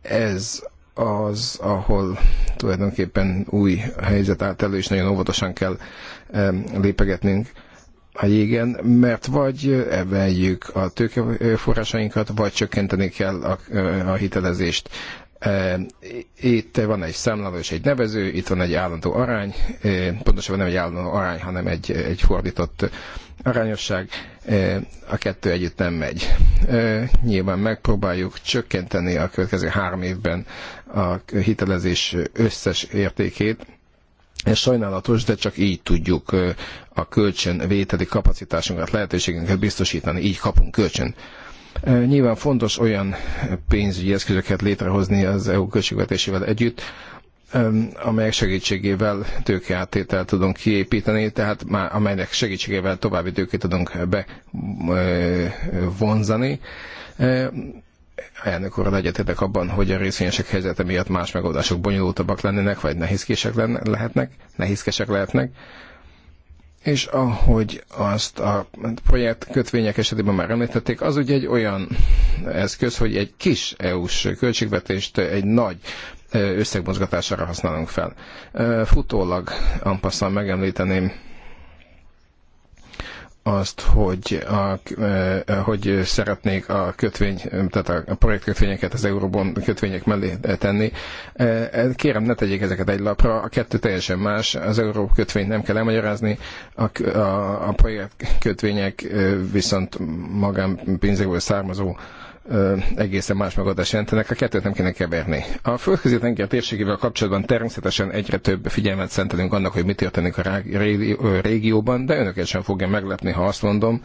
Speaker 2: Ez az, ahol tulajdonképpen új helyzet állt elő, és nagyon óvatosan kell lépegetnünk a jégen, mert vagy emeljük a tőkeforrásainkat, vagy csökkenteni kell a, a hitelezést. Itt van egy számláló és egy nevező, itt van egy állandó arány, eh, pontosabban nem egy állandó arány, hanem egy, egy fordított arányosság a kettő együtt nem megy. Nyilván megpróbáljuk csökkenteni a következő három évben a hitelezés összes értékét, ez sajnálatos, de csak így tudjuk a kölcsönvételi kapacitásunkat, lehetőségünket biztosítani, így kapunk kölcsön. Nyilván fontos olyan pénzügyi eszközöket létrehozni az EU költségvetésével együtt, amelyek segítségével tőkeáttételt tudunk kiépíteni, tehát már amelynek segítségével további tőkét tudunk bevonzani. Elnök úr, egyetetek abban, hogy a részvényesek helyzete miatt más megoldások bonyolultabbak lennének, vagy nehézkések lehetnek, nehézkesek lehetnek. És ahogy azt a projekt kötvények esetében már említették, az ugye egy olyan eszköz, hogy egy kis EU-s költségvetést egy nagy összegmozgatására használunk fel. Futólag ampasszal megemlíteném azt, hogy, a, hogy szeretnék a kötvény, tehát a projektkötvényeket az euróban kötvények mellé tenni. Kérem, ne tegyék ezeket egy lapra, a kettő teljesen más, az euró kötvényt nem kell elmagyarázni, a, a, a projektkötvények viszont pénzekből származó egészen más megoldást jelentenek, a kettőt nem kéne keverni. A földközi tenger térségével kapcsolatban természetesen egyre több figyelmet szentelünk annak, hogy mi történik a régióban, de önöket sem fogja meglepni, ha azt mondom,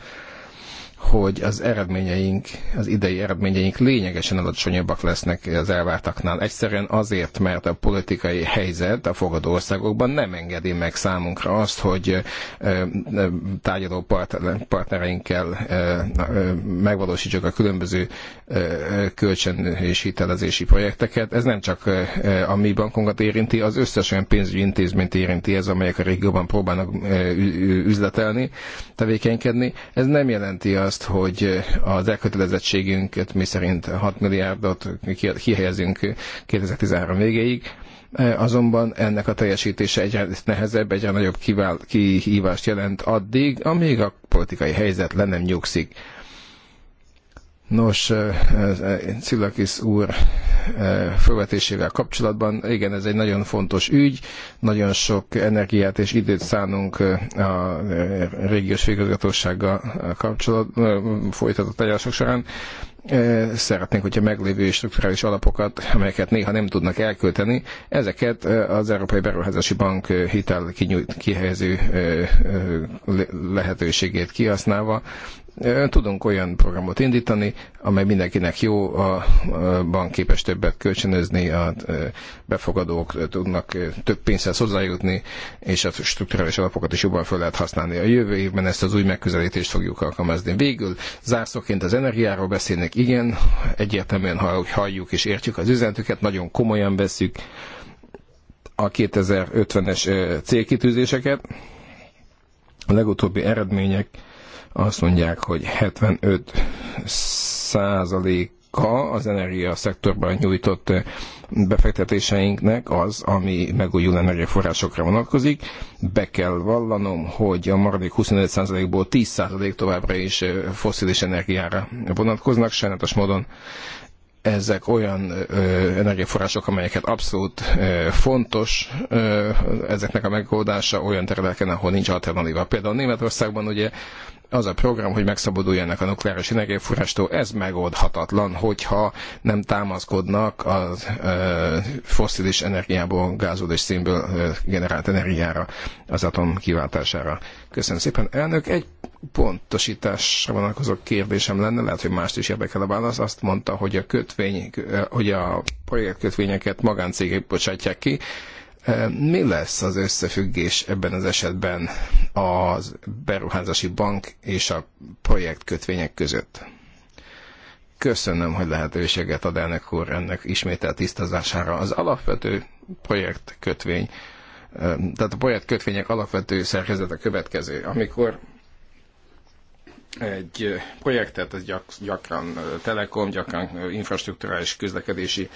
Speaker 2: hogy az eredményeink, az idei eredményeink lényegesen alacsonyabbak lesznek az elvártaknál. Egyszerűen azért, mert a politikai helyzet a fogadó országokban nem engedi meg számunkra azt, hogy tárgyaló partnereinkkel megvalósítsuk a különböző kölcsön és hitelezési projekteket. Ez nem csak a mi bankunkat érinti, az összes olyan pénzügyi intézményt érinti ez, amelyek a régióban próbálnak üzletelni, tevékenykedni. Ez nem jelenti a azt, hogy az elkötelezettségünket mi szerint 6 milliárdot kihelyezünk 2013 végéig, azonban ennek a teljesítése egyre nehezebb, egyre nagyobb kihívást jelent addig, amíg a politikai helyzet le nem nyugszik. Nos, Cilakis eh, eh, úr eh, felvetésével kapcsolatban, igen, ez egy nagyon fontos ügy, nagyon sok energiát és időt szánunk a régiós végazgatósággal kapcsolatban folytatott tárgyalások során. Szeretnénk, hogyha meglévő strukturális alapokat, amelyeket néha nem tudnak elkölteni, ezeket az Európai Beruházási Bank hitel kinyújt, kihelyező lehetőségét kihasználva Tudunk olyan programot indítani, amely mindenkinek jó, a bank képes többet kölcsönözni, a befogadók tudnak több pénzhez hozzájutni, és a strukturális alapokat is jobban fel lehet használni. A jövő évben ezt az új megközelítést fogjuk alkalmazni. Végül zárszóként az energiáról beszélnek, igen, egyértelműen halljuk és értjük az üzenetüket, nagyon komolyan veszük a 2050-es célkitűzéseket. A legutóbbi eredmények azt mondják, hogy 75 százaléka az energia szektorban nyújtott eh, befektetéseinknek az, ami megújuló energiaforrásokra vonatkozik. Be kell vallanom, hogy a maradék 25%-ból 10% továbbra is eh, foszilis energiára vonatkoznak. Sajnálatos módon ezek olyan ö, eh, energiaforrások, amelyeket abszolút ö, fontos ö, ezeknek a megoldása olyan területeken, ahol nincs alternatíva. Például Németországban ugye az a program, hogy megszabaduljanak a nukleáris energiaforrástól, ez megoldhatatlan, hogyha nem támaszkodnak a e, foszilis energiából, gázod és szénből generált energiára, az atom kiváltására. Köszönöm szépen, elnök. Egy pontosításra vonatkozó kérdésem lenne, lehet, hogy mást is érdekel a válasz. Azt mondta, hogy a kötvény, hogy a projektkötvényeket magáncégek bocsátják ki mi lesz az összefüggés ebben az esetben az beruházási bank és a projektkötvények között? Köszönöm, hogy lehetőséget ad elnök úr ennek ismételt tisztázására. Az alapvető projektkötvény, tehát a projektkötvények alapvető szerkezete következő. Amikor egy projektet, ez gyak, gyakran telekom, gyakran infrastruktúrális közlekedési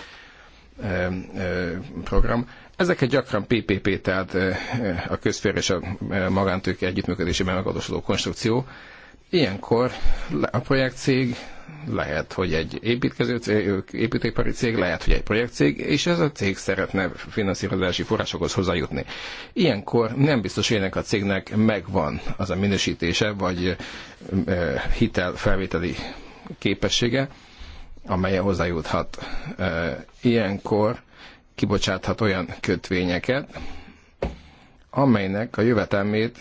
Speaker 2: program, Ezeket gyakran PPP, tehát eh, eh, a közfér és a eh, magántők együttműködésében megadósodó konstrukció. Ilyenkor a projektcég lehet, hogy egy építkező cég, építőipari cég, lehet, hogy egy projektcég, és ez a cég szeretne finanszírozási forrásokhoz hozzájutni. Ilyenkor nem biztos, hogy ennek a cégnek megvan az a minősítése, vagy hitelfelvételi képessége, amelyen hozzájuthat. Ilyenkor kibocsáthat olyan kötvényeket, amelynek a jövedelmét,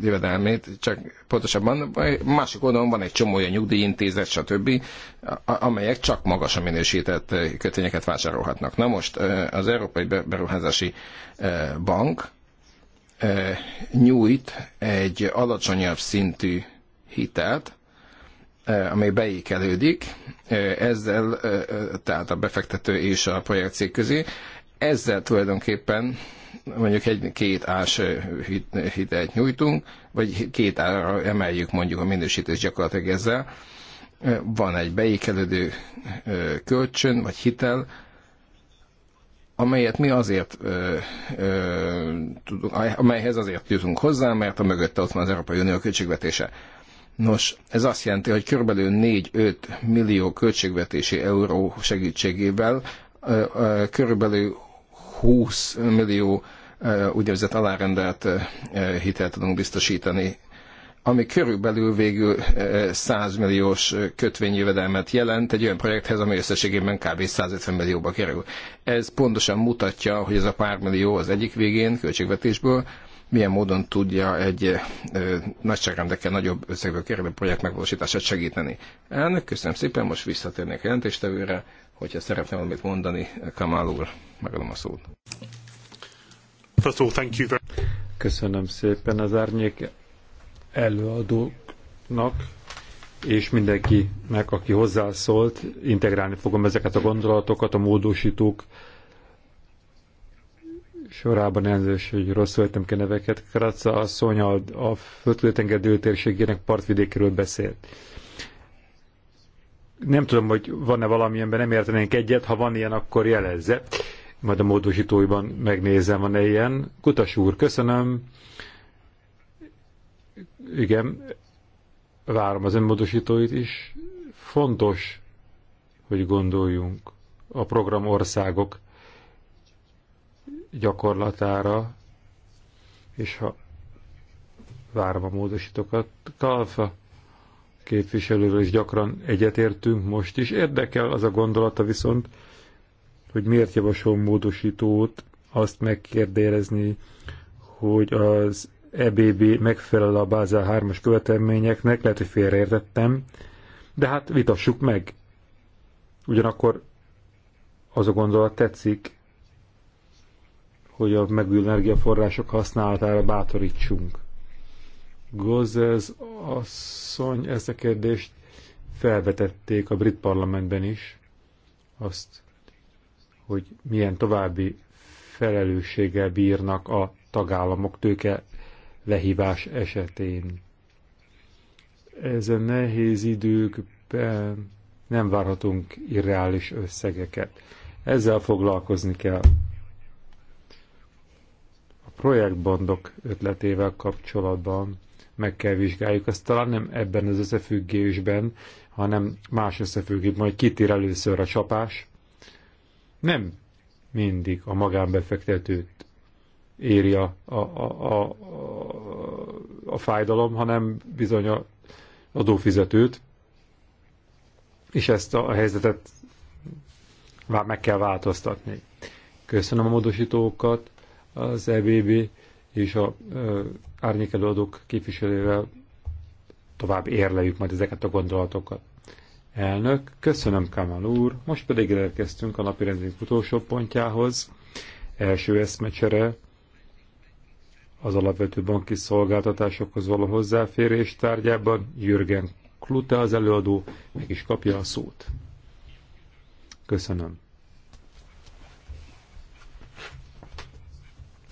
Speaker 2: jövedelmét csak pontosabban másik oldalon van egy csomó olyan nyugdíjintézet, stb., amelyek csak a minősített eh, kötvényeket vásárolhatnak. Na most eh, az Európai Beruházási eh, Bank nyújt egy alacsonyabb szintű hitelt, amely beékelődik, ezzel, tehát a befektető és a projektcég közé, ezzel tulajdonképpen mondjuk egy-két ás hitelt nyújtunk, vagy két ára emeljük mondjuk a minősítés gyakorlatilag ezzel. Van egy beékelődő kölcsön, vagy hitel, amelyet mi azért, ö, ö, amelyhez azért jutunk hozzá, mert a mögötte ott van az Európai Unió költségvetése. Nos, ez azt jelenti, hogy kb. 4-5 millió költségvetési euró segítségével kb. 20 millió úgynevezett alárendelt hitelt tudunk biztosítani, ami körülbelül végül 100 milliós kötvényjövedelmet jelent egy olyan projekthez, ami összességében kb. 150 millióba kerül. Ez pontosan mutatja, hogy ez a pár millió az egyik végén költségvetésből, milyen módon tudja egy nagyságrendekkel nagyobb összegből kerülő projekt megvalósítását segíteni. Elnök, köszönöm szépen, most visszatérnék a jelentéstevőre, hogyha szeretne valamit mondani, Kamal úr, megadom a szót.
Speaker 4: Köszönöm szépen az árnyék előadóknak, és mindenkinek, aki hozzászólt, integrálni fogom ezeket a gondolatokat a módosítók sorában elnézős, hogy rosszul értem ki neveket. Kratza asszony a, a földtudétenger dőltérségének partvidékről beszélt. Nem tudom, hogy van-e valamilyenben nem értenénk egyet, ha van ilyen, akkor jelezze. Majd a módosítóiban megnézem, van-e ilyen. Kutas úr, köszönöm. Igen, várom az önmódosítóit is. Fontos, hogy gondoljunk a program országok gyakorlatára, és ha várom a módosítókat, Kalfa képviselővel is gyakran egyetértünk most is. Érdekel az a gondolata viszont, hogy miért javasol módosítót azt megkérdezni, hogy az EBB megfelel a Bázel 3-as követelményeknek, lehet, hogy félreértettem, de hát vitassuk meg. Ugyanakkor az a gondolat tetszik, hogy a megújuló energiaforrások használatára bátorítsunk. Gozes asszony ezt a kérdést felvetették a brit parlamentben is, azt, hogy milyen további felelősséggel bírnak a tagállamok tőke lehívás esetén. Ezen nehéz időkben nem várhatunk irreális összegeket. Ezzel foglalkozni kell projektbondok ötletével kapcsolatban meg kell vizsgáljuk. Ezt talán nem ebben az összefüggésben, hanem más összefüggés, majd kitér először a csapás. Nem mindig a magánbefektetőt éri a, a, a, a, a fájdalom, hanem bizony a adófizetőt, és ezt a helyzetet meg kell változtatni. Köszönöm a módosítókat, az EBB és a árnyékelőadók képviselővel tovább érleljük majd ezeket a gondolatokat. Elnök, köszönöm Kamal úr, most pedig elkezdtünk a napi rendünk utolsó pontjához. Első eszmecsere az alapvető banki szolgáltatásokhoz való hozzáférés tárgyában Jürgen Klute az előadó, meg is kapja a szót. Köszönöm.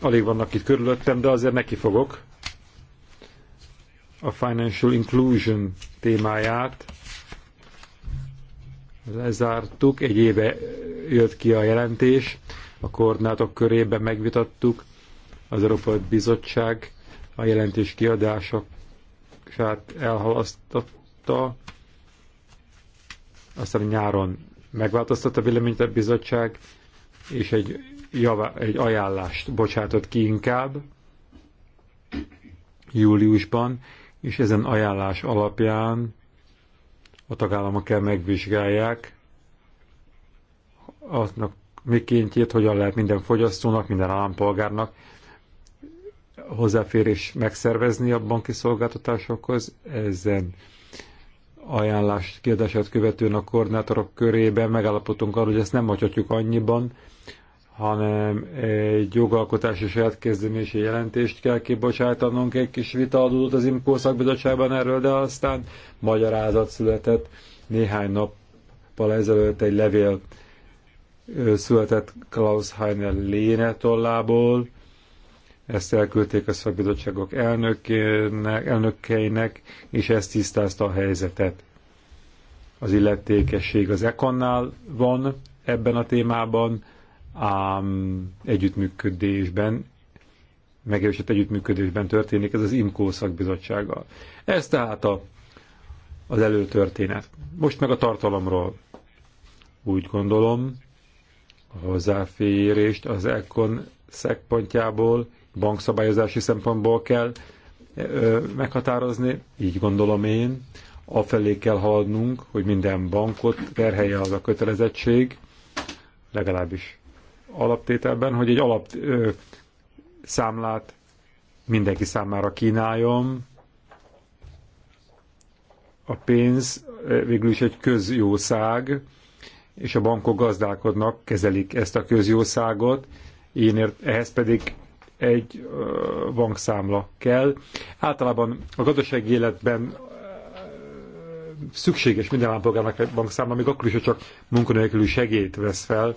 Speaker 4: alig vannak itt körülöttem, de azért neki fogok a Financial Inclusion témáját. Lezártuk, egy éve jött ki a jelentés, a koordinátok körében megvitattuk, az Európai Bizottság a jelentés kiadását elhalasztotta, aztán nyáron megváltoztatta a véleményt a bizottság, és egy javá, egy ajánlást bocsátott ki inkább júliusban, és ezen ajánlás alapján a tagállamok kell megvizsgálják aznak mikéntjét, hogyan lehet minden fogyasztónak, minden állampolgárnak hozzáférés megszervezni a banki szolgáltatásokhoz. Ezen ajánlást kiadását követően a koordinátorok körében megállapodtunk arra, hogy ezt nem hagyhatjuk annyiban, hanem egy jogalkotási saját kezdeményezési jelentést kell kibocsátanunk, egy kis vita adódott az IMKO szakbizottságban erről, de aztán magyarázat született néhány nappal ezelőtt egy levél született Klaus Heiner Léne tollából, ezt elküldték a szakbizottságok elnökeinek, és ezt tisztázta a helyzetet. Az illetékesség az Ekonnál van ebben a témában, ám együttműködésben, megerősített együttműködésben történik ez az IMCO szakbizottsággal. Ez tehát a, az előtörténet. Most meg a tartalomról. Úgy gondolom, a hozzáférést az ECON szegpontjából, bankszabályozási szempontból kell ö, meghatározni, így gondolom én. Afelé kell haladnunk, hogy minden bankot terhelje az a kötelezettség, legalábbis alaptételben, hogy egy alap ö, számlát mindenki számára kínáljon. A pénz végül is egy közjószág, és a bankok gazdálkodnak, kezelik ezt a közjószágot, én ért, ehhez pedig egy ö, bankszámla kell. Általában a gazdasági életben szükséges minden állampolgárnak egy bankszámla, még akkor is, ha csak munkanélkülű segélyt vesz fel,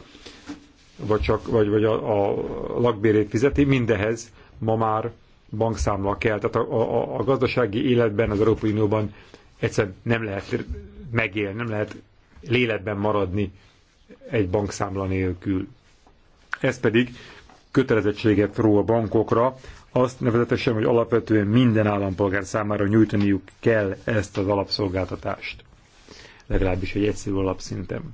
Speaker 4: vagy, csak, vagy, vagy a, a lakbérét fizeti, mindehez ma már bankszámla kell. Tehát a, a, a gazdasági életben, az Európai Unióban egyszerűen nem lehet megélni, nem lehet léletben maradni egy bankszámla nélkül. Ez pedig kötelezettséget ró a bankokra, azt nevezetesen, hogy alapvetően minden állampolgár számára nyújtaniuk kell ezt az alapszolgáltatást. Legalábbis egy egyszerű alapszinten.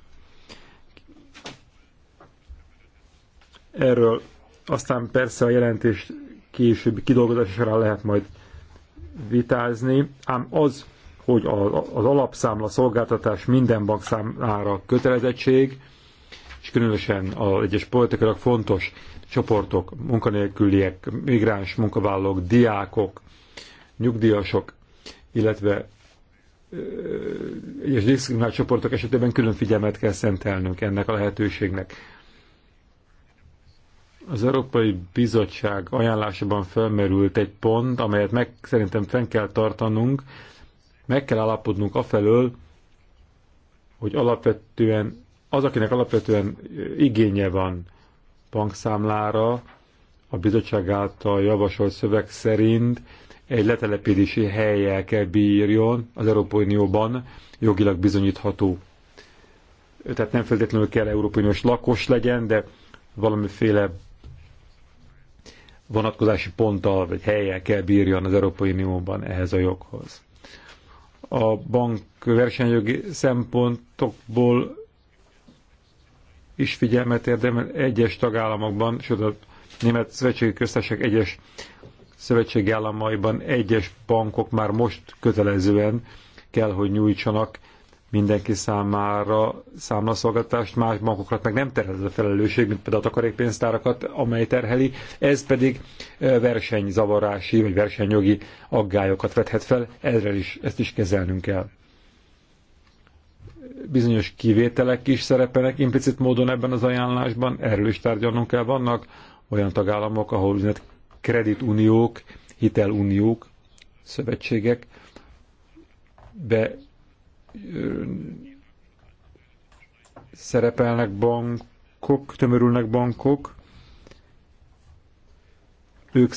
Speaker 4: Erről aztán persze a jelentés későbbi kidolgozás során lehet majd vitázni, ám az, hogy az alapszámla szolgáltatás minden bank számára kötelezettség, és különösen az egyes politikailag fontos csoportok, munkanélküliek, migráns munkavállalók, diákok, nyugdíjasok, illetve egyes diszkriminált csoportok esetében külön figyelmet kell szentelnünk ennek a lehetőségnek. Az Európai Bizottság ajánlásában felmerült egy pont, amelyet meg szerintem fenn kell tartanunk, meg kell állapodnunk afelől, hogy alapvetően az, akinek alapvetően igénye van bankszámlára, a bizottság által javasolt szöveg szerint egy letelepedési helyjel kell bírjon az Európai Unióban jogilag bizonyítható. Tehát nem feltétlenül kell Európai Uniós lakos legyen, de valamiféle vonatkozási ponttal vagy helyen kell bírjon az Európai Unióban ehhez a joghoz. A bank versenyjogi szempontokból is figyelmet érdemel egyes tagállamokban, sőt a német szövetségi köztársaság egyes szövetségi államaiban egyes bankok már most kötelezően kell, hogy nyújtsanak mindenki számára számlaszolgatást, más bankokat meg nem terhel a felelősség, mint például a takarékpénztárakat, amely terheli, ez pedig versenyzavarási vagy versenyjogi aggályokat vethet fel, ezzel is, ezt is kezelnünk kell. Bizonyos kivételek is szerepelnek implicit módon ebben az ajánlásban, erről is tárgyalnunk kell. Vannak olyan tagállamok, ahol üzenet kredituniók, hiteluniók, szövetségek be szerepelnek bankok, tömörülnek bankok, ők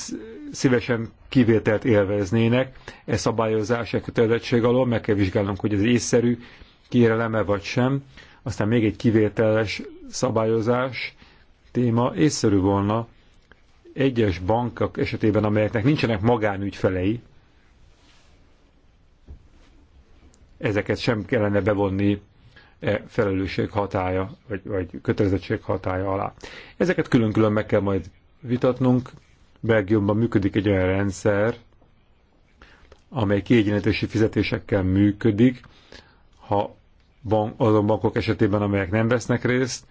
Speaker 4: szívesen kivételt élveznének. E szabályozás, e kötelezettség alól meg kell vizsgálnunk, hogy ez észszerű kéreleme vagy sem. Aztán még egy kivételes szabályozás téma észszerű volna egyes bankok esetében, amelyeknek nincsenek magánügyfelei, ezeket sem kellene bevonni e felelősség hatája, vagy, vagy kötelezettség hatája alá. Ezeket külön-külön meg kell majd vitatnunk. Belgiumban működik egy olyan rendszer, amely kiegyenlítési fizetésekkel működik, ha van azon bankok esetében, amelyek nem vesznek részt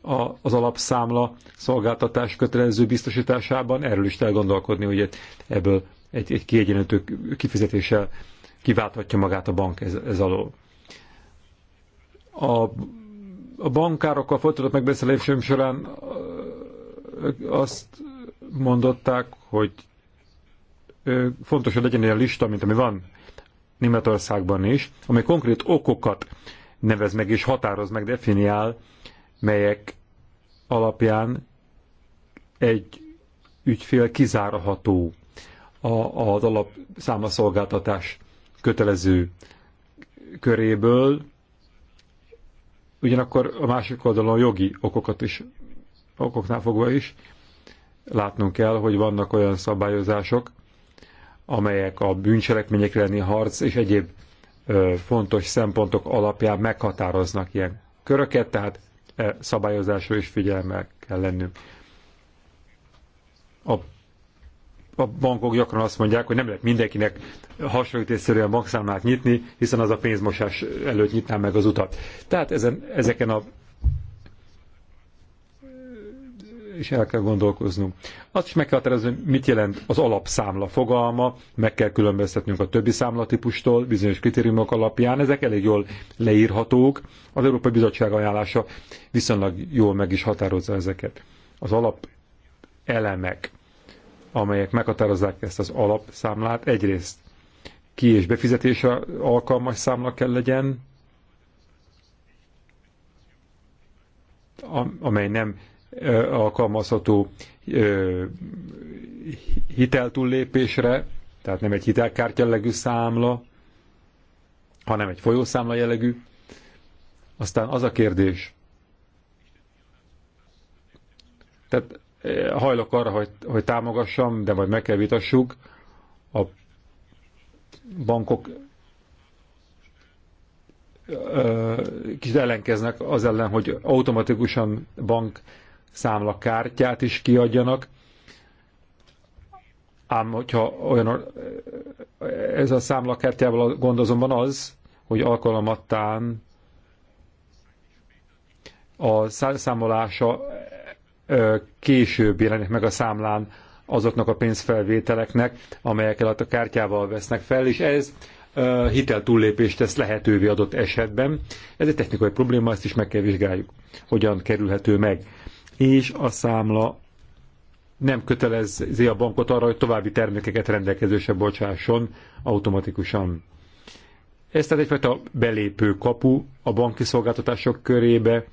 Speaker 4: a, az alapszámla szolgáltatás kötelező biztosításában, erről is kell gondolkodni, hogy ebből egy, egy kiegyenlítő kifizetéssel kiválthatja magát a bank ez, ez alól. A, a bankárokkal folytatott megbeszélésem során azt mondották, hogy fontos, hogy legyen ilyen lista, mint ami van Németországban is, amely konkrét okokat nevez meg és határoz meg, definiál, melyek alapján egy ügyfél kizárható az alapszámaszolgáltatás számaszolgáltatás kötelező köréből, ugyanakkor a másik oldalon jogi okokat is, okoknál fogva is látnunk kell, hogy vannak olyan szabályozások, amelyek a bűncselekményekre lenni harc és egyéb fontos szempontok alapján meghatároznak ilyen köröket, tehát e, szabályozásra is figyelemmel kell lennünk. A a bankok gyakran azt mondják, hogy nem lehet mindenkinek hasonlítésszerűen bankszámlát nyitni, hiszen az a pénzmosás előtt nyitná meg az utat. Tehát ezen, ezeken a és el kell gondolkoznunk. Azt is meg kell határozni, mit jelent az alapszámla fogalma, meg kell különböztetnünk a többi számlatípustól, bizonyos kritériumok alapján, ezek elég jól leírhatók. Az Európai Bizottság ajánlása viszonylag jól meg is határozza ezeket. Az alap elemek amelyek meghatározzák ezt az alapszámlát. Egyrészt ki- és befizetésre alkalmas számla kell legyen, amely nem alkalmazható hiteltúllépésre, tehát nem egy hitelkárt jellegű számla, hanem egy folyószámla jellegű. Aztán az a kérdés, tehát hajlok arra, hogy, hogy támogassam, de majd meg kell vitassuk a bankok kicsit ellenkeznek az ellen, hogy automatikusan bank számlakártyát is kiadjanak, ám hogyha olyan, ez a számlakártyával gondozom gond az, hogy alkalomattán a számolása később jelenik meg a számlán azoknak a pénzfelvételeknek, amelyeket a kártyával vesznek fel, és ez hitel túllépést tesz lehetővé adott esetben. Ez egy technikai probléma, ezt is meg kell vizsgáljuk, hogyan kerülhető meg. És a számla nem kötelezzi a bankot arra, hogy további termékeket rendelkezésre bocsásson automatikusan. Ez tehát egyfajta belépő kapu a banki szolgáltatások körébe,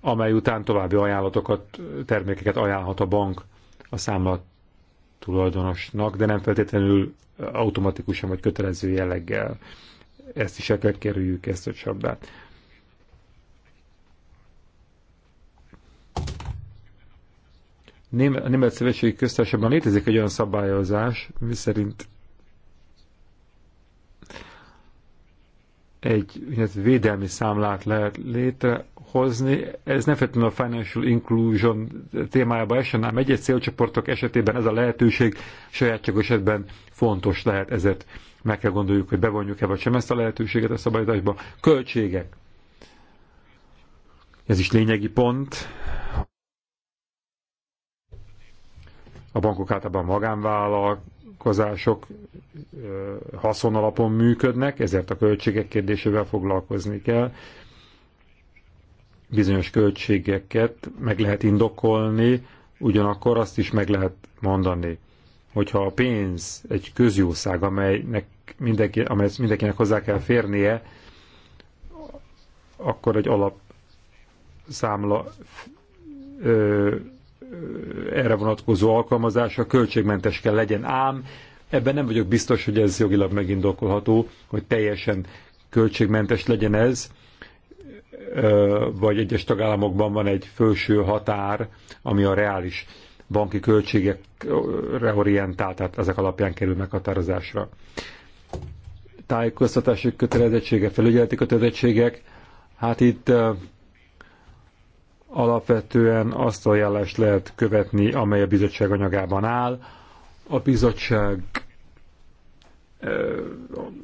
Speaker 4: amely után további ajánlatokat, termékeket ajánlhat a bank a számla tulajdonosnak, de nem feltétlenül automatikusan vagy kötelező jelleggel. Ezt is el kell kerüljük, ezt a csapdát. A Német Szövetségi Köztársaságban létezik egy olyan szabályozás, miszerint egy védelmi számlát lehet létrehozni. Ez nem feltétlenül a financial inclusion témájába esen, ám egy célcsoportok esetében ez a lehetőség sajátságos esetben fontos lehet, ezért meg kell gondoljuk, hogy bevonjuk-e vagy sem ezt a lehetőséget a szabályozásba. Költségek. Ez is lényegi pont. A bankok általában magánvállalak, vállalkozások haszonalapon működnek, ezért a költségek kérdésével foglalkozni kell. Bizonyos költségeket meg lehet indokolni, ugyanakkor azt is meg lehet mondani, hogyha a pénz egy közjószág, amelynek mindenki, amelyet mindenkinek hozzá kell férnie, akkor egy alapszámla ö, erre vonatkozó alkalmazása költségmentes kell legyen, ám ebben nem vagyok biztos, hogy ez jogilag megindokolható, hogy teljesen költségmentes legyen ez, vagy egyes tagállamokban van egy felső határ, ami a reális banki költségekre orientált, tehát ezek alapján kerül meghatározásra. Tájékoztatási kötelezettsége, felügyeleti kötelezettségek, hát itt alapvetően azt a jelest lehet követni, amely a bizottság anyagában áll. A bizottság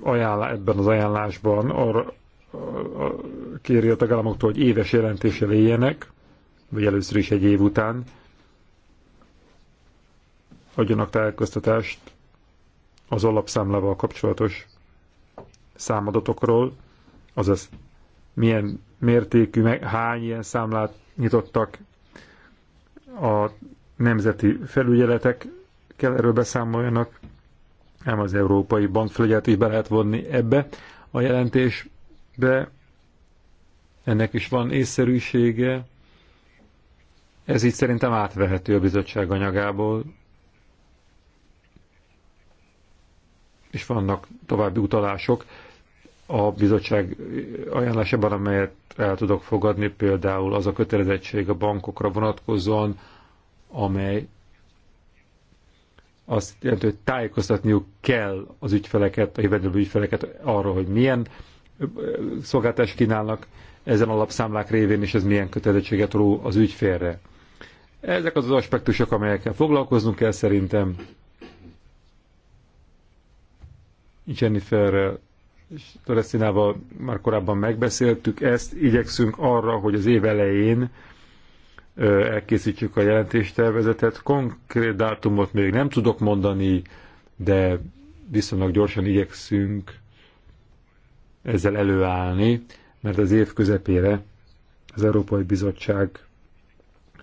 Speaker 4: ajánlá, ebben az ajánlásban arra kéri a tagállamoktól, hogy éves jelentéssel éljenek, vagy először is egy év után adjanak tájékoztatást az alapszámlával kapcsolatos számadatokról, azaz milyen mértékű, meg hány ilyen számlát nyitottak, a nemzeti felügyeletek kell erről beszámoljanak, nem az Európai felügyelet is be lehet vonni ebbe a jelentésbe. Ennek is van észszerűsége. Ez így szerintem átvehető a bizottság anyagából. És vannak további utalások a bizottság ajánlásában, amelyet el tudok fogadni, például az a kötelezettség a bankokra vonatkozóan, amely azt jelenti, hogy tájékoztatniuk kell az ügyfeleket, a jövedelmi ügyfeleket arról, hogy milyen szolgáltást kínálnak ezen alapszámlák révén, és ez milyen kötelezettséget ró az ügyfélre. Ezek az, az aspektusok, amelyekkel foglalkoznunk kell szerintem. Jennifer és Tereszinával már korábban megbeszéltük ezt, igyekszünk arra, hogy az év elején elkészítjük a jelentéstervezetet. Konkrét dátumot még nem tudok mondani, de viszonylag gyorsan igyekszünk ezzel előállni, mert az év közepére az Európai Bizottság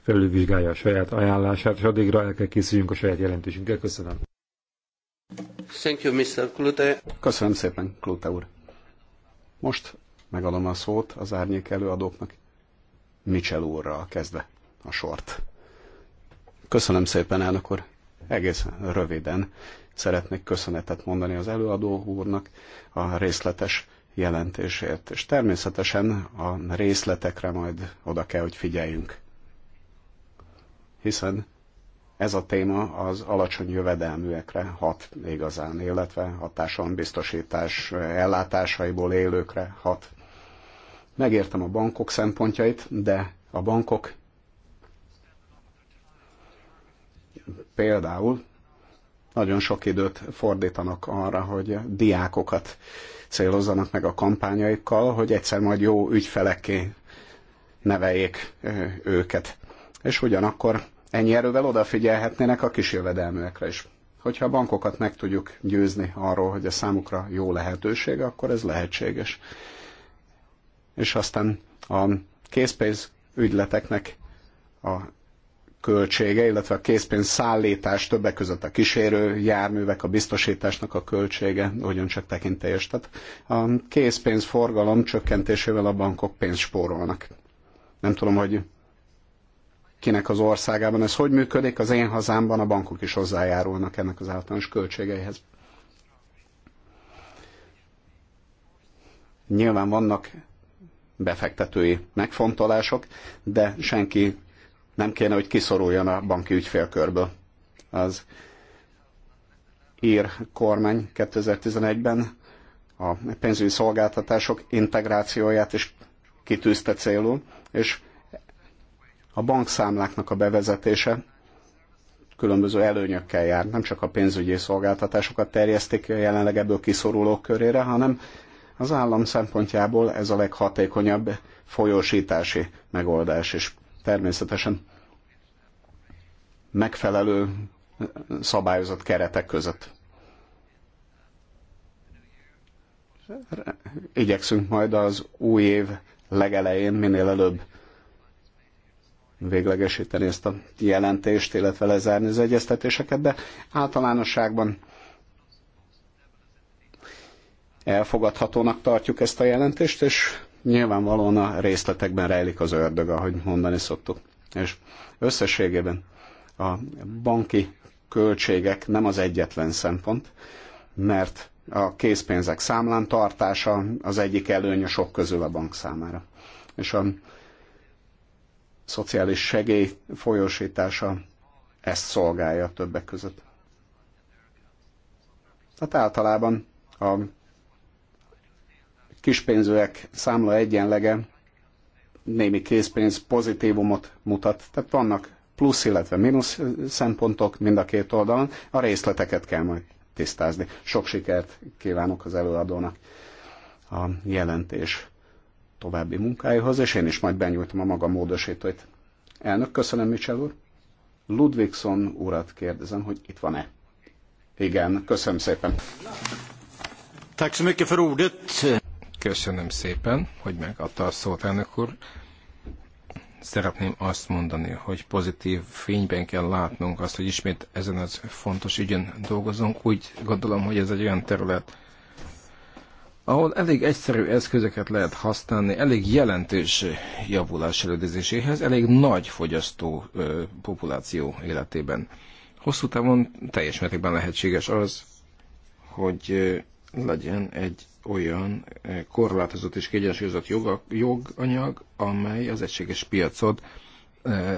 Speaker 4: felülvizsgálja a saját ajánlását, és addigra el kell készüljünk a saját jelentésünkkel. Köszönöm.
Speaker 5: Thank you, Mr. Klute.
Speaker 4: Köszönöm szépen,
Speaker 3: Klute úr. Most megadom a szót az árnyék előadóknak. Mitchell úrral kezdve a sort. Köszönöm szépen, elnök úr. Egész röviden szeretnék köszönetet mondani az előadó úrnak a részletes jelentésért, és természetesen a részletekre majd oda kell, hogy figyeljünk. Hiszen ez a téma az alacsony jövedelműekre hat igazán, illetve hatáson biztosítás ellátásaiból élőkre hat. Megértem a bankok szempontjait, de a bankok például nagyon sok időt fordítanak arra, hogy diákokat célozzanak meg a kampányaikkal, hogy egyszer majd jó ügyfelekké neveljék őket. És ugyanakkor ennyi erővel odafigyelhetnének a kisjövedelműekre is. Hogyha a bankokat meg tudjuk győzni arról, hogy a számukra jó lehetőség, akkor ez lehetséges. És aztán a készpénz ügyleteknek a költsége, illetve a készpénz szállítás, többek között a kísérő járművek, a biztosításnak a költsége ugyancsak tekintélyes. Tehát a készpénz forgalom csökkentésével a bankok pénzt spórolnak. Nem tudom, hogy kinek az országában ez hogy működik, az én hazámban a bankok is hozzájárulnak ennek az általános költségeihez. Nyilván vannak befektetői megfontolások, de senki nem kéne, hogy kiszoruljon a banki ügyfélkörből. Az ír kormány 2011-ben a pénzügyi szolgáltatások integrációját is kitűzte célul, és a bankszámláknak a bevezetése különböző előnyökkel jár. Nem csak a pénzügyi szolgáltatásokat terjesztik jelenleg ebből kiszorulók körére, hanem az állam szempontjából ez a leghatékonyabb folyósítási megoldás is. Természetesen megfelelő szabályozott keretek között. Igyekszünk majd az új év legelején minél előbb véglegesíteni ezt a jelentést, illetve lezárni az egyeztetéseket, de általánosságban elfogadhatónak tartjuk ezt a jelentést, és nyilvánvalóan a részletekben rejlik az ördög, ahogy mondani szoktuk. És összességében a banki költségek nem az egyetlen szempont, mert a készpénzek számlán tartása az egyik előny a sok közül a bank számára. És a szociális segély folyósítása ezt szolgálja többek között. Hát általában a kispénzőek számla egyenlege némi készpénz pozitívumot mutat. Tehát vannak plusz, illetve mínusz szempontok mind a két oldalon. A részleteket kell majd tisztázni. Sok sikert kívánok az előadónak a jelentés további munkájához, és én is majd benyújtom a maga módosítóit. Elnök, köszönöm, Michel úr. Ludvigson urat kérdezem, hogy itt van-e. Igen, köszönöm szépen.
Speaker 2: Köszönöm szépen, hogy megadta a szót, elnök úr. Szeretném azt mondani, hogy pozitív fényben kell látnunk azt, hogy ismét ezen az fontos ügyön dolgozunk. Úgy gondolom, hogy ez egy olyan terület, ahol elég egyszerű eszközöket lehet használni, elég jelentős javulás előzéséhez, elég nagy fogyasztó ö, populáció életében. Hosszú távon teljes mértékben lehetséges az, hogy ö, legyen egy olyan ö, korlátozott és kiegyensúlyozott joganyag, amely az egységes piacot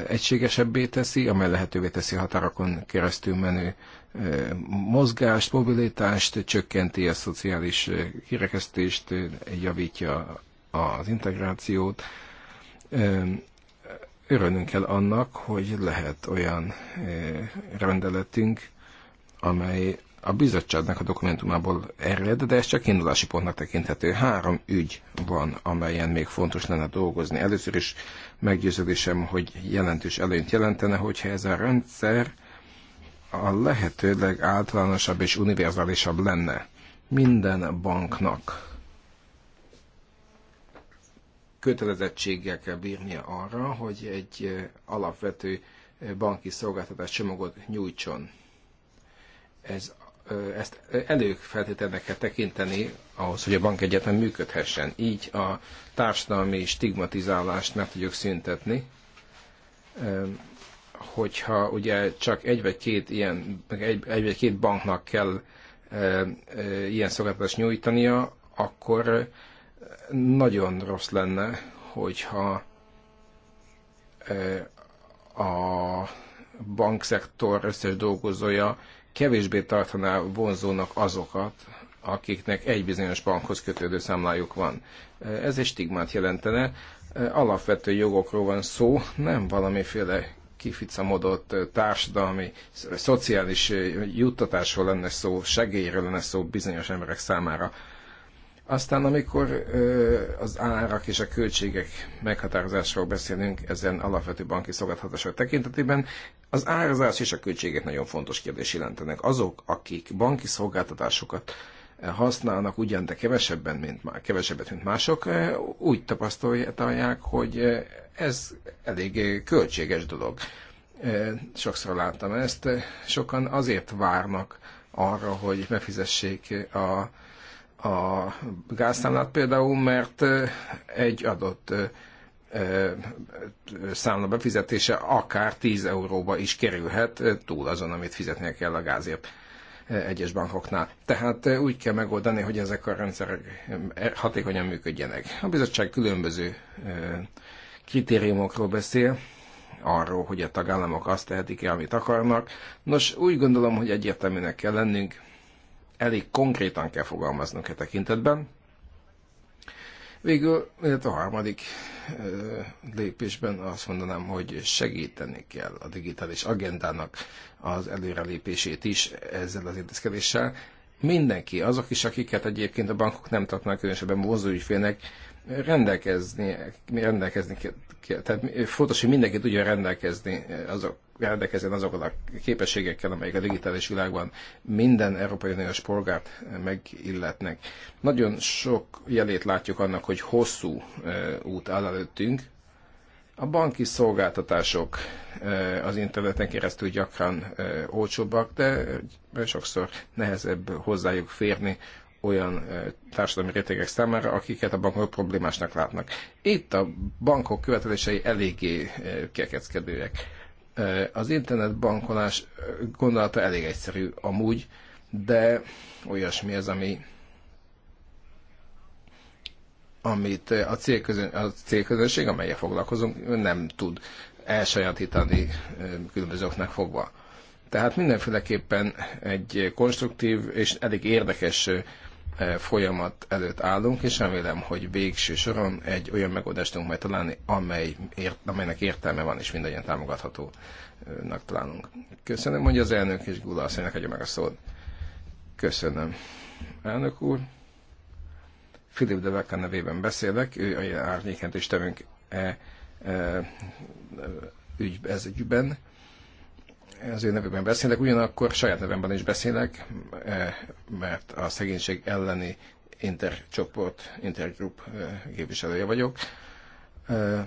Speaker 2: egységesebbé teszi, amely lehetővé teszi a határokon keresztül menő mozgást, mobilitást, csökkenti a szociális kirekesztést, javítja az integrációt. Örülnünk kell annak, hogy lehet olyan rendeletünk, amely a bizottságnak a dokumentumából ered, de ez csak indulási pontnak tekinthető. Három ügy van, amelyen még fontos lenne dolgozni. Először is meggyőződésem, hogy jelentős előnyt jelentene, hogyha ez a rendszer a lehető legáltalánosabb és univerzálisabb lenne minden banknak kötelezettséggel kell bírnia arra, hogy egy alapvető banki szolgáltatás csomagot nyújtson. Ez, ezt előfeltételnek kell tekinteni ahhoz, hogy a bank egyetlen működhessen. Így a társadalmi stigmatizálást meg tudjuk szüntetni hogyha ugye csak egy vagy két ilyen, egy, egy vagy két banknak kell e, e, ilyen szolgáltatást nyújtania, akkor nagyon rossz lenne, hogyha e, a bankszektor összes dolgozója kevésbé tartaná vonzónak azokat, akiknek egy bizonyos bankhoz kötődő számlájuk van. E, ez egy stigmát jelentene. E, alapvető jogokról van szó, nem valamiféle kificamodott társadalmi, szociális juttatásról lenne szó, segélyről lenne szó bizonyos emberek számára. Aztán, amikor az árak és a költségek meghatározásról beszélünk ezen alapvető banki szolgáltatások tekintetében, az árazás és a költségek nagyon fontos kérdés jelentenek. Azok, akik banki szolgáltatásokat használnak ugyan, de kevesebben, mint, kevesebbet, mint mások, úgy tapasztalják, hogy ez elég költséges dolog. Sokszor láttam ezt. Sokan azért várnak arra, hogy megfizessék a, a gázszámlát például, mert egy adott számla befizetése akár 10 euróba is kerülhet túl azon, amit fizetnie kell a gázért egyes bankoknál. Tehát eh, úgy kell megoldani, hogy ezek a rendszerek eh, eh, hatékonyan működjenek. A bizottság különböző kritériumokról beszél, arról, hogy a tagállamok azt tehetik-e, amit akarnak. Nos, úgy gondolom, hogy egyértelműnek kell lennünk, elég konkrétan kell fogalmaznunk e tekintetben, Végül, illetve a harmadik lépésben azt mondanám, hogy segíteni kell a digitális agendának az előrelépését is ezzel az intézkedéssel. Mindenki, azok is, akiket egyébként a bankok nem tartanak különösebben vonzó ügyfélnek, rendelkezni, rendelkezni tehát fontos, hogy mindenki tudja rendelkezni azok, rendelkezzen azokon a képességekkel, amelyek a digitális világban minden Európai Uniós polgárt eh, megilletnek. Nagyon sok jelét látjuk annak, hogy hosszú eh, út áll előttünk. A banki szolgáltatások eh, az interneten keresztül gyakran olcsóbbak, de sokszor nehezebb hozzájuk férni olyan társadalmi rétegek számára, akiket a bankok problémásnak látnak. Itt a bankok követelései eléggé kekeckedőek Eh, az internetbankolás eh, gondolata elég egyszerű amúgy, de olyasmi ez, ami amit eh, a, célközön, a célközönség, amelyek foglalkozunk, nem tud elsajátítani különbözőknek fogva. Tehát mindenféleképpen egy konstruktív és elég érdekes E, folyamat előtt állunk, és remélem, hogy végső soron egy olyan megoldást tudunk majd találni, amely, ért, amelynek értelme van, és mindannyian támogathatónak találunk. Köszönöm, mondja az elnök, és Gula asszonynak adja meg a szót. Köszönöm. Elnök úr, Filip de Vecca nevében beszélek, ő a is tevünk e, e, ügy, ez ügyben az ő nevükben beszélek, ugyanakkor saját nevemben is beszélek, e, mert a szegénység elleni intercsoport, intergroup e, képviselője vagyok. E,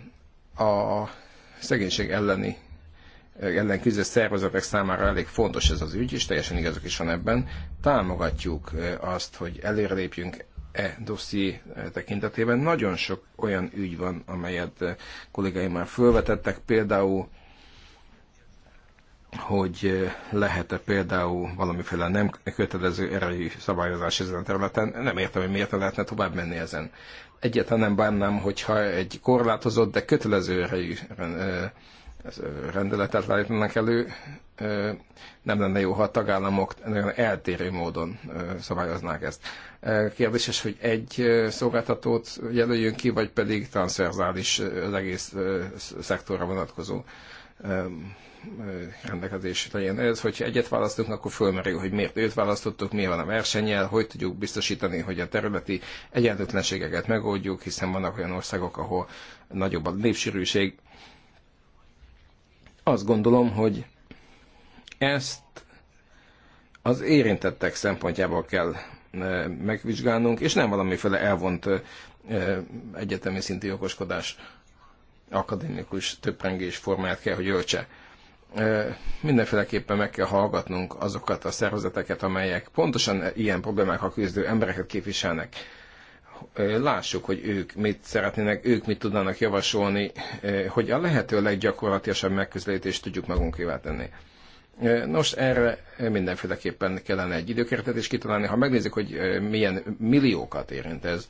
Speaker 2: a szegénység elleni ellen küzdő szervezetek számára elég fontos ez az ügy, és teljesen igazok is van ebben. Támogatjuk azt, hogy előrelépjünk e dosszi tekintetében. Nagyon sok olyan ügy van, amelyet kollégáim már felvetettek, például hogy lehet-e például valamiféle nem kötelező erői szabályozás ezen a területen. Nem értem, hogy miért lehetne tovább menni ezen. Egyáltalán nem bánnám, hogyha egy korlátozott, de kötelező erői rendeletet állítanak elő, nem lenne jó, ha a tagállamok eltérő módon szabályoznák ezt. Kérdéses, hogy egy szolgáltatót jelöljünk ki, vagy pedig transzverzális az egész szektorra vonatkozó rendelkezés legyen ez. Hogyha egyet választunk, akkor fölmerül, hogy miért őt választottuk, mi van a versennyel, hogy tudjuk biztosítani, hogy a területi egyenlőtlenségeket megoldjuk, hiszen vannak olyan országok, ahol nagyobb a népsűrűség. Azt gondolom, hogy ezt az érintettek szempontjából kell megvizsgálnunk, és nem valamiféle elvont egyetemi szintű okoskodás akadémikus töprengés formáját kell, hogy öltse mindenféleképpen meg kell hallgatnunk azokat a szervezeteket, amelyek pontosan ilyen problémákkal küzdő embereket képviselnek. Lássuk, hogy ők mit szeretnének, ők mit tudnának javasolni, hogy a lehető leggyakorlatilasabb megközelítést tudjuk magunkévá tenni. Nos, erre mindenféleképpen kellene egy időkeretet is kitalálni. Ha megnézzük, hogy milyen milliókat érint ez,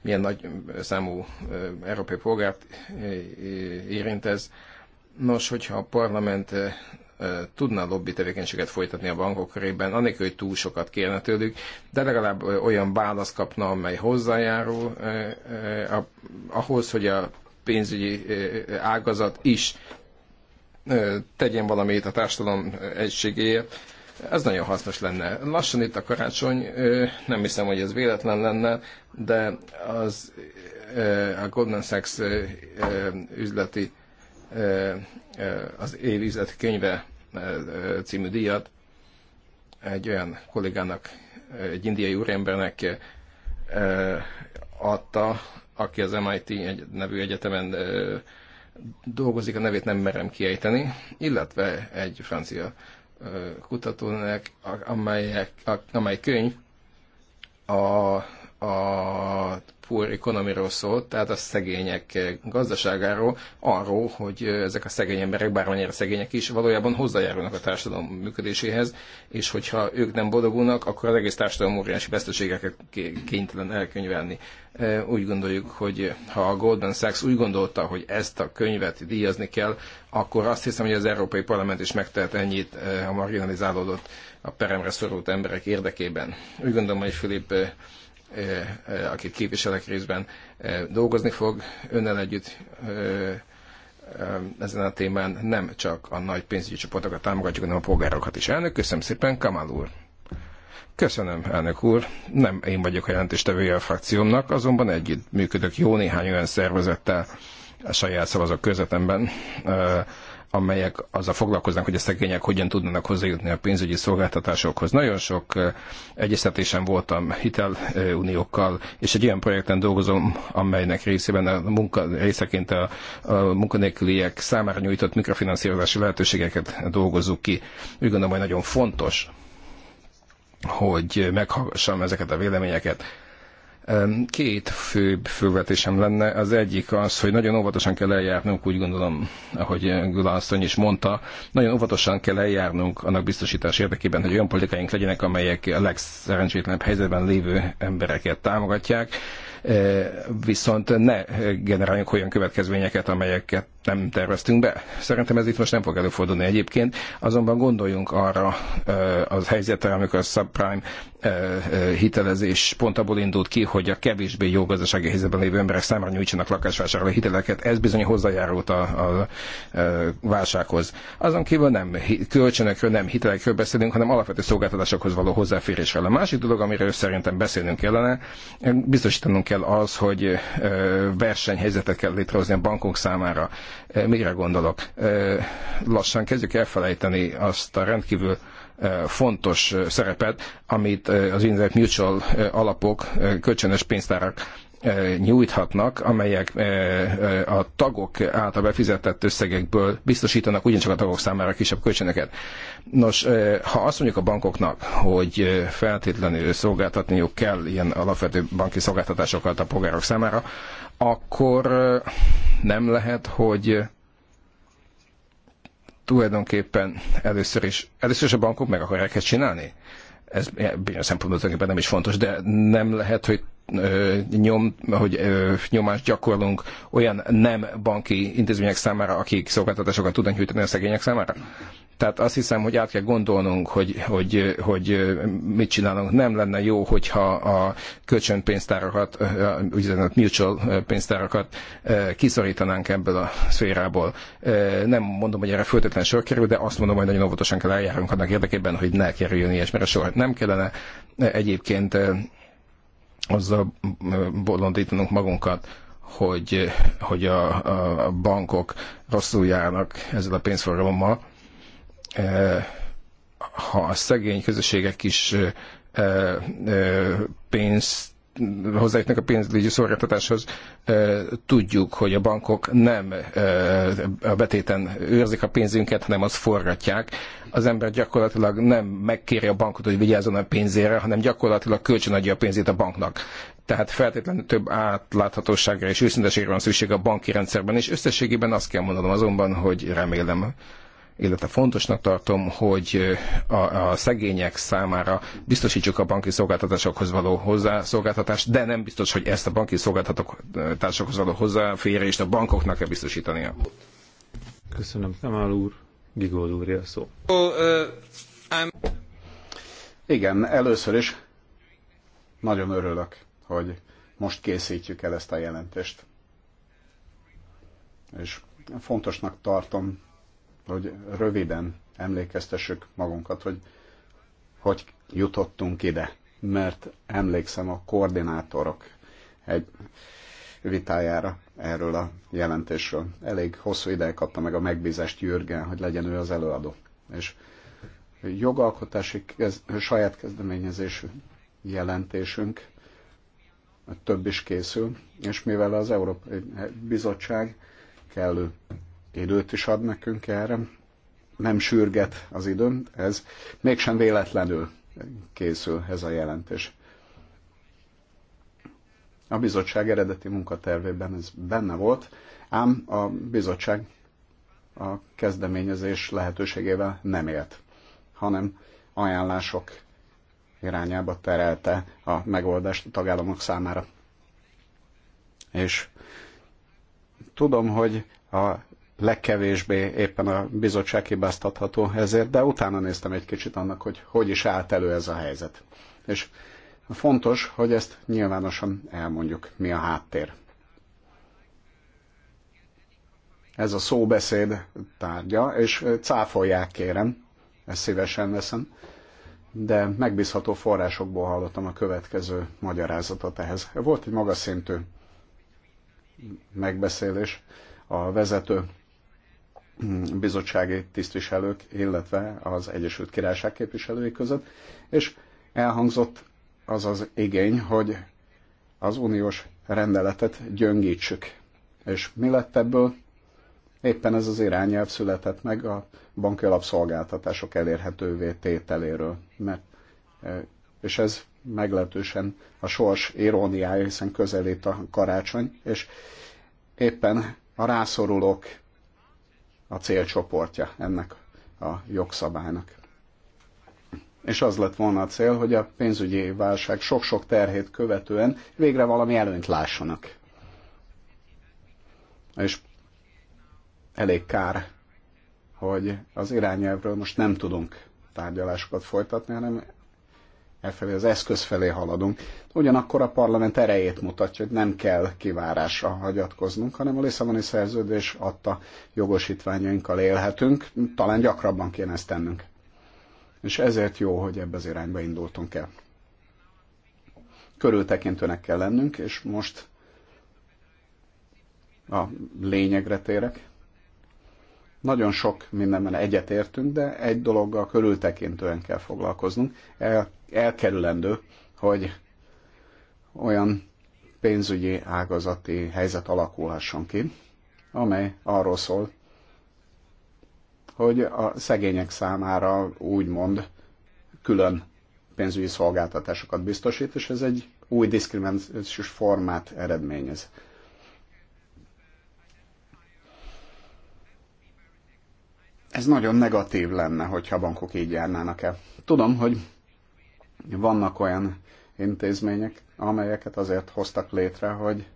Speaker 2: milyen nagy számú európai polgárt érint ez, Nos, hogyha a parlament eh, eh, tudna lobby tevékenységet folytatni a bankok körében, anélkül, hogy túl sokat kérne tőlük, de legalább eh, olyan választ kapna, amely hozzájárul ahhoz, hogy a pénzügyi ágazat is tegyen valamit a társadalom egységéért. Ez nagyon hasznos lenne. Lassan itt a karácsony, nem hiszem, hogy ez véletlen lenne, de az a Goldman Sachs üzleti az Évizet könyve című díjat egy olyan kollégának, egy indiai úrembernek adta, aki az MIT egy nevű egyetemen dolgozik, a nevét nem merem kiejteni, illetve egy francia kutatónak, amelyek, amely könyv a a poor economy szólt, tehát a szegények gazdaságáról, arról, hogy ezek a szegény emberek, bármennyire szegények is, valójában hozzájárulnak a társadalom működéséhez, és hogyha ők nem boldogulnak, akkor az egész társadalom óriási veszteségeket kénytelen elkönyvelni. Úgy gondoljuk, hogy ha a Goldman Sachs úgy gondolta, hogy ezt a könyvet díjazni kell, akkor azt hiszem, hogy az Európai Parlament is megtehet ennyit a marginalizálódott, a peremre szorult emberek érdekében. Úgy gondolom, hogy Filip akit képviselek részben, dolgozni fog önnel együtt ezen a témán nem csak a nagy pénzügyi csoportokat támogatjuk, hanem a polgárokat is. Elnök, köszönöm szépen, Kamal úr. Köszönöm, elnök úr. Nem én vagyok a jelentéstevője a frakciómnak, azonban együtt működök jó néhány olyan szervezettel a saját szavazók közvetemben, amelyek azzal foglalkoznak, hogy a szegények hogyan tudnának hozzájutni a pénzügyi szolgáltatásokhoz. Nagyon sok egyeztetésen voltam hiteluniókkal, és egy olyan projekten dolgozom, amelynek részében a munka, részeként a, a munkanélküliek számára nyújtott mikrofinanszírozási lehetőségeket dolgozunk ki. Úgy gondolom, hogy nagyon fontos, hogy meghallgassam ezeket a véleményeket Két fő fővetésem lenne. Az egyik az, hogy nagyon óvatosan kell eljárnunk, úgy gondolom, ahogy Gulasztony is mondta, nagyon óvatosan kell eljárnunk annak biztosítás érdekében, hogy olyan politikáink legyenek, amelyek a legszerencsétlenebb helyzetben lévő embereket támogatják, viszont ne generáljunk olyan következményeket, amelyeket nem terveztünk be. Szerintem ez itt most nem fog előfordulni egyébként, azonban gondoljunk arra az helyzetre, amikor a subprime hitelezés pont abból indult ki, hogy a kevésbé jó gazdasági helyzetben lévő emberek számára nyújtsanak lakásvásárló hiteleket. Ez bizony hozzájárult a, a, a válsághoz. Azon kívül nem kölcsönökről, nem hitelekről beszélünk, hanem alapvető szolgáltatásokhoz való hozzáférésről. A másik dolog, amiről szerintem beszélnünk kellene, biztosítanunk kell az, hogy versenyhelyzetet kell létrehozni a bankok számára. Mire gondolok? Lassan kezdjük elfelejteni azt a rendkívül fontos szerepet, amit az Internet Mutual alapok, kölcsönös pénztárak nyújthatnak, amelyek a tagok által befizetett összegekből biztosítanak ugyancsak a tagok számára kisebb kölcsönöket. Nos, ha azt mondjuk a bankoknak, hogy feltétlenül szolgáltatniuk kell ilyen alapvető banki szolgáltatásokat a polgárok számára, akkor nem lehet, hogy tulajdonképpen először is, először is a bankok meg akarják ezt csinálni? Ez eh, bizonyos szempontból tulajdonképpen nem is fontos, de nem lehet, hogy nyom, hogy nyomást gyakorlunk olyan nem banki intézmények számára, akik szolgáltatásokat tudnak nyújtani a szegények számára? Tehát azt hiszem, hogy át kell gondolnunk, hogy, hogy, hogy mit csinálunk. Nem lenne jó, hogyha a kölcsönpénztárakat, úgynevezett mutual pénztárakat kiszorítanánk ebből a szférából. Nem mondom, hogy erre föltetlen sor kerül, de azt mondom, hogy nagyon óvatosan kell eljárunk annak érdekében, hogy ne kerüljön ilyesmire sor. Nem kellene egyébként azzal mm, mm, bolondítanunk magunkat, hogy, hogy a, a bankok rosszul járnak ezzel a pénzforgalommal. E, ha a szegény közösségek is e, e, pénzt hozzájutnak a pénzügyi szolgáltatáshoz, tudjuk, hogy a bankok nem a betéten őrzik a pénzünket, hanem azt forgatják. Az ember gyakorlatilag nem megkéri a bankot, hogy vigyázzon a pénzére, hanem gyakorlatilag kölcsönadja a pénzét a banknak. Tehát feltétlenül több átláthatóságra és őszinteségre van szükség a banki rendszerben, és összességében azt kell mondanom azonban, hogy remélem, illetve fontosnak tartom, hogy a, a szegények számára biztosítsuk a banki szolgáltatásokhoz való hozzászolgáltatást, de nem biztos, hogy ezt a banki szolgáltatásokhoz való hozzáférést a bankoknak kell biztosítania.
Speaker 4: Köszönöm, Kamál úr. Gigold úr, a szó.
Speaker 3: Igen, először is
Speaker 4: nagyon örülök,
Speaker 3: hogy most készítjük el ezt a jelentést. És fontosnak tartom hogy röviden emlékeztessük magunkat, hogy hogy jutottunk ide. Mert emlékszem a koordinátorok egy vitájára erről a jelentésről. Elég hosszú ideig kapta meg a megbízást Jürgen, hogy legyen ő az előadó. És jogalkotási kez, saját kezdeményezésű jelentésünk több is készül, és mivel az Európai Bizottság kellő időt is ad nekünk erre, nem sürget az időm, ez mégsem véletlenül készül ez a jelentés. A bizottság eredeti munkatervében ez benne volt, ám a bizottság a kezdeményezés lehetőségével nem élt, hanem ajánlások irányába terelte a megoldást a tagállamok számára. És tudom, hogy a legkevésbé éppen a bizottság hibáztatható ezért, de utána néztem egy kicsit annak, hogy hogy is állt elő ez a helyzet. És fontos, hogy ezt nyilvánosan elmondjuk, mi a háttér. Ez a szóbeszéd tárgya, és cáfolják kérem, ezt szívesen veszem, de megbízható forrásokból hallottam a következő magyarázatot ehhez. Volt egy magas szintű megbeszélés a vezető bizottsági tisztviselők, illetve az Egyesült Királyság képviselői között, és elhangzott az az igény, hogy az uniós rendeletet gyöngítsük. És mi lett ebből? Éppen ez az irányelv született meg a banki alapszolgáltatások elérhetővé tételéről, mert, e, és ez meglehetősen a sors iróniája, hiszen közelít a karácsony, és éppen a rászorulók a célcsoportja ennek a jogszabálynak. És az lett volna a cél, hogy a pénzügyi válság sok-sok terhét követően végre valami előnyt lássanak. És elég kár, hogy az irányelvről most nem tudunk tárgyalásokat folytatni, hanem elfelé az eszköz felé haladunk. Ugyanakkor a parlament erejét mutatja, hogy nem kell kivárásra hagyatkoznunk, hanem a Lisszaboni szerződés adta jogosítványainkkal élhetünk, talán gyakrabban kéne ezt tennünk. És ezért jó, hogy ebbe az irányba indultunk el. Körültekintőnek kell lennünk, és most a lényegre térek. Nagyon sok mindenben egyetértünk, de egy dologgal körültekintően kell foglalkoznunk. El, elkerülendő, hogy olyan pénzügyi ágazati helyzet alakulhasson ki, amely arról szól, hogy a szegények számára úgymond külön pénzügyi szolgáltatásokat biztosít, és ez egy új diszkriminációs formát eredményez. ez nagyon negatív lenne, hogyha a bankok így járnának el. Tudom, hogy vannak olyan intézmények, amelyeket azért hoztak létre, hogy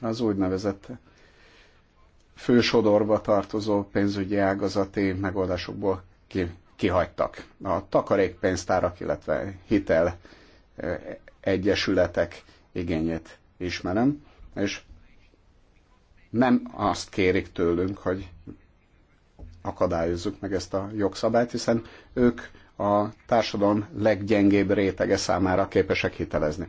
Speaker 3: az úgynevezett fősodorba tartozó pénzügyi ágazati megoldásokból ki, kihagytak. A takarékpénztárak, illetve hitel egyesületek igényét ismerem, és nem azt kérik tőlünk, hogy akadályozzuk meg ezt a jogszabályt, hiszen ők a társadalom leggyengébb rétege számára képesek hitelezni.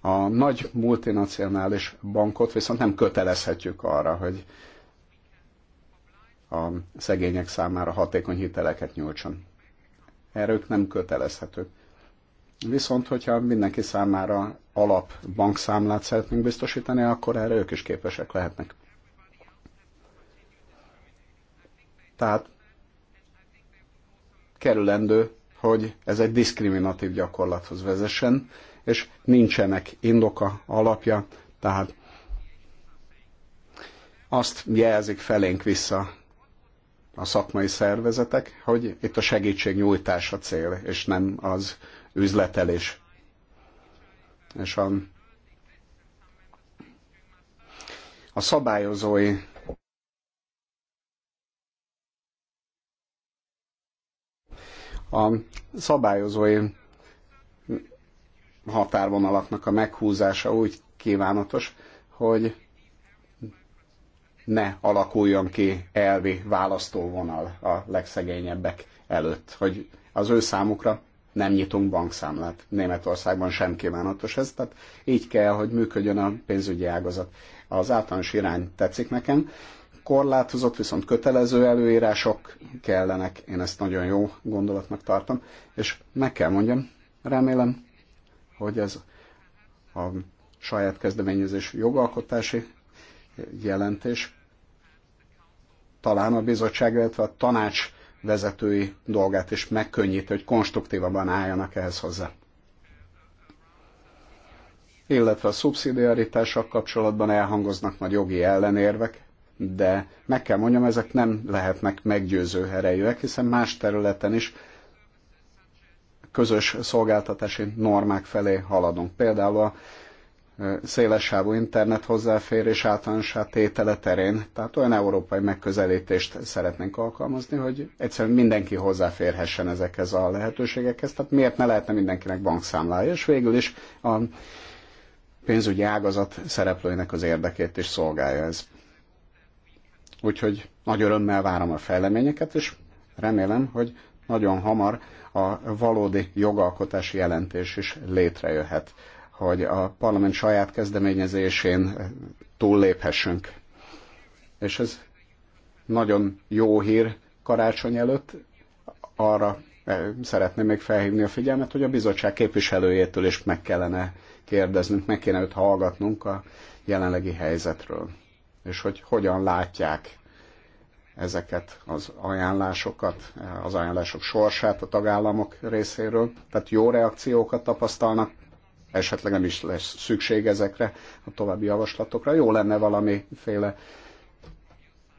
Speaker 3: A nagy multinacionális bankot viszont nem kötelezhetjük arra, hogy a szegények számára hatékony hiteleket nyújtson. Erről ők nem kötelezhetők. Viszont, hogyha mindenki számára alap bankszámlát szeretnénk biztosítani, akkor erre ők is képesek lehetnek. Tehát kerülendő, hogy ez egy diszkriminatív gyakorlathoz vezessen, és nincsenek indoka, alapja, tehát azt jelzik felénk vissza a szakmai szervezetek, hogy itt a segítségnyújtás a cél, és nem az üzletelés. És a, a szabályozói a szabályozói határvonalaknak a meghúzása úgy kívánatos, hogy ne alakuljon ki elvi választóvonal a legszegényebbek előtt, hogy az ő számukra nem nyitunk bankszámlát. Németországban sem kívánatos ez, tehát így kell, hogy működjön a pénzügyi ágazat. Az általános irány tetszik nekem, korlátozott, viszont kötelező előírások kellenek. Én ezt nagyon jó gondolatnak tartom. És meg kell mondjam, remélem, hogy ez a saját kezdeményezés jogalkotási jelentés talán a bizottság, illetve a tanács vezetői dolgát is megkönnyíti, hogy konstruktívabban álljanak ehhez hozzá. Illetve a szubszidiaritással kapcsolatban elhangoznak nagy jogi ellenérvek, de meg kell mondjam, ezek nem lehetnek meggyőző erejűek, hiszen más területen is közös szolgáltatási normák felé haladunk. Például a szélessávú internet hozzáférés általánosá tétele terén, tehát olyan európai megközelítést szeretnénk alkalmazni, hogy egyszerűen mindenki hozzáférhessen ezekhez a lehetőségekhez, tehát miért ne lehetne mindenkinek bankszámlája, és végül is a pénzügyi ágazat szereplőinek az érdekét is szolgálja ez. Úgyhogy nagy örömmel várom a fejleményeket, és remélem, hogy nagyon hamar a valódi jogalkotási jelentés is létrejöhet, hogy a parlament saját kezdeményezésén túlléphessünk. És ez nagyon jó hír karácsony előtt, arra eh, szeretném még felhívni a figyelmet, hogy a bizottság képviselőjétől is meg kellene kérdeznünk, meg kéne őt hallgatnunk a jelenlegi helyzetről és hogy hogyan látják ezeket az ajánlásokat, az ajánlások sorsát a tagállamok részéről. Tehát jó reakciókat tapasztalnak, esetleg nem is lesz szükség ezekre a további javaslatokra. Jó lenne valamiféle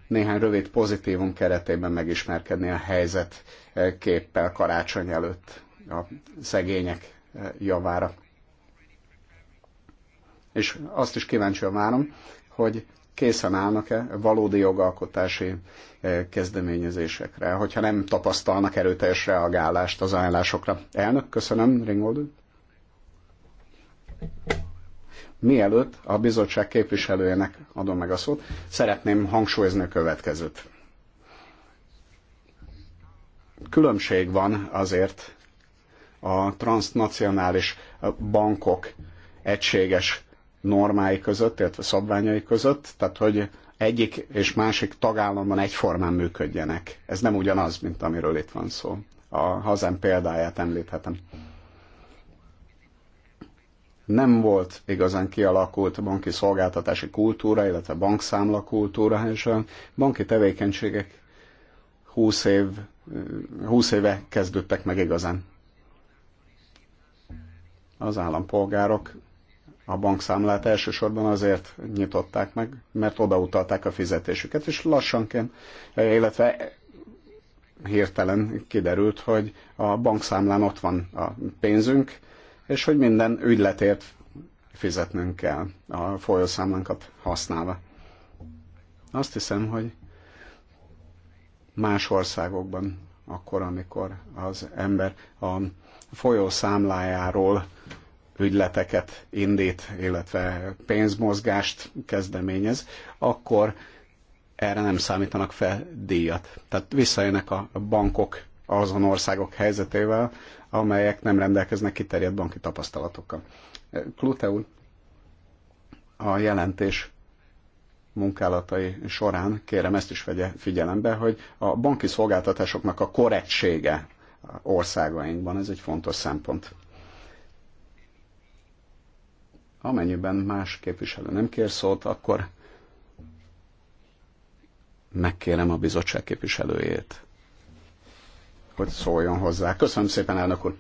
Speaker 3: néhány rövid pozitívum keretében megismerkedni a helyzet képpel karácsony előtt a szegények javára. És azt is kíváncsian várom, hogy készen állnak-e valódi jogalkotási e, kezdeményezésekre, hogyha nem tapasztalnak erőteljes reagálást az ajánlásokra. Elnök, köszönöm, Ringold. Mielőtt a bizottság képviselőjének adom meg a szót, szeretném hangsúlyozni a következőt. Különbség van azért a transnacionális bankok egységes normái között, illetve szabványai között, tehát hogy egyik és másik tagállamban egyformán működjenek. Ez nem ugyanaz, mint amiről itt van szó. A hazám példáját említhetem. Nem volt igazán kialakult banki szolgáltatási kultúra, illetve bankszámla kultúra, és a banki tevékenységek 20, év, 20 éve kezdődtek meg igazán. Az állampolgárok a bankszámlát elsősorban azért nyitották meg, mert odautalták a fizetésüket, és lassanként, illetve hirtelen kiderült, hogy a bankszámlán ott van a pénzünk, és hogy minden ügyletért fizetnünk kell a folyószámlánkat használva. Azt hiszem, hogy más országokban akkor, amikor az ember a folyószámlájáról ügyleteket indít, illetve pénzmozgást kezdeményez, akkor erre nem számítanak fel díjat. Tehát visszajönnek a bankok azon országok helyzetével, amelyek nem rendelkeznek kiterjedt banki tapasztalatokkal. Klute úr, a jelentés munkálatai során kérem ezt is vegye figyelembe, hogy a banki szolgáltatásoknak a korrektsége országainkban, ez egy fontos szempont. Amennyiben más képviselő nem kér szót, akkor megkérem a bizottság képviselőjét, hogy szóljon hozzá. Köszönöm szépen, elnök úr!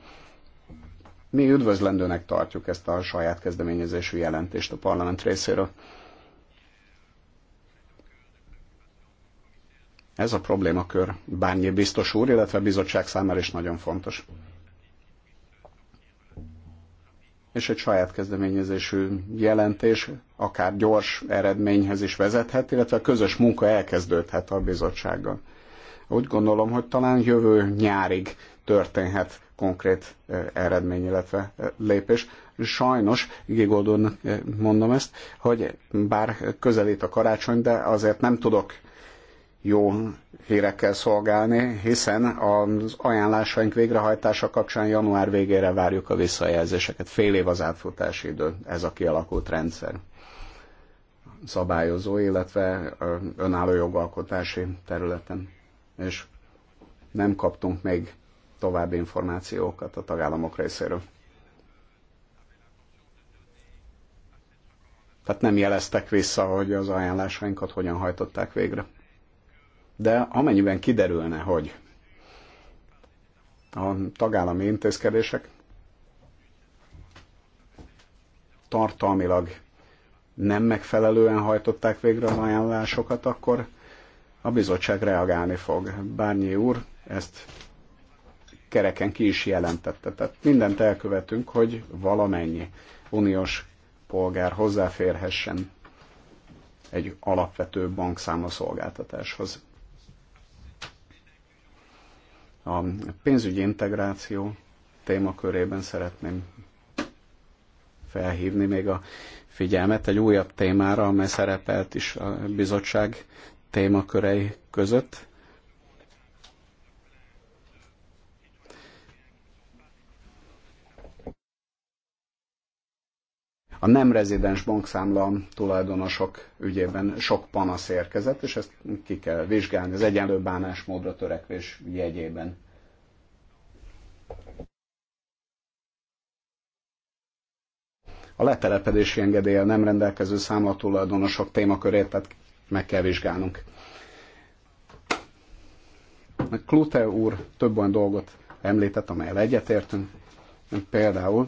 Speaker 3: Mi üdvözlendőnek tartjuk ezt a saját kezdeményezésű jelentést a parlament részéről. Ez a problémakör bárnyi biztos úr, illetve a bizottság számára is nagyon fontos és egy saját kezdeményezésű jelentés akár gyors eredményhez is vezethet, illetve a közös munka elkezdődhet a bizottsággal. Úgy gondolom, hogy talán jövő nyárig történhet konkrét eh, eredmény, illetve eh, lépés. Sajnos, Gigoldon eh, mondom ezt, hogy bár közelít a karácsony, de azért nem tudok jó hírekkel szolgálni, hiszen az ajánlásaink végrehajtása kapcsán január végére várjuk a visszajelzéseket. Fél év az átfutási idő, ez a kialakult rendszer szabályozó, illetve önálló jogalkotási területen. És nem kaptunk még további információkat a tagállamok részéről. Tehát nem jeleztek vissza, hogy az ajánlásainkat hogyan hajtották végre de amennyiben kiderülne, hogy a tagállami intézkedések tartalmilag nem megfelelően hajtották végre az ajánlásokat, akkor a bizottság reagálni fog. Bárnyi úr ezt kereken ki is jelentette. Tehát mindent elkövetünk, hogy valamennyi uniós polgár hozzáférhessen egy alapvető bankszámlaszolgáltatáshoz. A pénzügyi integráció témakörében szeretném felhívni még a figyelmet egy újabb témára, amely szerepelt is a bizottság témakörei között. A nem rezidens bankszámla tulajdonosok ügyében sok panasz érkezett, és ezt ki kell vizsgálni az egyenlő bánásmódra törekvés jegyében. A letelepedési engedélye nem rendelkező tulajdonosok témakörét tehát meg kell vizsgálnunk. Klute úr több olyan dolgot említett, amelyel egyetértünk, például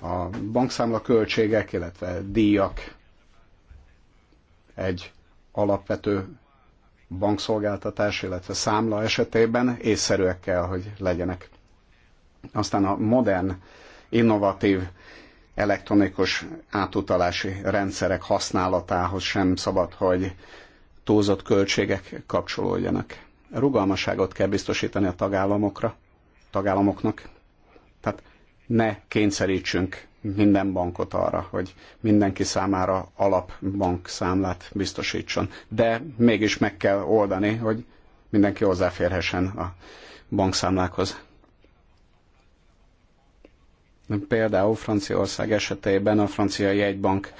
Speaker 3: a bankszámla költségek, illetve díjak egy alapvető bankszolgáltatás, illetve számla esetében észszerűek kell, hogy legyenek. Aztán a modern, innovatív elektronikus átutalási rendszerek használatához sem szabad, hogy túlzott költségek kapcsolódjanak. Rugalmasságot kell biztosítani a tagállamokra, tagállamoknak. Tehát ne kényszerítsünk minden bankot arra, hogy mindenki számára alapbank számlát biztosítson. De mégis meg kell oldani, hogy mindenki hozzáférhessen a bankszámlákhoz. Például Franciaország esetében a francia jegybank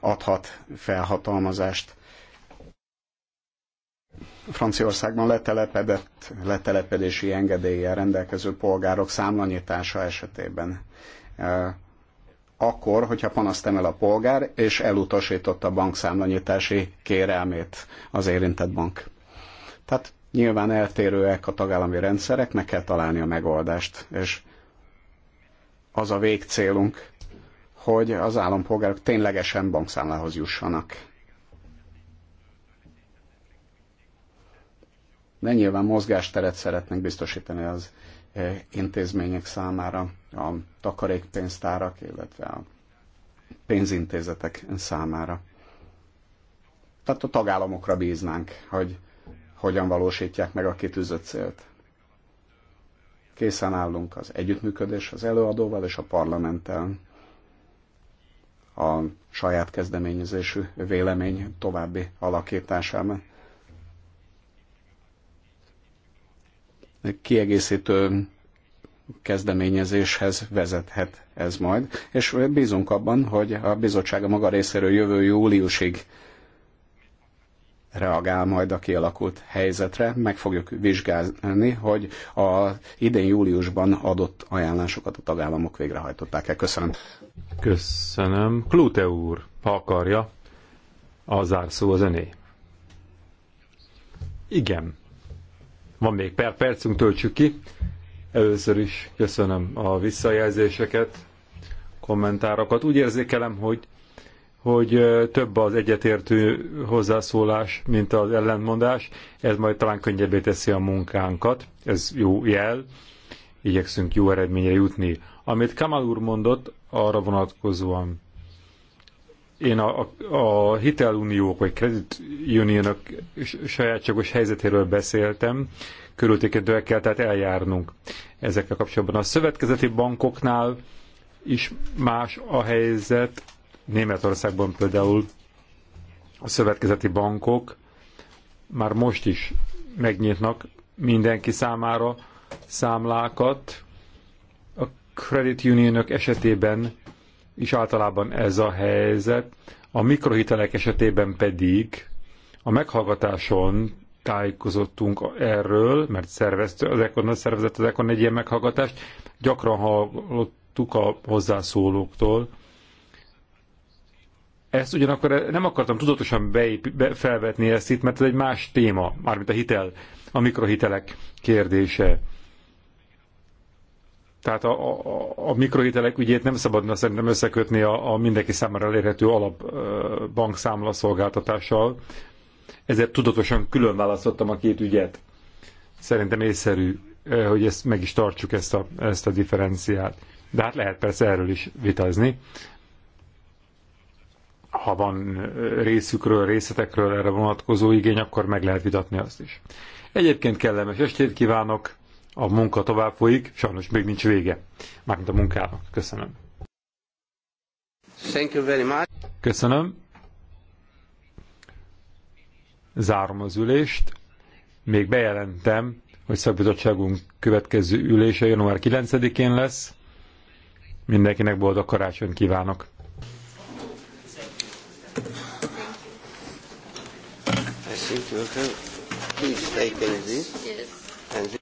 Speaker 3: adhat felhatalmazást Franciaországban letelepedett, letelepedési engedéllyel rendelkező polgárok számlanyítása esetében e, akkor, hogyha panaszt emel a polgár, és elutasította a bankszámlanyítási kérelmét az érintett bank. Tehát nyilván eltérőek a tagállami rendszerek, meg kell találni a megoldást, és az a végcélunk, hogy az állampolgárok ténylegesen bankszámlához jussanak. de nyilván mozgásteret szeretnek biztosítani az eh, intézmények számára, a takarékpénztárak, illetve a pénzintézetek számára. Tehát a tagállamokra bíznánk, hogy hogyan valósítják meg a kitűzött célt. Készen állunk az együttműködés az előadóval és a parlamenttel a saját kezdeményezésű vélemény további alakításában. kiegészítő kezdeményezéshez vezethet ez majd, és bízunk abban, hogy a bizottság a maga részéről jövő júliusig reagál majd a kialakult helyzetre. Meg fogjuk vizsgálni, hogy a idén júliusban adott ajánlásokat a tagállamok végrehajtották-e. Köszönöm.
Speaker 4: Köszönöm. Klute úr, ha akarja, a zárszó az öné. Igen. Van még per percünk, töltsük ki. Először is köszönöm a visszajelzéseket, kommentárokat. Úgy érzékelem, hogy hogy több az egyetértő hozzászólás, mint az ellentmondás, ez majd talán könnyebbé teszi a munkánkat, ez jó jel, igyekszünk jó eredményre jutni. Amit Kamal úr mondott, arra vonatkozóan én a, a hiteluniók vagy credit unionok sajátságos helyzetéről beszéltem, körültékedően kell tehát eljárnunk ezekkel kapcsolatban. A szövetkezeti bankoknál is más a helyzet, Németországban például a szövetkezeti bankok már most is megnyitnak mindenki számára számlákat. A credit esetében is általában ez a helyzet, a mikrohitelek esetében pedig a meghallgatáson tájékozottunk erről, mert szervezte, az Econ, szervezett az Ekon egy ilyen meghallgatást, gyakran hallottuk a hozzászólóktól. Ezt ugyanakkor nem akartam tudatosan be, be, felvetni ezt itt, mert ez egy más téma, mármint a hitel, a mikrohitelek kérdése. Tehát a, a, a mikrohitelek ügyét nem szabadna szerintem összekötni a, a mindenki számára elérhető bankszámla szolgáltatással. Ezért tudatosan külön választottam a két ügyet. Szerintem észszerű, hogy ezt meg is tartsuk ezt a, ezt a differenciát. De hát lehet persze erről is vitázni. Ha van részükről, részletekről erre vonatkozó igény, akkor meg lehet vitatni azt is. Egyébként kellemes estét kívánok! A munka tovább folyik, sajnos még nincs vége. Mármint a munkának. Köszönöm.
Speaker 5: Thank you very much.
Speaker 4: Köszönöm. Zárom az ülést. Még bejelentem, hogy szakbizottságunk következő ülése január 9-én lesz. Mindenkinek boldog karácsonyt kívánok!
Speaker 5: I think you please take energy. Yes. And